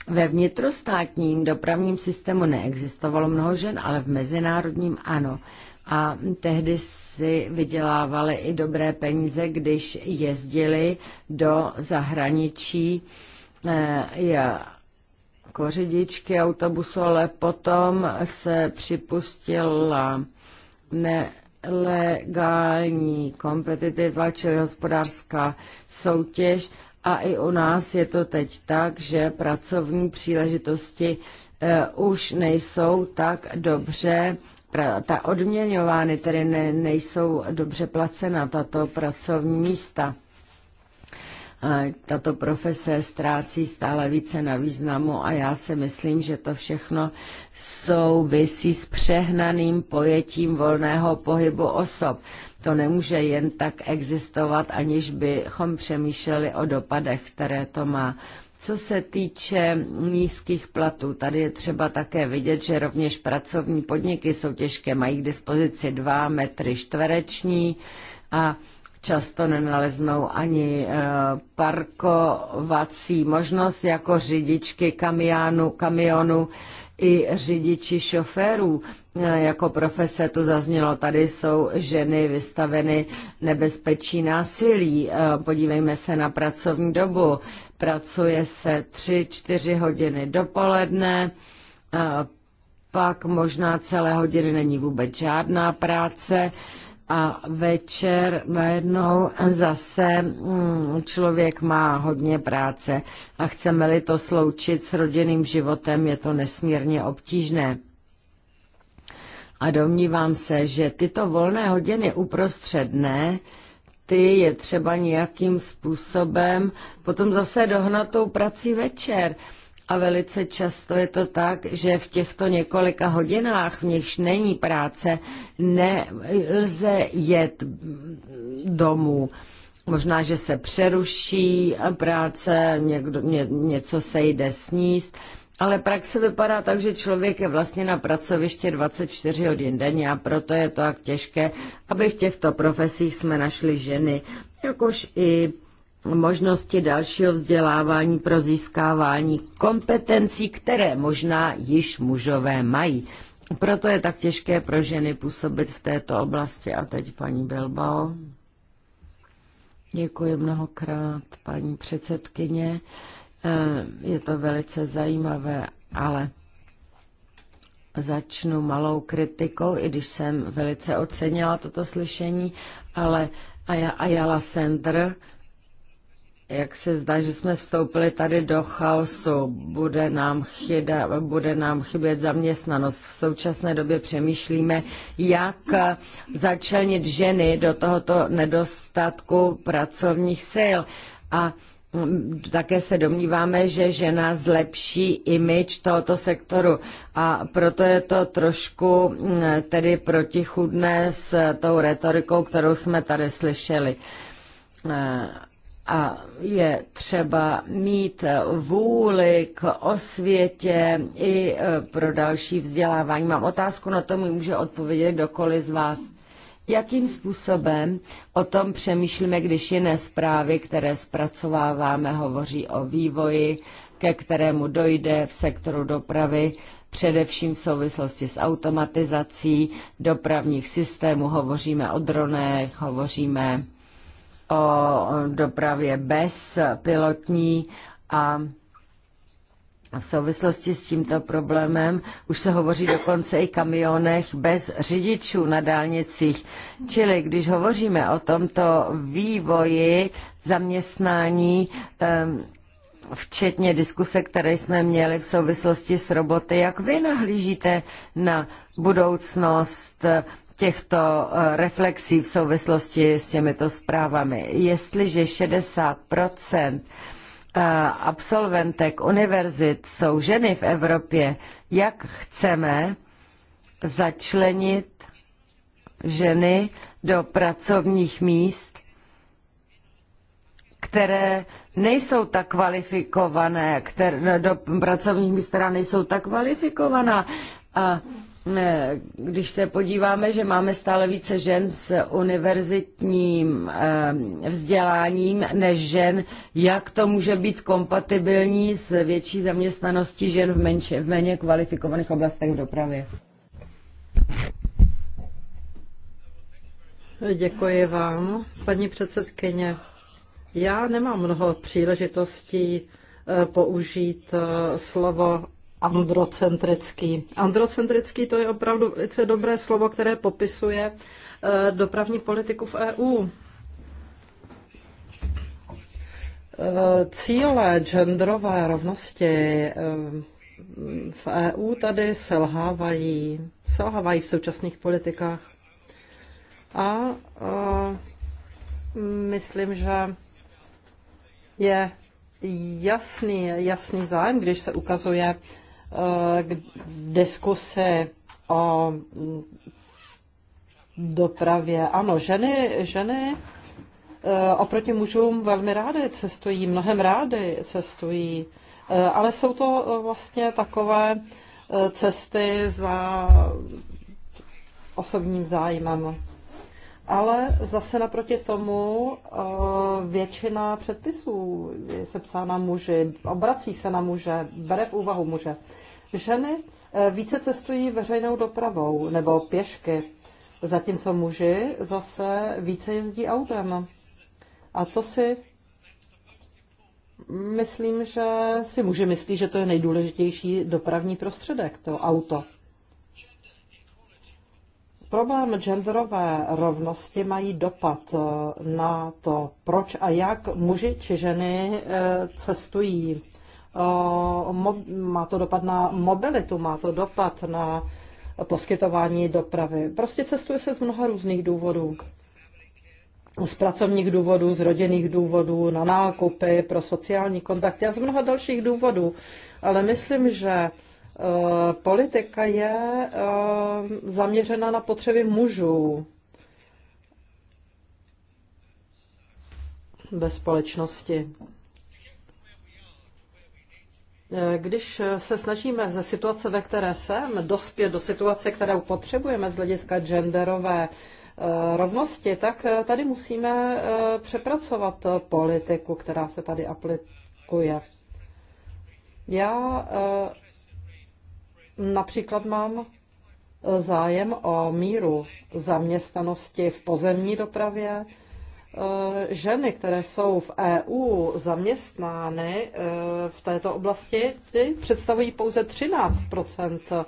ve vnitrostátním dopravním systému neexistovalo mnoho žen, ale v mezinárodním ano. A tehdy si vydělávali i dobré peníze, když jezdili do zahraničí eh, jako řidičky autobusu, ale potom se připustila nelegální kompetitiva, čili hospodářská soutěž a i u nás je to teď tak, že pracovní příležitosti eh, už nejsou tak dobře ta odměňovány, tedy ne, nejsou dobře placena tato pracovní místa. Tato profese ztrácí stále více na významu a já si myslím, že to všechno souvisí s přehnaným pojetím volného pohybu osob. To nemůže jen tak existovat, aniž bychom přemýšleli o dopadech, které to má. Co se týče nízkých platů, tady je třeba také vidět, že rovněž pracovní podniky jsou těžké, mají k dispozici 2 metry čtvereční a často nenaleznou ani e, parkovací možnost jako řidičky kamionu, kamionu i řidiči šoférů. E, jako profese to zaznělo, tady jsou ženy vystaveny nebezpečí násilí. E, Podívejme se na pracovní dobu. Pracuje se 3-4 hodiny dopoledne, e, pak možná celé hodiny není vůbec žádná práce a večer najednou zase mm, člověk má hodně práce a chceme-li to sloučit s rodinným životem, je to nesmírně obtížné. A domnívám se, že tyto volné hodiny uprostřed dne, ty je třeba nějakým způsobem potom zase tou prací večer. A velice často je to tak, že v těchto několika hodinách, v nichž není práce, nelze jet domů. Možná, že se přeruší práce, někdo, ně, něco se jde sníst, ale praxe vypadá tak, že člověk je vlastně na pracovišti 24 hodin denně a proto je to tak těžké, aby v těchto profesích jsme našli ženy, jakož i možnosti dalšího vzdělávání pro získávání kompetencí, které možná již mužové mají. Proto je tak těžké pro ženy působit v této oblasti. A teď paní Bilbao. Děkuji mnohokrát, paní předsedkyně. Eh, je to velice zajímavé, ale začnu malou kritikou, i když jsem velice ocenila toto slyšení, ale Ayala Center, jak se zdá, že jsme vstoupili tady do chaosu, bude nám, chyda, bude nám chybět zaměstnanost. V současné době přemýšlíme, jak začlenit ženy do tohoto nedostatku pracovních sil. A mm, také se domníváme, že žena zlepší imič tohoto sektoru a proto je to trošku mm, tedy protichudné s tou retorikou, kterou jsme tady slyšeli. Eh, a je třeba mít vůli k osvětě i e, pro další vzdělávání. Mám otázku, na to mi může odpovědět kdokoliv z vás. Jakým způsobem o tom přemýšlíme, když jiné zprávy, které zpracováváme, hovoří o vývoji, ke kterému dojde v sektoru dopravy, především v souvislosti s automatizací dopravních systémů, hovoříme o dronech, hovoříme o dopravě bez pilotní a v souvislosti s tímto problémem už se hovoří dokonce i kamionech bez řidičů na dálnicích. Čili když hovoříme o tomto vývoji zaměstnání, včetně diskuse, které jsme měli v souvislosti s roboty, jak vy nahlížíte na budoucnost těchto eh, reflexí v souvislosti s těmito zprávami. Jestliže 60 eh, absolventek univerzit jsou ženy v Evropě, jak chceme začlenit ženy do pracovních míst, které nejsou tak kvalifikované, které, do pracovních míst, která nejsou tak kvalifikovaná. A když se podíváme, že máme stále více žen s univerzitním eh, vzděláním než žen, jak to může být kompatibilní s větší zaměstnaností žen v, menši, v méně kvalifikovaných oblastech v dopravě? Děkuji vám, paní předsedkyně. Já nemám mnoho příležitostí eh, použít eh, slovo androcentrický. Androcentrický to je opravdu velice dobré slovo, které popisuje eh, dopravní politiku v EU. Eh, cíle genderové rovnosti eh, v EU tady selhávají, selhávají v současných politikách. A, a myslím, že je jasný, jasný zájem, když se ukazuje v eh, diskusi o dopravě. Ano, ženy, ženy eh, oproti mužům velmi rády cestují, mnohem rády cestují, eh, ale jsou to vlastně takové cesty za osobním zájmem. Ale zase naproti tomu většina předpisů je sepsána muži, obrací se na muže, bere v úvahu muže. Ženy eh, více cestují veřejnou dopravou nebo pěšky, zatímco muži zase více jezdí autem. A to si myslím, že si muži myslí, že to je nejdůležitější dopravní prostředek, to auto. Problém genderové rovnosti mají dopad eh, na to, proč a jak muži či ženy eh, cestují má to dopad na mobilitu, má to dopad na poskytování dopravy. Prostě cestuje se z mnoha různých důvodů. Z pracovních důvodů, z rodinných důvodů, na nákupy, pro sociální kontakty a z mnoha dalších důvodů. Ale myslím, že e, politika je e, zaměřena na potřeby mužů ve společnosti. Když se snažíme ze situace, ve které jsem, dospět do situace, kterou potřebujeme z hlediska genderové eh, rovnosti, tak eh, tady musíme eh, přepracovat politiku, která se tady aplikuje. Já například mám zájem o míru zaměstnanosti v pozemní dopravě, Eh, ženy, které jsou v EU zaměstnány eh, v této oblasti, ty představují pouze 13 eh,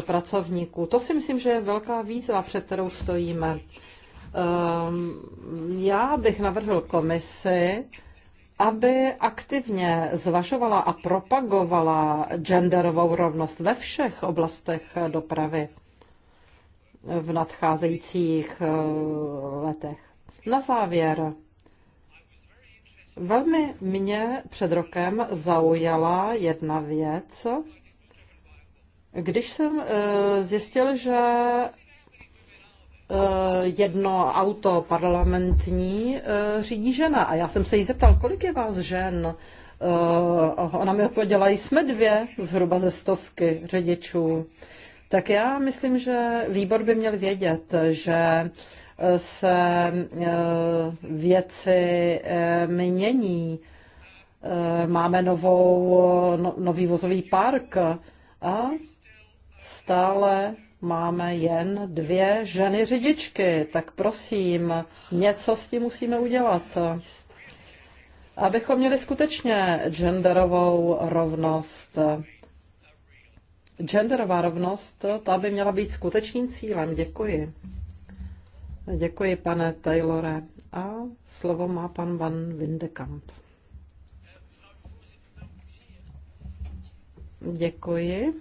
pracovníků. To si myslím, že je velká výzva, před kterou stojíme. Ehm, já bych navrhl komisi, aby aktivně zvažovala a propagovala genderovou rovnost ve všech oblastech dopravy v nadcházejících letech. Na závěr. Velmi mě před rokem zaujala jedna věc, když jsem eh, zjistil, že eh, jedno auto parlamentní eh, řídí žena. A já jsem se jí zeptal, kolik je vás žen? Ona mi odpověděla, jsme dvě zhruba ze stovky řidičů. Tak já myslím, že výbor by měl vědět, že se eh, věci eh, mění. Eh, máme novou, no, nový vozový park a stále máme jen dvě ženy řidičky, tak prosím, něco s tím musíme udělat. Abychom měli skutečně genderovou rovnost. Genderová rovnost, ta by měla být skutečným cílem. Děkuji. Děkuji, pane Taylore. A slovo má pan Van Windekamp. Děkuji.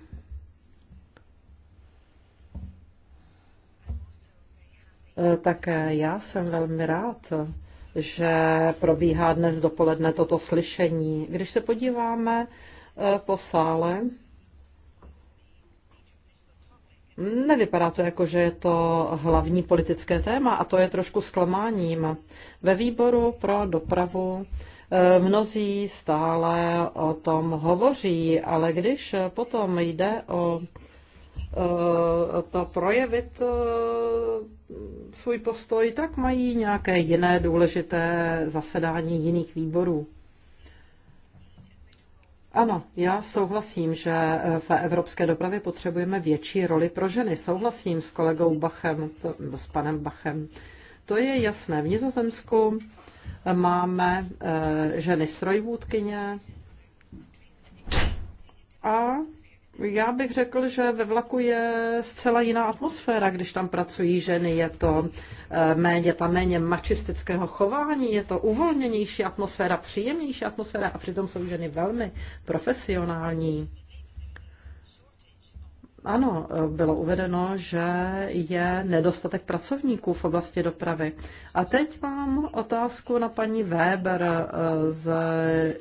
E, tak já jsem velmi rád, že probíhá dnes dopoledne toto slyšení. Když se podíváme e, po sále, Nevypadá to jako, že je to hlavní politické téma a to je trošku zklamáním. Ve výboru pro dopravu eh, mnozí stále o tom hovoří, ale když potom jde o eh, to projevit eh, svůj postoj, tak mají nějaké jiné důležité zasedání jiných výborů. Ano, já souhlasím, že eh, v evropské dopravě potřebujeme větší roli pro ženy. Souhlasím s kolegou Bachem, to, s panem Bachem. To je jasné. V Nizozemsku eh, máme eh, ženy strojvůdkyně a já bych řekl, že ve vlaku je zcela jiná atmosféra, když tam pracují ženy. Je to eh, méně, tam méně mačistického chování, je to uvolněnější atmosféra, příjemnější atmosféra a přitom jsou ženy velmi profesionální. Ano, eh, bylo uvedeno, že je nedostatek pracovníků v oblasti dopravy. A teď mám otázku na paní Weber eh, z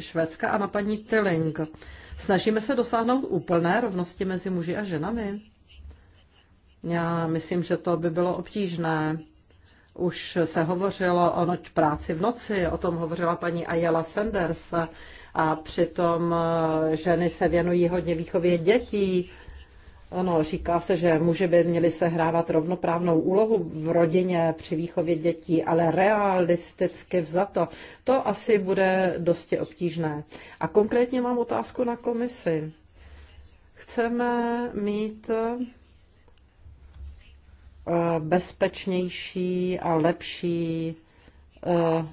Švédska a na paní Tilling. Snažíme se dosáhnout úplné rovnosti mezi muži a ženami. Já myslím, že to by bylo obtížné. Už se hovořilo o noč práci v noci, o tom hovořila paní Ayala Sanders a přitom eh, ženy se věnují hodně výchově dětí, ano, říká se, že muži by měli sehrávat rovnoprávnou úlohu v rodině při výchově dětí, ale realisticky vzato to asi bude dosti obtížné. A konkrétně mám otázku na komisi. Chceme mít eh, bezpečnější a lepší eh,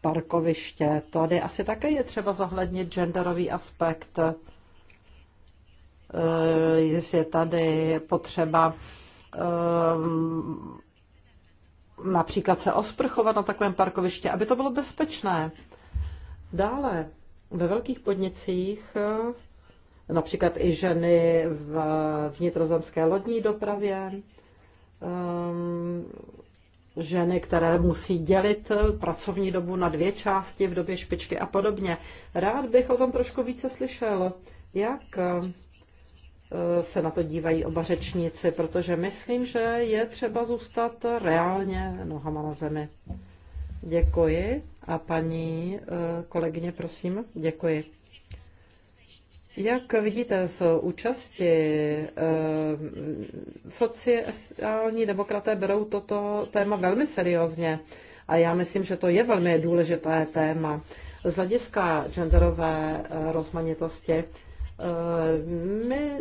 parkoviště. Tady asi také je třeba zohlednit genderový aspekt Eh, je tady potřeba eh, například se osprchovat na takovém parkovišti, aby to bylo bezpečné. Dále ve velkých podnicích eh, například i ženy v vnitrozemské lodní dopravě, ženy, které musí dělit pracovní dobu na dvě části v době špičky a podobně. Rád bych o tom trošku více slyšel. Jak Eh, se na to dívají oba řečníci, protože myslím, že je třeba zůstat reálně nohama na zemi. Děkuji. A paní eh, kolegyně, prosím, děkuji. Jak vidíte z účasti, eh, sociální demokraté berou toto téma velmi seriózně a já myslím, že to je velmi důležité téma z hlediska genderové rozmanitosti Eh, my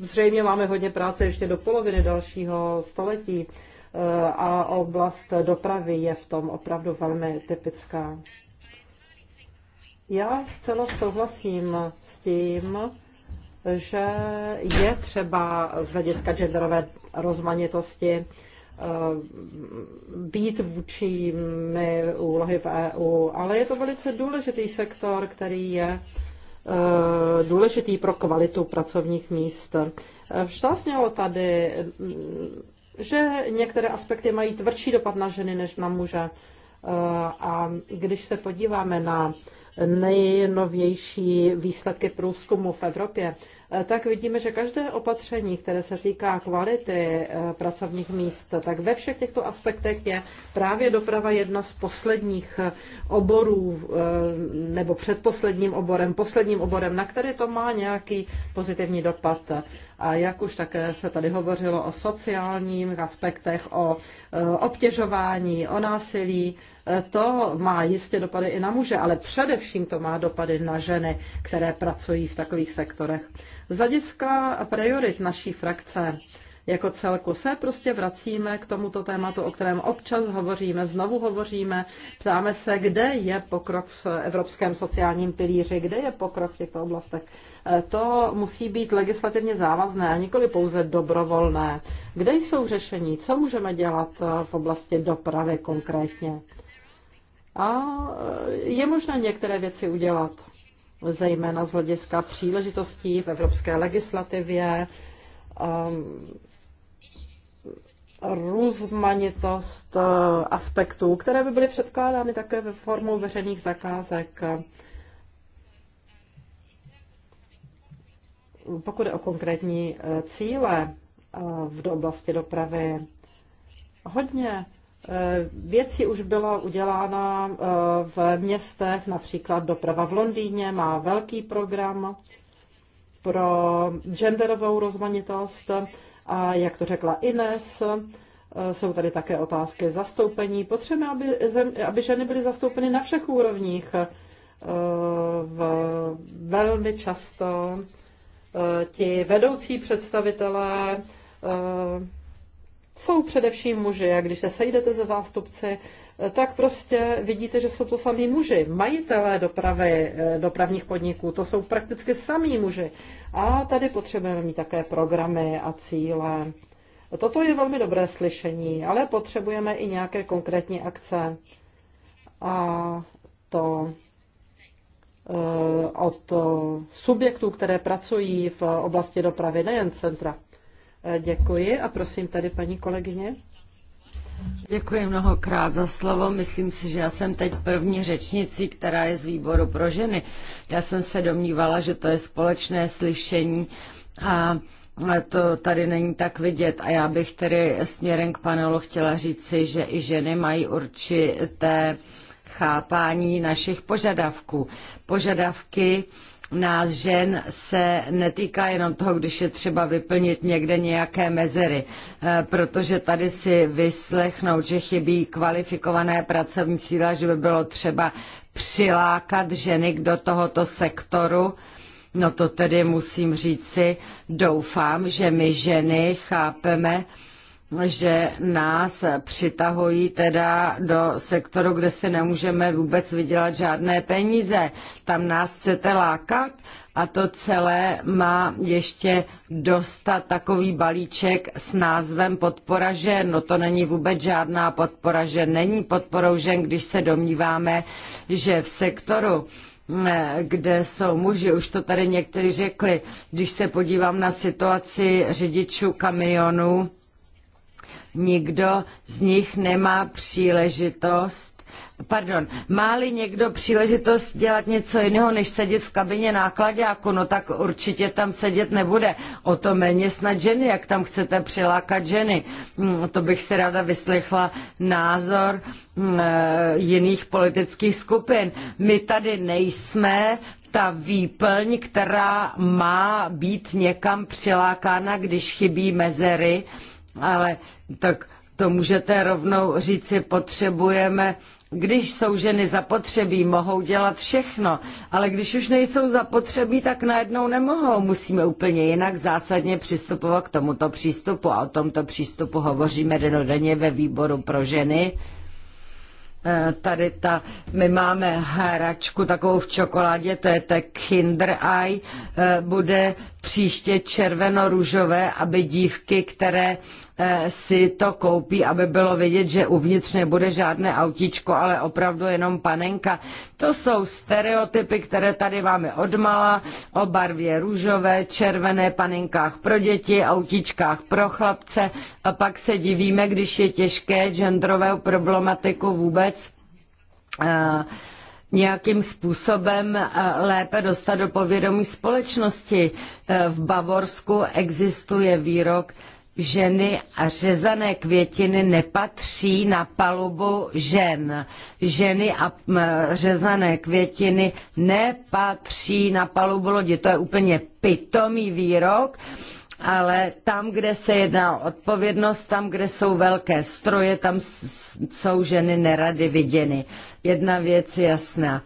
zřejmě máme hodně práce ještě do poloviny dalšího století eh, a oblast dopravy je v tom opravdu velmi typická. Já zcela souhlasím s tím, že je třeba z hlediska genderové rozmanitosti eh, být vůči úlohy v EU, ale je to velice důležitý sektor, který je uh, Eh, důležitý pro kvalitu pracovních míst. Eh, Vštásnělo tady, mm, že některé aspekty mají tvrdší dopad na ženy než na muže. Eh, a když se podíváme na nejnovější výsledky průzkumu v Evropě, eh, tak vidíme, že každé opatření, které se týká kvality eh, pracovních míst, tak ve všech těchto aspektech je právě doprava jedna z posledních eh, oborů nebo předposledním oborem, posledním oborem, na který to má nějaký pozitivní dopad. A jak už také se tady hovořilo o sociálních aspektech, o obtěžování, o násilí, to má jistě dopady i na muže, ale především to má dopady na ženy, které pracují v takových sektorech. Z hlediska priorit naší frakce jako celku se prostě vracíme k tomuto tématu, o kterém občas hovoříme, znovu hovoříme, ptáme se, kde je pokrok v evropském sociálním pilíři, kde je pokrok v těchto oblastech. E, to musí být legislativně závazné a nikoli pouze dobrovolné. Kde jsou řešení? Co můžeme dělat e, v oblasti dopravy konkrétně? A e, je možné některé věci udělat, zejména z hlediska příležitostí v evropské legislativě, um, rozmanitost e, aspektů, které by byly předkládány také ve formou veřejných zakázek. Pokud je o konkrétní e, cíle v oblasti dopravy, hodně Eh, věci už byla udělána eh, v městech, například doprava v Londýně má velký program pro genderovou rozmanitost a jak to řekla Ines, eh, jsou tady také otázky zastoupení. Potřebujeme, aby, zem, aby ženy byly zastoupeny na všech úrovních. V, velmi často ti vedoucí představitelé jsou především muži. A když se sejdete ze zástupci, eh, tak prostě vidíte, že jsou to samý muži. Majitelé dopravy, eh, dopravních podniků, to jsou prakticky samý muži. A tady potřebujeme mít také programy a cíle. Toto je velmi dobré slyšení, ale potřebujeme i nějaké konkrétní akce. A to eh, od subjektů, které pracují v oblasti dopravy, nejen centra. Eh, děkuji a prosím tady paní kolegyně. Děkuji mnohokrát za slovo. Myslím si, že já jsem teď první řečnicí, která je z výboru pro ženy. Já jsem se domnívala, že to je společné slyšení a to tady není tak vidět a já bych tedy směrem k panelu chtěla říci, že i ženy mají určité chápání našich požadavků. Požadavky, nás žen se netýká jenom toho, když je třeba vyplnit někde nějaké mezery, eh, protože tady si vyslechnout, že chybí kvalifikované pracovní síla, že by bylo třeba přilákat ženy do tohoto sektoru, No to tedy musím říci, doufám, že my ženy chápeme, že nás přitahují teda do sektoru, kde si nemůžeme vůbec vydělat žádné peníze. Tam nás chcete lákat a to celé má ještě dostat takový balíček s názvem podpora žen. No to není vůbec žádná podpora žen. Není podporou žen, když se domníváme, že v sektoru eh, kde jsou muži, už to tady někteří řekli, když se podívám na situaci řidičů kamionů, nikdo z nich nemá příležitost Pardon, má-li někdo příležitost dělat něco jiného, než sedět v kabině nákladáku, no tak určitě tam sedět nebude. O to méně snad ženy, jak tam chcete přilákat ženy. Mm, to bych si ráda vyslechla názor mm, e, jiných politických skupin. My tady nejsme ta výplň, která má být někam přilákána, když chybí mezery ale tak to můžete rovnou říci, potřebujeme, když jsou ženy zapotřebí, mohou dělat všechno, ale když už nejsou zapotřebí, tak najednou nemohou. Musíme úplně jinak zásadně přistupovat k tomuto přístupu a o tomto přístupu hovoříme denodenně ve výboru pro ženy. Eh, tady ta, my máme hračku takovou v čokoládě, to je tak Kinder Eye, eh, bude příště červeno-růžové, aby dívky, které Eh, si to koupí, aby bylo vidět, že uvnitř nebude žádné autíčko, ale opravdu jenom panenka. To jsou stereotypy, které tady máme odmala o barvě růžové, červené panenkách pro děti, autíčkách pro chlapce a pak se divíme, když je těžké genderovou problematiku vůbec eh, nějakým způsobem eh, lépe dostat do povědomí společnosti. V Bavorsku existuje výrok ženy a řezané květiny nepatří na palubu žen. Ženy a řezané květiny nepatří na palubu lodi. To je úplně pitomý výrok ale tam, kde se jedná o odpovědnost, tam, kde jsou velké stroje, tam jsou ženy nerady viděny. Jedna věc je jasná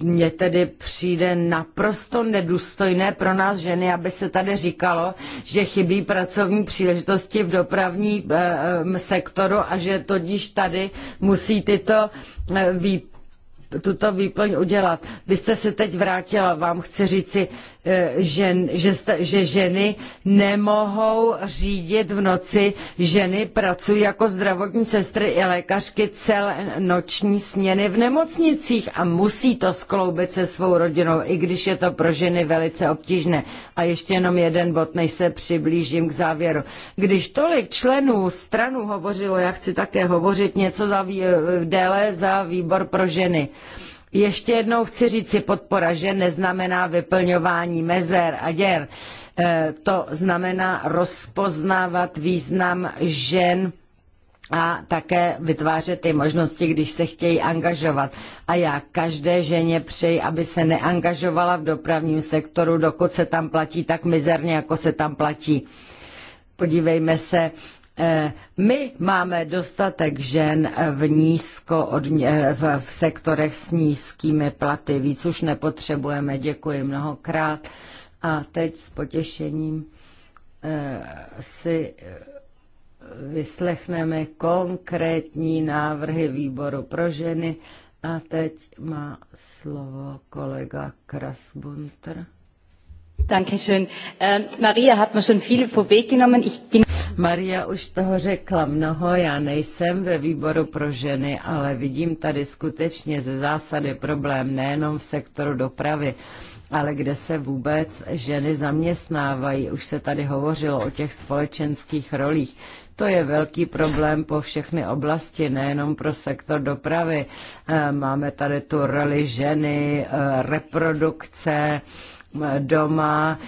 mně tedy přijde naprosto nedůstojné pro nás ženy, aby se tady říkalo, že chybí pracovní příležitosti v dopravní eh, sektoru a že todíž tady musí tyto eh, výp tuto výplň udělat. Vy jste se teď vrátila, vám chci říci, Eh, žen, že, že ženy nemohou řídit v noci. Ženy pracují jako zdravotní sestry i lékařky celé noční směny v nemocnicích a musí to skloubit se svou rodinou, i když je to pro ženy velice obtížné. A ještě jenom jeden bod, než se přiblížím k závěru. Když tolik členů stranu hovořilo, já chci také hovořit něco za, eh, déle za výbor pro ženy. Ještě jednou chci říci, podpora žen neznamená vyplňování mezer a děr. E, to znamená rozpoznávat význam žen a také vytvářet ty možnosti, když se chtějí angažovat. A já každé ženě přeji, aby se neangažovala v dopravním sektoru, dokud se tam platí tak mizerně, jako se tam platí. Podívejme se Eh, my máme dostatek žen v, nízko odmě, eh, v, v sektorech s nízkými platy, víc už nepotřebujeme. Děkuji mnohokrát. A teď s potěšením eh, si vyslechneme konkrétní návrhy výboru pro ženy. A teď má slovo kolega Krasbunter. Dankeschön. Ähm, Maria hat mir schon viel vorweggenommen. Ich bin... Maria už toho řekla mnoho, já nejsem ve výboru pro ženy, ale vidím tady skutečně ze zásady problém nejenom v sektoru dopravy, ale kde se vůbec ženy zaměstnávají. Už se tady hovořilo o těch společenských rolích. To je velký problém po všechny oblasti, nejenom pro sektor dopravy. Ehm, máme tady tu roli ženy, eh, reprodukce, doma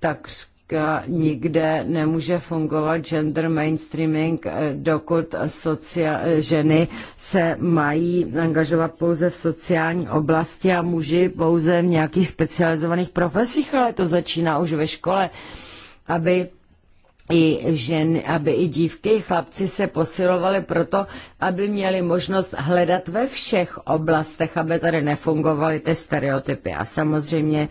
takřka nikde nemůže fungovat gender mainstreaming, dokud socia- ženy se mají angažovat pouze v sociální oblasti a muži pouze v nějakých specializovaných profesích, ale to začíná už ve škole, aby i žen, aby i dívky, i chlapci se posilovali proto, aby měli možnost hledat ve všech oblastech, aby tady nefungovaly ty stereotypy. A samozřejmě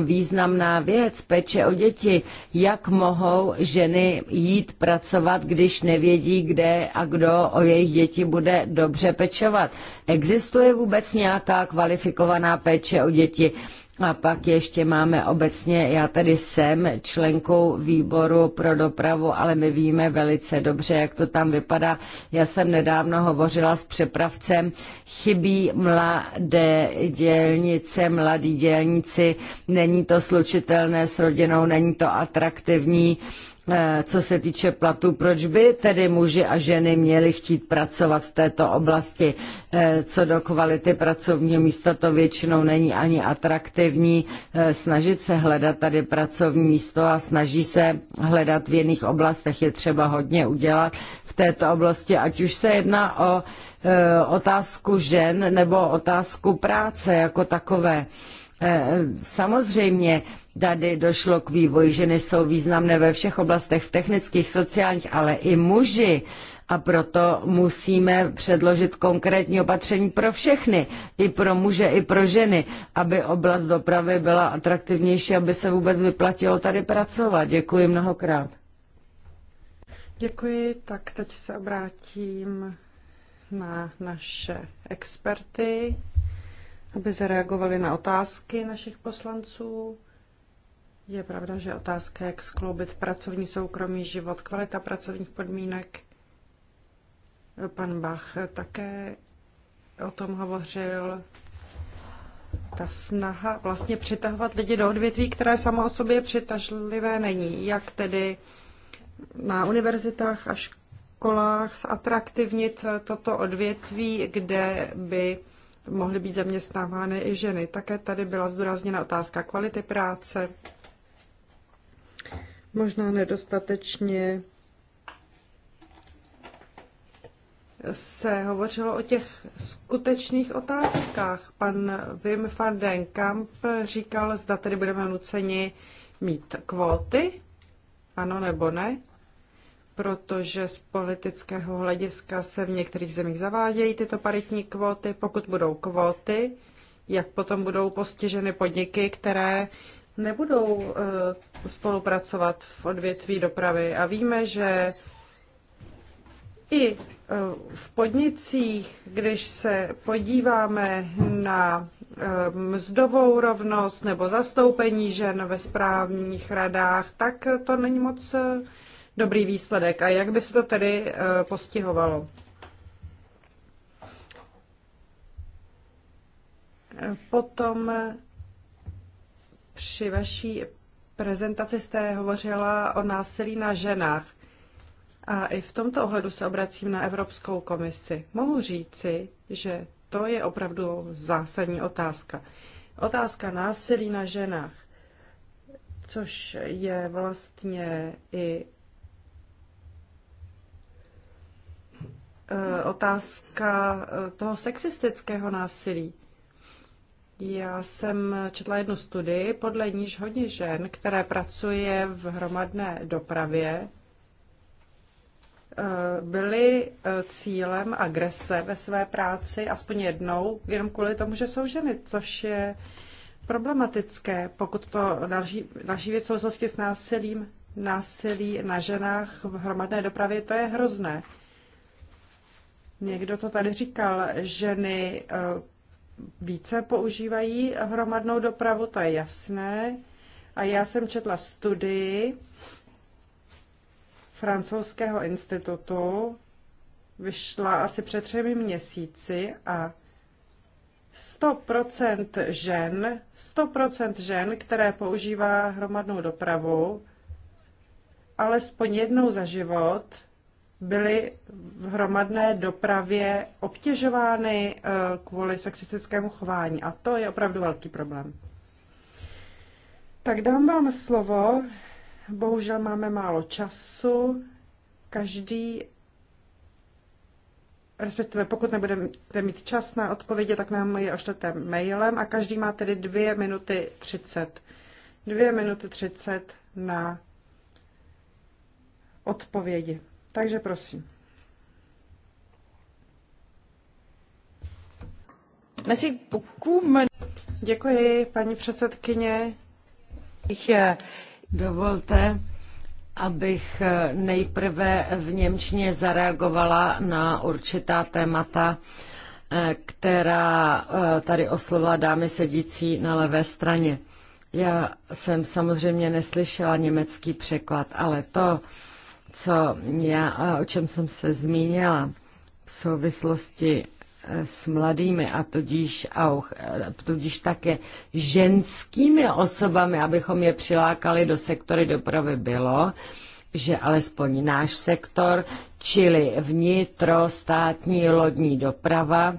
významná věc, peče o děti, jak mohou ženy jít pracovat, když nevědí, kde a kdo o jejich děti bude dobře pečovat. Existuje vůbec nějaká kvalifikovaná péče o děti? A pak ještě máme obecně, já tedy jsem členkou výboru pro dopravu, ale my víme velice dobře, jak to tam vypadá. Já jsem nedávno hovořila s přepravcem, chybí mladé dělnice, mladí dělníci, není to slučitelné s rodinou, není to atraktivní Eh, co se týče platů, proč by tedy muži a ženy měli chtít pracovat v této oblasti? Eh, co do kvality pracovního místa to většinou není ani atraktivní. Eh, snažit se hledat tady pracovní místo a snaží se hledat v jiných oblastech je třeba hodně udělat v této oblasti, ať už se jedná o otázku žen nebo otázku práce jako takové. Samozřejmě Tady došlo k vývoji, že nejsou významné ve všech oblastech, v technických, sociálních, ale i muži. A proto musíme předložit konkrétní opatření pro všechny, i pro muže, i pro ženy, aby oblast dopravy byla atraktivnější, aby se vůbec vyplatilo tady pracovat. Děkuji mnohokrát. Děkuji, tak teď se obrátím na naše experty, aby zareagovali na otázky našich poslanců. Je pravda, že otázka, jak skloubit pracovní soukromý život, kvalita pracovních podmínek, pan Bach také o tom hovořil, ta snaha vlastně přitahovat lidi do odvětví, které samo o sobě přitažlivé není. Jak tedy na univerzitách a školách zatraktivnit toto odvětví, kde by mohly být zaměstnávány i ženy. Také tady byla zdůrazněna otázka kvality práce, možná nedostatečně se hovořilo o těch skutečných otázkách. Pan Wim van den Kamp říkal, zda tedy budeme nuceni mít kvóty, ano nebo ne, protože z politického hlediska se v některých zemích zavádějí tyto paritní kvóty. Pokud budou kvóty, jak potom budou postiženy podniky, které nebudou eh, spolupracovat v odvětví dopravy. A víme, že i eh, v podnicích, když se podíváme na eh, mzdovou rovnost nebo zastoupení žen ve správních radách, tak to není moc dobrý výsledek. A jak by se to tedy postihovalo? Potom při vaší prezentaci jste hovořila o násilí na ženách. A i v tomto ohledu se obracím na Evropskou komisi. Mohu říci, že to je opravdu zásadní otázka. Otázka násilí na ženách, což je vlastně i e, otázka e, toho sexistického násilí. Já jsem četla jednu studii, podle níž hodně žen, které pracuje v hromadné dopravě, eh, byly eh, cílem agrese ve své práci aspoň jednou, jenom kvůli tomu, že jsou ženy, což je problematické, pokud to další, další věc souvislosti s násilím, násilí na ženách v hromadné dopravě, to je hrozné. Někdo to tady říkal, ženy eh, více používají hromadnou dopravu, to je jasné. A já jsem četla studii francouzského institutu, vyšla asi před třemi měsíci a 100% žen, 100% žen, které používá hromadnou dopravu, alespoň jednou za život byly v hromadné dopravě obtěžovány eh, kvůli sexistickému chování. A to je opravdu velký problém. Tak dám vám slovo. Bohužel máme málo času. Každý, respektive pokud nebudete mít čas na odpovědi, tak nám je ošlete mailem a každý má tedy 2 minuty 30. 2 minuty 30 na odpovědi. Takže prosím. Merci beaucoup. Děkuji, paní předsedkyně. Eh, dovolte, abych eh, nejprve v Němčině zareagovala na určitá témata, eh, která tady oslovila dámy sedící na levé straně. Já jsem samozřejmě neslyšela německý překlad, ale to, co já a o čem jsem se zmínila v souvislosti eh, s mladými a tudíž, a eh, tudíž také ženskými osobami, abychom je přilákali do sektory dopravy, bylo, že alespoň náš sektor, čili vnitrostátní lodní doprava,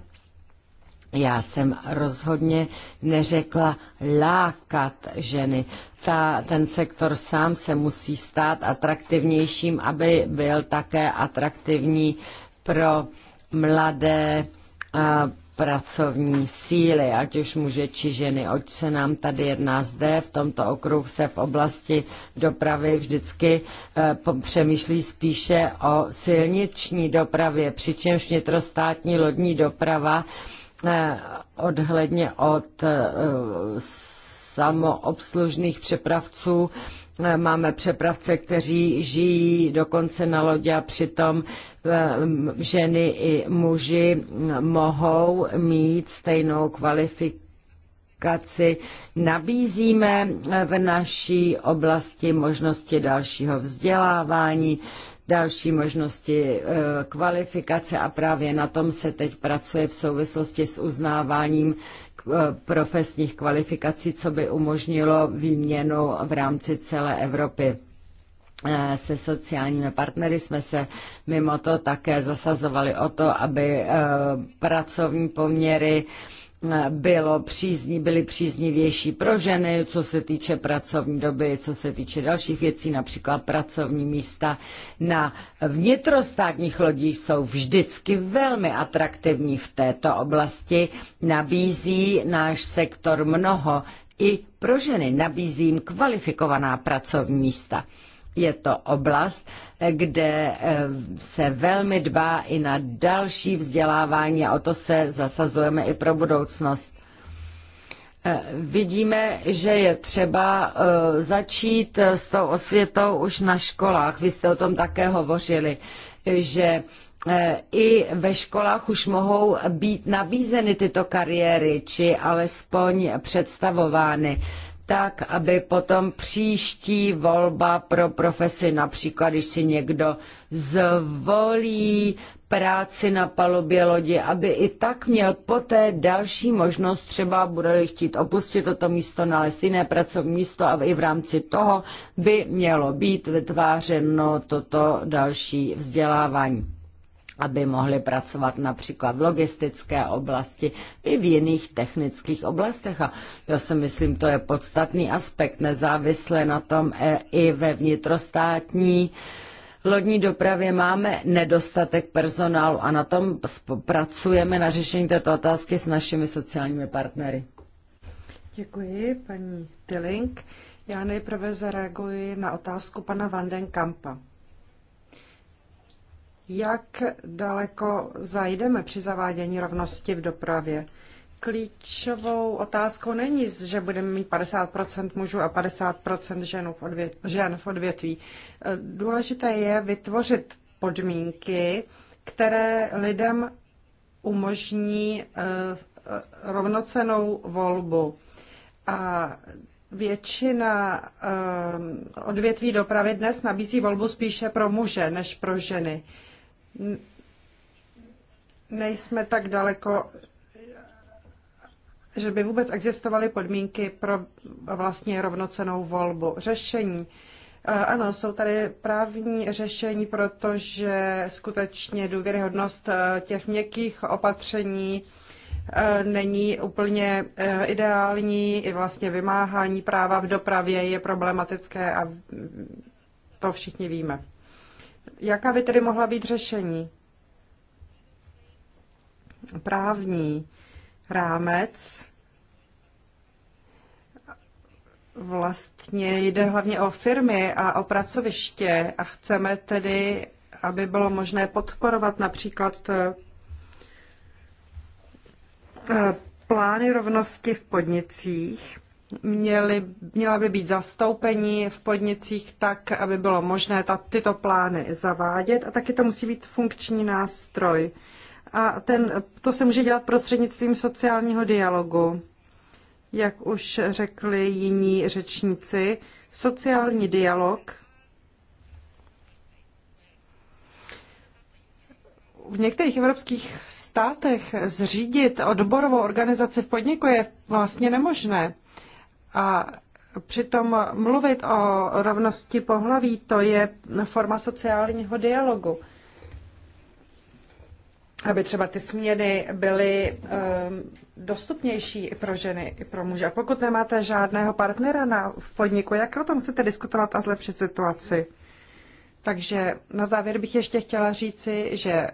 já jsem rozhodně neřekla lákat ženy. Ta, ten sektor sám se musí stát atraktivnějším, aby byl také atraktivní pro mladé a, pracovní síly, ať už muže či ženy, oč se nám tady jedná zde, v tomto okruhu se v oblasti dopravy vždycky eh, přemýšlí spíše o silniční dopravě, přičemž vnitrostátní lodní doprava eh, odhledně od eh, samoobslužných přepravců. Eh, máme přepravce, kteří žijí dokonce na lodě a přitom eh, ženy i muži mohou mít stejnou kvalifikaci. Nabízíme v naší oblasti možnosti dalšího vzdělávání, další možnosti eh, kvalifikace a právě na tom se teď pracuje v souvislosti s uznáváním eh, profesních kvalifikací, co by umožnilo výměnu v rámci celé Evropy eh, se sociálními partnery jsme se mimo to také zasazovali o to, aby pracovní poměry bylo přízní, byly příznivější pro ženy, co se týče pracovní doby, co se týče dalších věcí, například pracovní místa na vnitrostátních lodích jsou vždycky velmi atraktivní v této oblasti. Nabízí náš sektor mnoho i pro ženy, nabízí jim kvalifikovaná pracovní místa je to oblast, kde eh, se velmi dbá i na další vzdělávání a o to se zasazujeme i pro budoucnost. Eh, vidíme, že je třeba eh, začít s tou osvětou už na školách. Vy jste o tom také hovořili, že i ve školách už mohou být nabízeny tyto kariéry, či alespoň představovány tak, aby potom příští volba pro profesi, například když si někdo zvolí práci na palubě lodi, aby i tak měl poté další možnost, třeba bude chtít opustit toto místo, nalézt jiné pracovní místo a i v rámci toho by mělo být vytvářeno toto další vzdělávání aby mohli pracovat například v logistické oblasti i v jiných technických oblastech. A já si myslím, to je podstatný aspekt, nezávisle na tom e, i ve vnitrostátní lodní dopravě máme nedostatek personálu a na tom pracujeme na řešení této otázky s našimi sociálními partnery. Děkuji, paní Tilling. Já nejprve zareaguji na otázku pana Vandenkampa jak daleko zajdeme při zavádění rovnosti v dopravě. Klíčovou otázkou není, že budeme mít 50% mužů a 50% ženů v, odvět, žen v odvětví. Důležité je vytvořit podmínky, které lidem umožní eh, rovnocenou volbu. A většina eh, odvětví dopravy dnes nabízí volbu spíše pro muže než pro ženy nejsme tak daleko, že by vůbec existovaly podmínky pro vlastně rovnocenou volbu. Řešení. E, ano, jsou tady právní řešení, protože skutečně důvěryhodnost e, těch měkkých opatření e, není úplně ideální. I vlastně vymáhání práva v dopravě je problematické a to všichni víme. Jaká by tedy mohla být řešení? Právní rámec vlastně jde hlavně o firmy a o pracoviště a chceme tedy, aby bylo možné podporovat například eh, eh, plány rovnosti v podnicích měly, měla by být zastoupení v podnicích tak, aby bylo možné ta, tyto plány zavádět a taky to musí být funkční nástroj. A ten, to se může dělat prostřednictvím sociálního dialogu. Jak už řekli jiní řečníci, sociální dialog v některých evropských státech zřídit odborovou organizaci v podniku je vlastně nemožné. A přitom mluvit o rovnosti pohlaví, to je forma sociálního dialogu. Aby třeba ty směny byly ehm, dostupnější i pro ženy, i pro muže. A pokud nemáte žádného partnera na, v podniku, jak o tom chcete diskutovat a zlepšit situaci? Takže na závěr bych ještě chtěla říci, že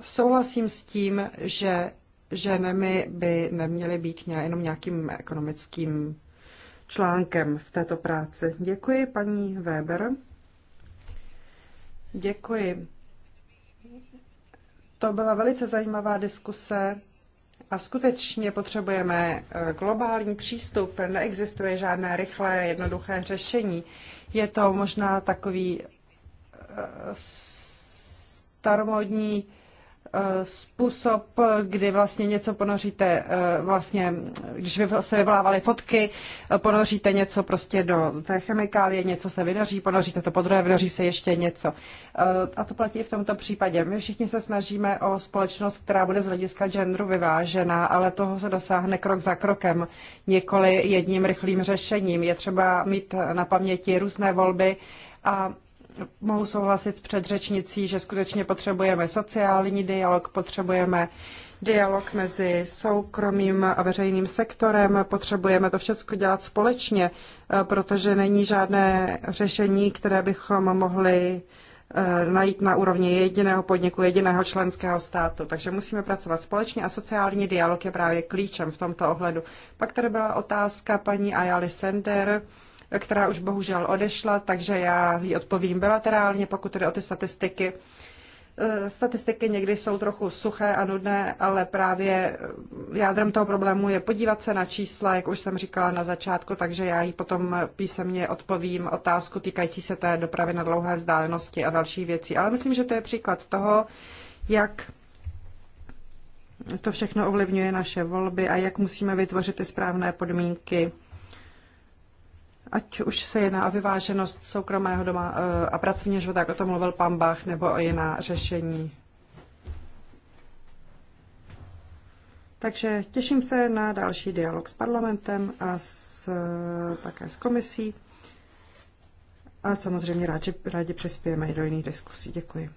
souhlasím s tím, že ženami by neměly být jenom nějakým ekonomickým článkem v této práci. Děkuji, paní Weber. Děkuji. To byla velice zajímavá diskuse a skutečně potřebujeme eh, globální přístup. Neexistuje žádné rychlé, jednoduché řešení. Je to možná takový eh, staromodní Eh, způsob, kdy vlastně něco ponoříte, eh, vlastně, když vy se vyvolávaly fotky, eh, ponoříte něco prostě do té chemikálie, něco se vynoří, ponoříte to podruhé, vynoří se ještě něco. A to platí i v tomto případě. My všichni se snažíme o společnost, která bude z hlediska genderu vyvážená, ale toho se dosáhne krok za krokem, nikoli jedním rychlým řešením. Je třeba mít na paměti různé volby a mohu souhlasit s předřečnicí, že skutečně potřebujeme sociální dialog, potřebujeme dialog mezi soukromým a veřejným sektorem. Potřebujeme to všechno dělat společně, eh, protože není žádné řešení, které bychom mohli eh, najít na úrovni jediného podniku, jediného členského státu. Takže musíme pracovat společně a sociální dialog je právě klíčem v tomto ohledu. Pak tady byla otázka paní Ayali Sender která už bohužel odešla, takže já ji odpovím bilaterálně, pokud jde o ty statistiky. E, statistiky někdy jsou trochu suché a nudné, ale právě jádrem toho problému je podívat se na čísla, jak už jsem říkala na začátku, takže já ji potom písemně odpovím otázku týkající se té dopravy na dlouhé vzdálenosti a další věcí. Ale myslím, že to je příklad toho, jak to všechno ovlivňuje naše volby a jak musíme vytvořit ty správné podmínky ať už se jedná o vyváženost soukromého doma eh, a pracovního života, jak o tom mluvil pan Bach, nebo o jiná řešení. Takže těším se na další dialog s parlamentem a s, eh, také s komisí. A samozřejmě rádi, rádi přispějeme i do jiných diskusí. Děkuji.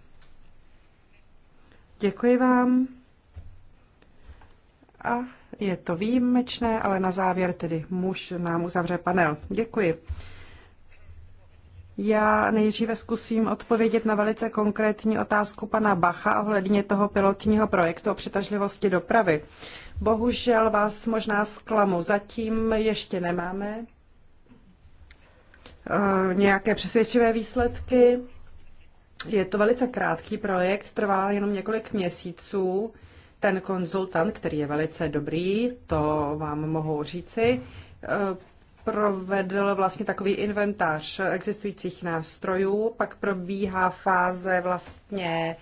Děkuji vám. A je to výjimečné, ale na závěr tedy muž nám uzavře panel. Děkuji. Já nejdříve zkusím odpovědět na velice konkrétní otázku pana Bacha ohledně toho pilotního projektu o přitažlivosti dopravy. Bohužel vás možná zklamu, zatím ještě nemáme eh, nějaké přesvědčivé výsledky. Je to velice krátký projekt, trvá jenom několik měsíců. Ten konzultant, který je velice dobrý, to vám mohu říci, eh, provedl vlastně takový inventář existujících nástrojů, pak probíhá fáze vlastně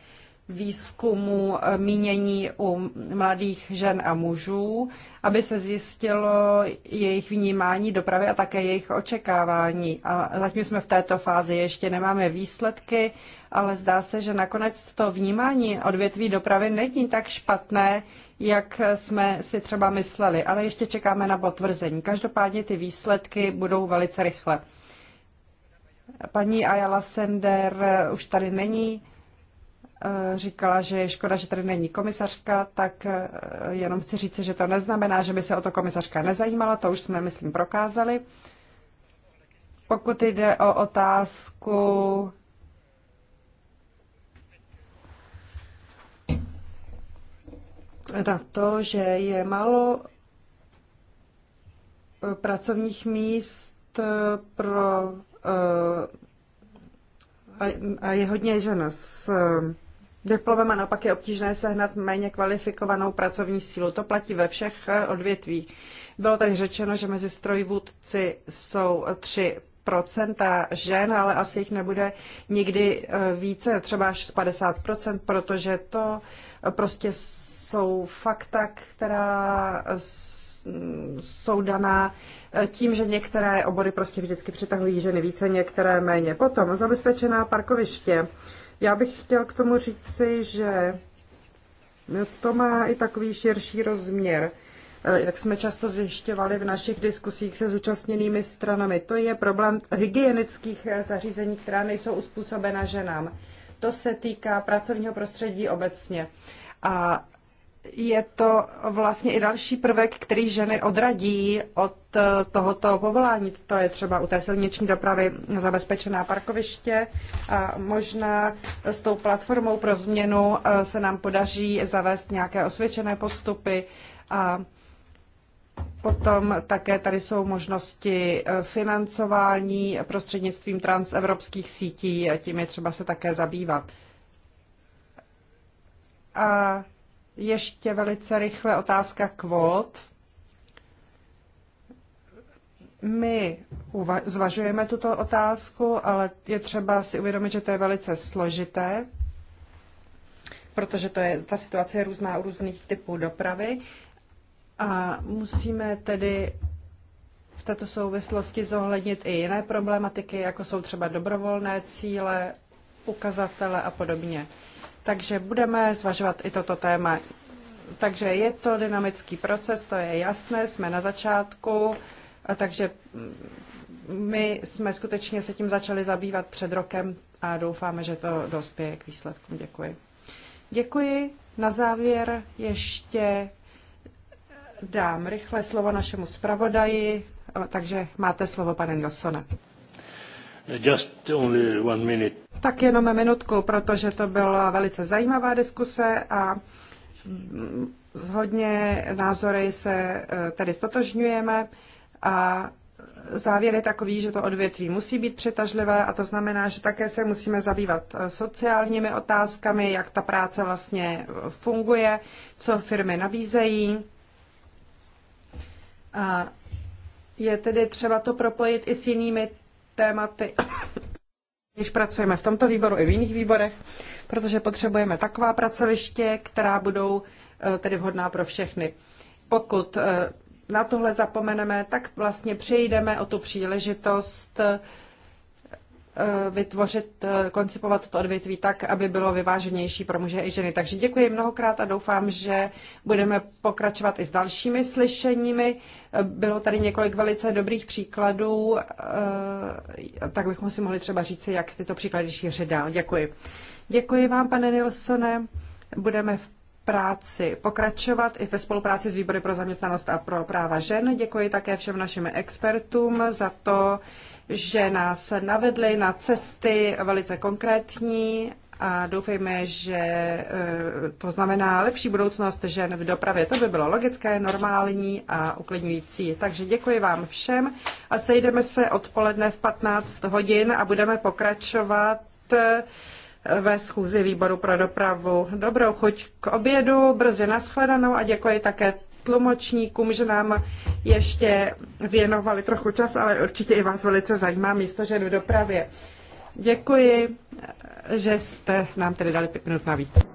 výzkumu eh, mínění u mladých žen a mužů, aby se zjistilo jejich vnímání dopravy a také jejich očekávání. A zatím jsme v této fázi, ještě nemáme výsledky, ale zdá se, že nakonec to vnímání odvětví dopravy není tak špatné, jak jsme si třeba mysleli, ale ještě čekáme na potvrzení. Každopádně ty výsledky budou velice rychle. Paní Ayala Sender už tady není Eh, říkala, že je škoda, že tady není komisařka, tak eh, jenom chci říct, že to neznamená, že by se o to komisařka nezajímala, to už jsme, myslím, prokázali. Pokud jde o otázku na to, že je málo eh, pracovních míst pro a je hodně žen s diplomem a naopak je obtížné sehnat méně kvalifikovanou pracovní sílu. To platí ve všech eh, odvětví. Bylo tady řečeno, že mezi strojvůdci jsou 3 žen, ale asi jich nebude nikdy eh, více, třeba až z 50%, protože to eh, prostě jsou fakta, která mm, jsou daná tím, že některé obory prostě vždycky přitahují ženy více, některé méně. Potom zabezpečená parkoviště. Já bych chtěl k tomu říci, že to má i takový širší rozměr, eh, jak jsme často zjišťovali v našich diskusích se zúčastněnými stranami. To je problém hygienických eh, zařízení, která nejsou uspůsobena ženám. To se týká pracovního prostředí obecně. A je to vlastně i další prvek, který ženy odradí od eh, tohoto povolání. To je třeba u té silniční dopravy zabezpečená parkoviště. A možná s tou platformou pro změnu eh, se nám podaří zavést nějaké osvědčené postupy a Potom také tady jsou možnosti eh, financování prostřednictvím transevropských sítí, a tím je třeba se také zabývat. A ještě velice rychle otázka kvót. My zvažujeme tuto otázku, ale je třeba si uvědomit, že to je velice složité, protože to je, ta situace je různá u různých typů dopravy. A musíme tedy v této souvislosti zohlednit i jiné problematiky, jako jsou třeba dobrovolné cíle, ukazatele a podobně. Takže budeme zvažovat i toto téma. Takže je to dynamický proces, to je jasné, jsme na začátku, takže mm, my jsme skutečně se tím začali zabývat před rokem a doufáme, že to dospěje k výsledkům. Děkuji. Děkuji. Na závěr ještě dám rychle slovo našemu zpravodaji, takže máte slovo, pane Nilsone. Just only one minute. Tak jenom minutku, protože to byla velice zajímavá diskuse a mm, hodně názory se e, tady stotožňujeme a závěr je takový, že to odvětví musí být přitažlivé a to znamená, že také se musíme zabývat e, sociálními otázkami, jak ta práce vlastně e, funguje, co firmy nabízejí. A je tedy třeba to propojit i s jinými tématy, když pracujeme v tomto výboru i v jiných výborech, protože potřebujeme taková pracoviště, která budou eh, tedy vhodná pro všechny. Pokud eh, na tohle zapomeneme, tak vlastně přejdeme o tu příležitost Eh, vytvořit, eh, koncipovat to odvětví tak, aby bylo vyváženější pro muže i ženy. Takže děkuji mnohokrát a doufám, že budeme pokračovat i s dalšími slyšeními. Eh, bylo tady několik velice dobrých příkladů, tak bychom si mohli třeba říct, jak tyto příklady šířit dál. Děkuji. Děkuji vám, pane Nilsone. Budeme v práci pokračovat i ve spolupráci s Výbory pro zaměstnanost a pro práva žen. Děkuji také všem našim expertům za to, že nás navedli na cesty velice konkrétní a doufejme, že eh, to znamená lepší budoucnost žen v dopravě. To by bylo logické, normální a uklidňující. Takže děkuji vám všem a sejdeme se odpoledne v 15 hodin a budeme pokračovat eh, ve schůzi výboru pro dopravu. Dobrou chuť k obědu, brzy nashledanou a děkuji také tlumočníkům, že nám ještě věnovali trochu čas, ale určitě i vás velice zajímá místo žen v dopravě. Děkuji, že jste nám tedy dali pět minut navíc.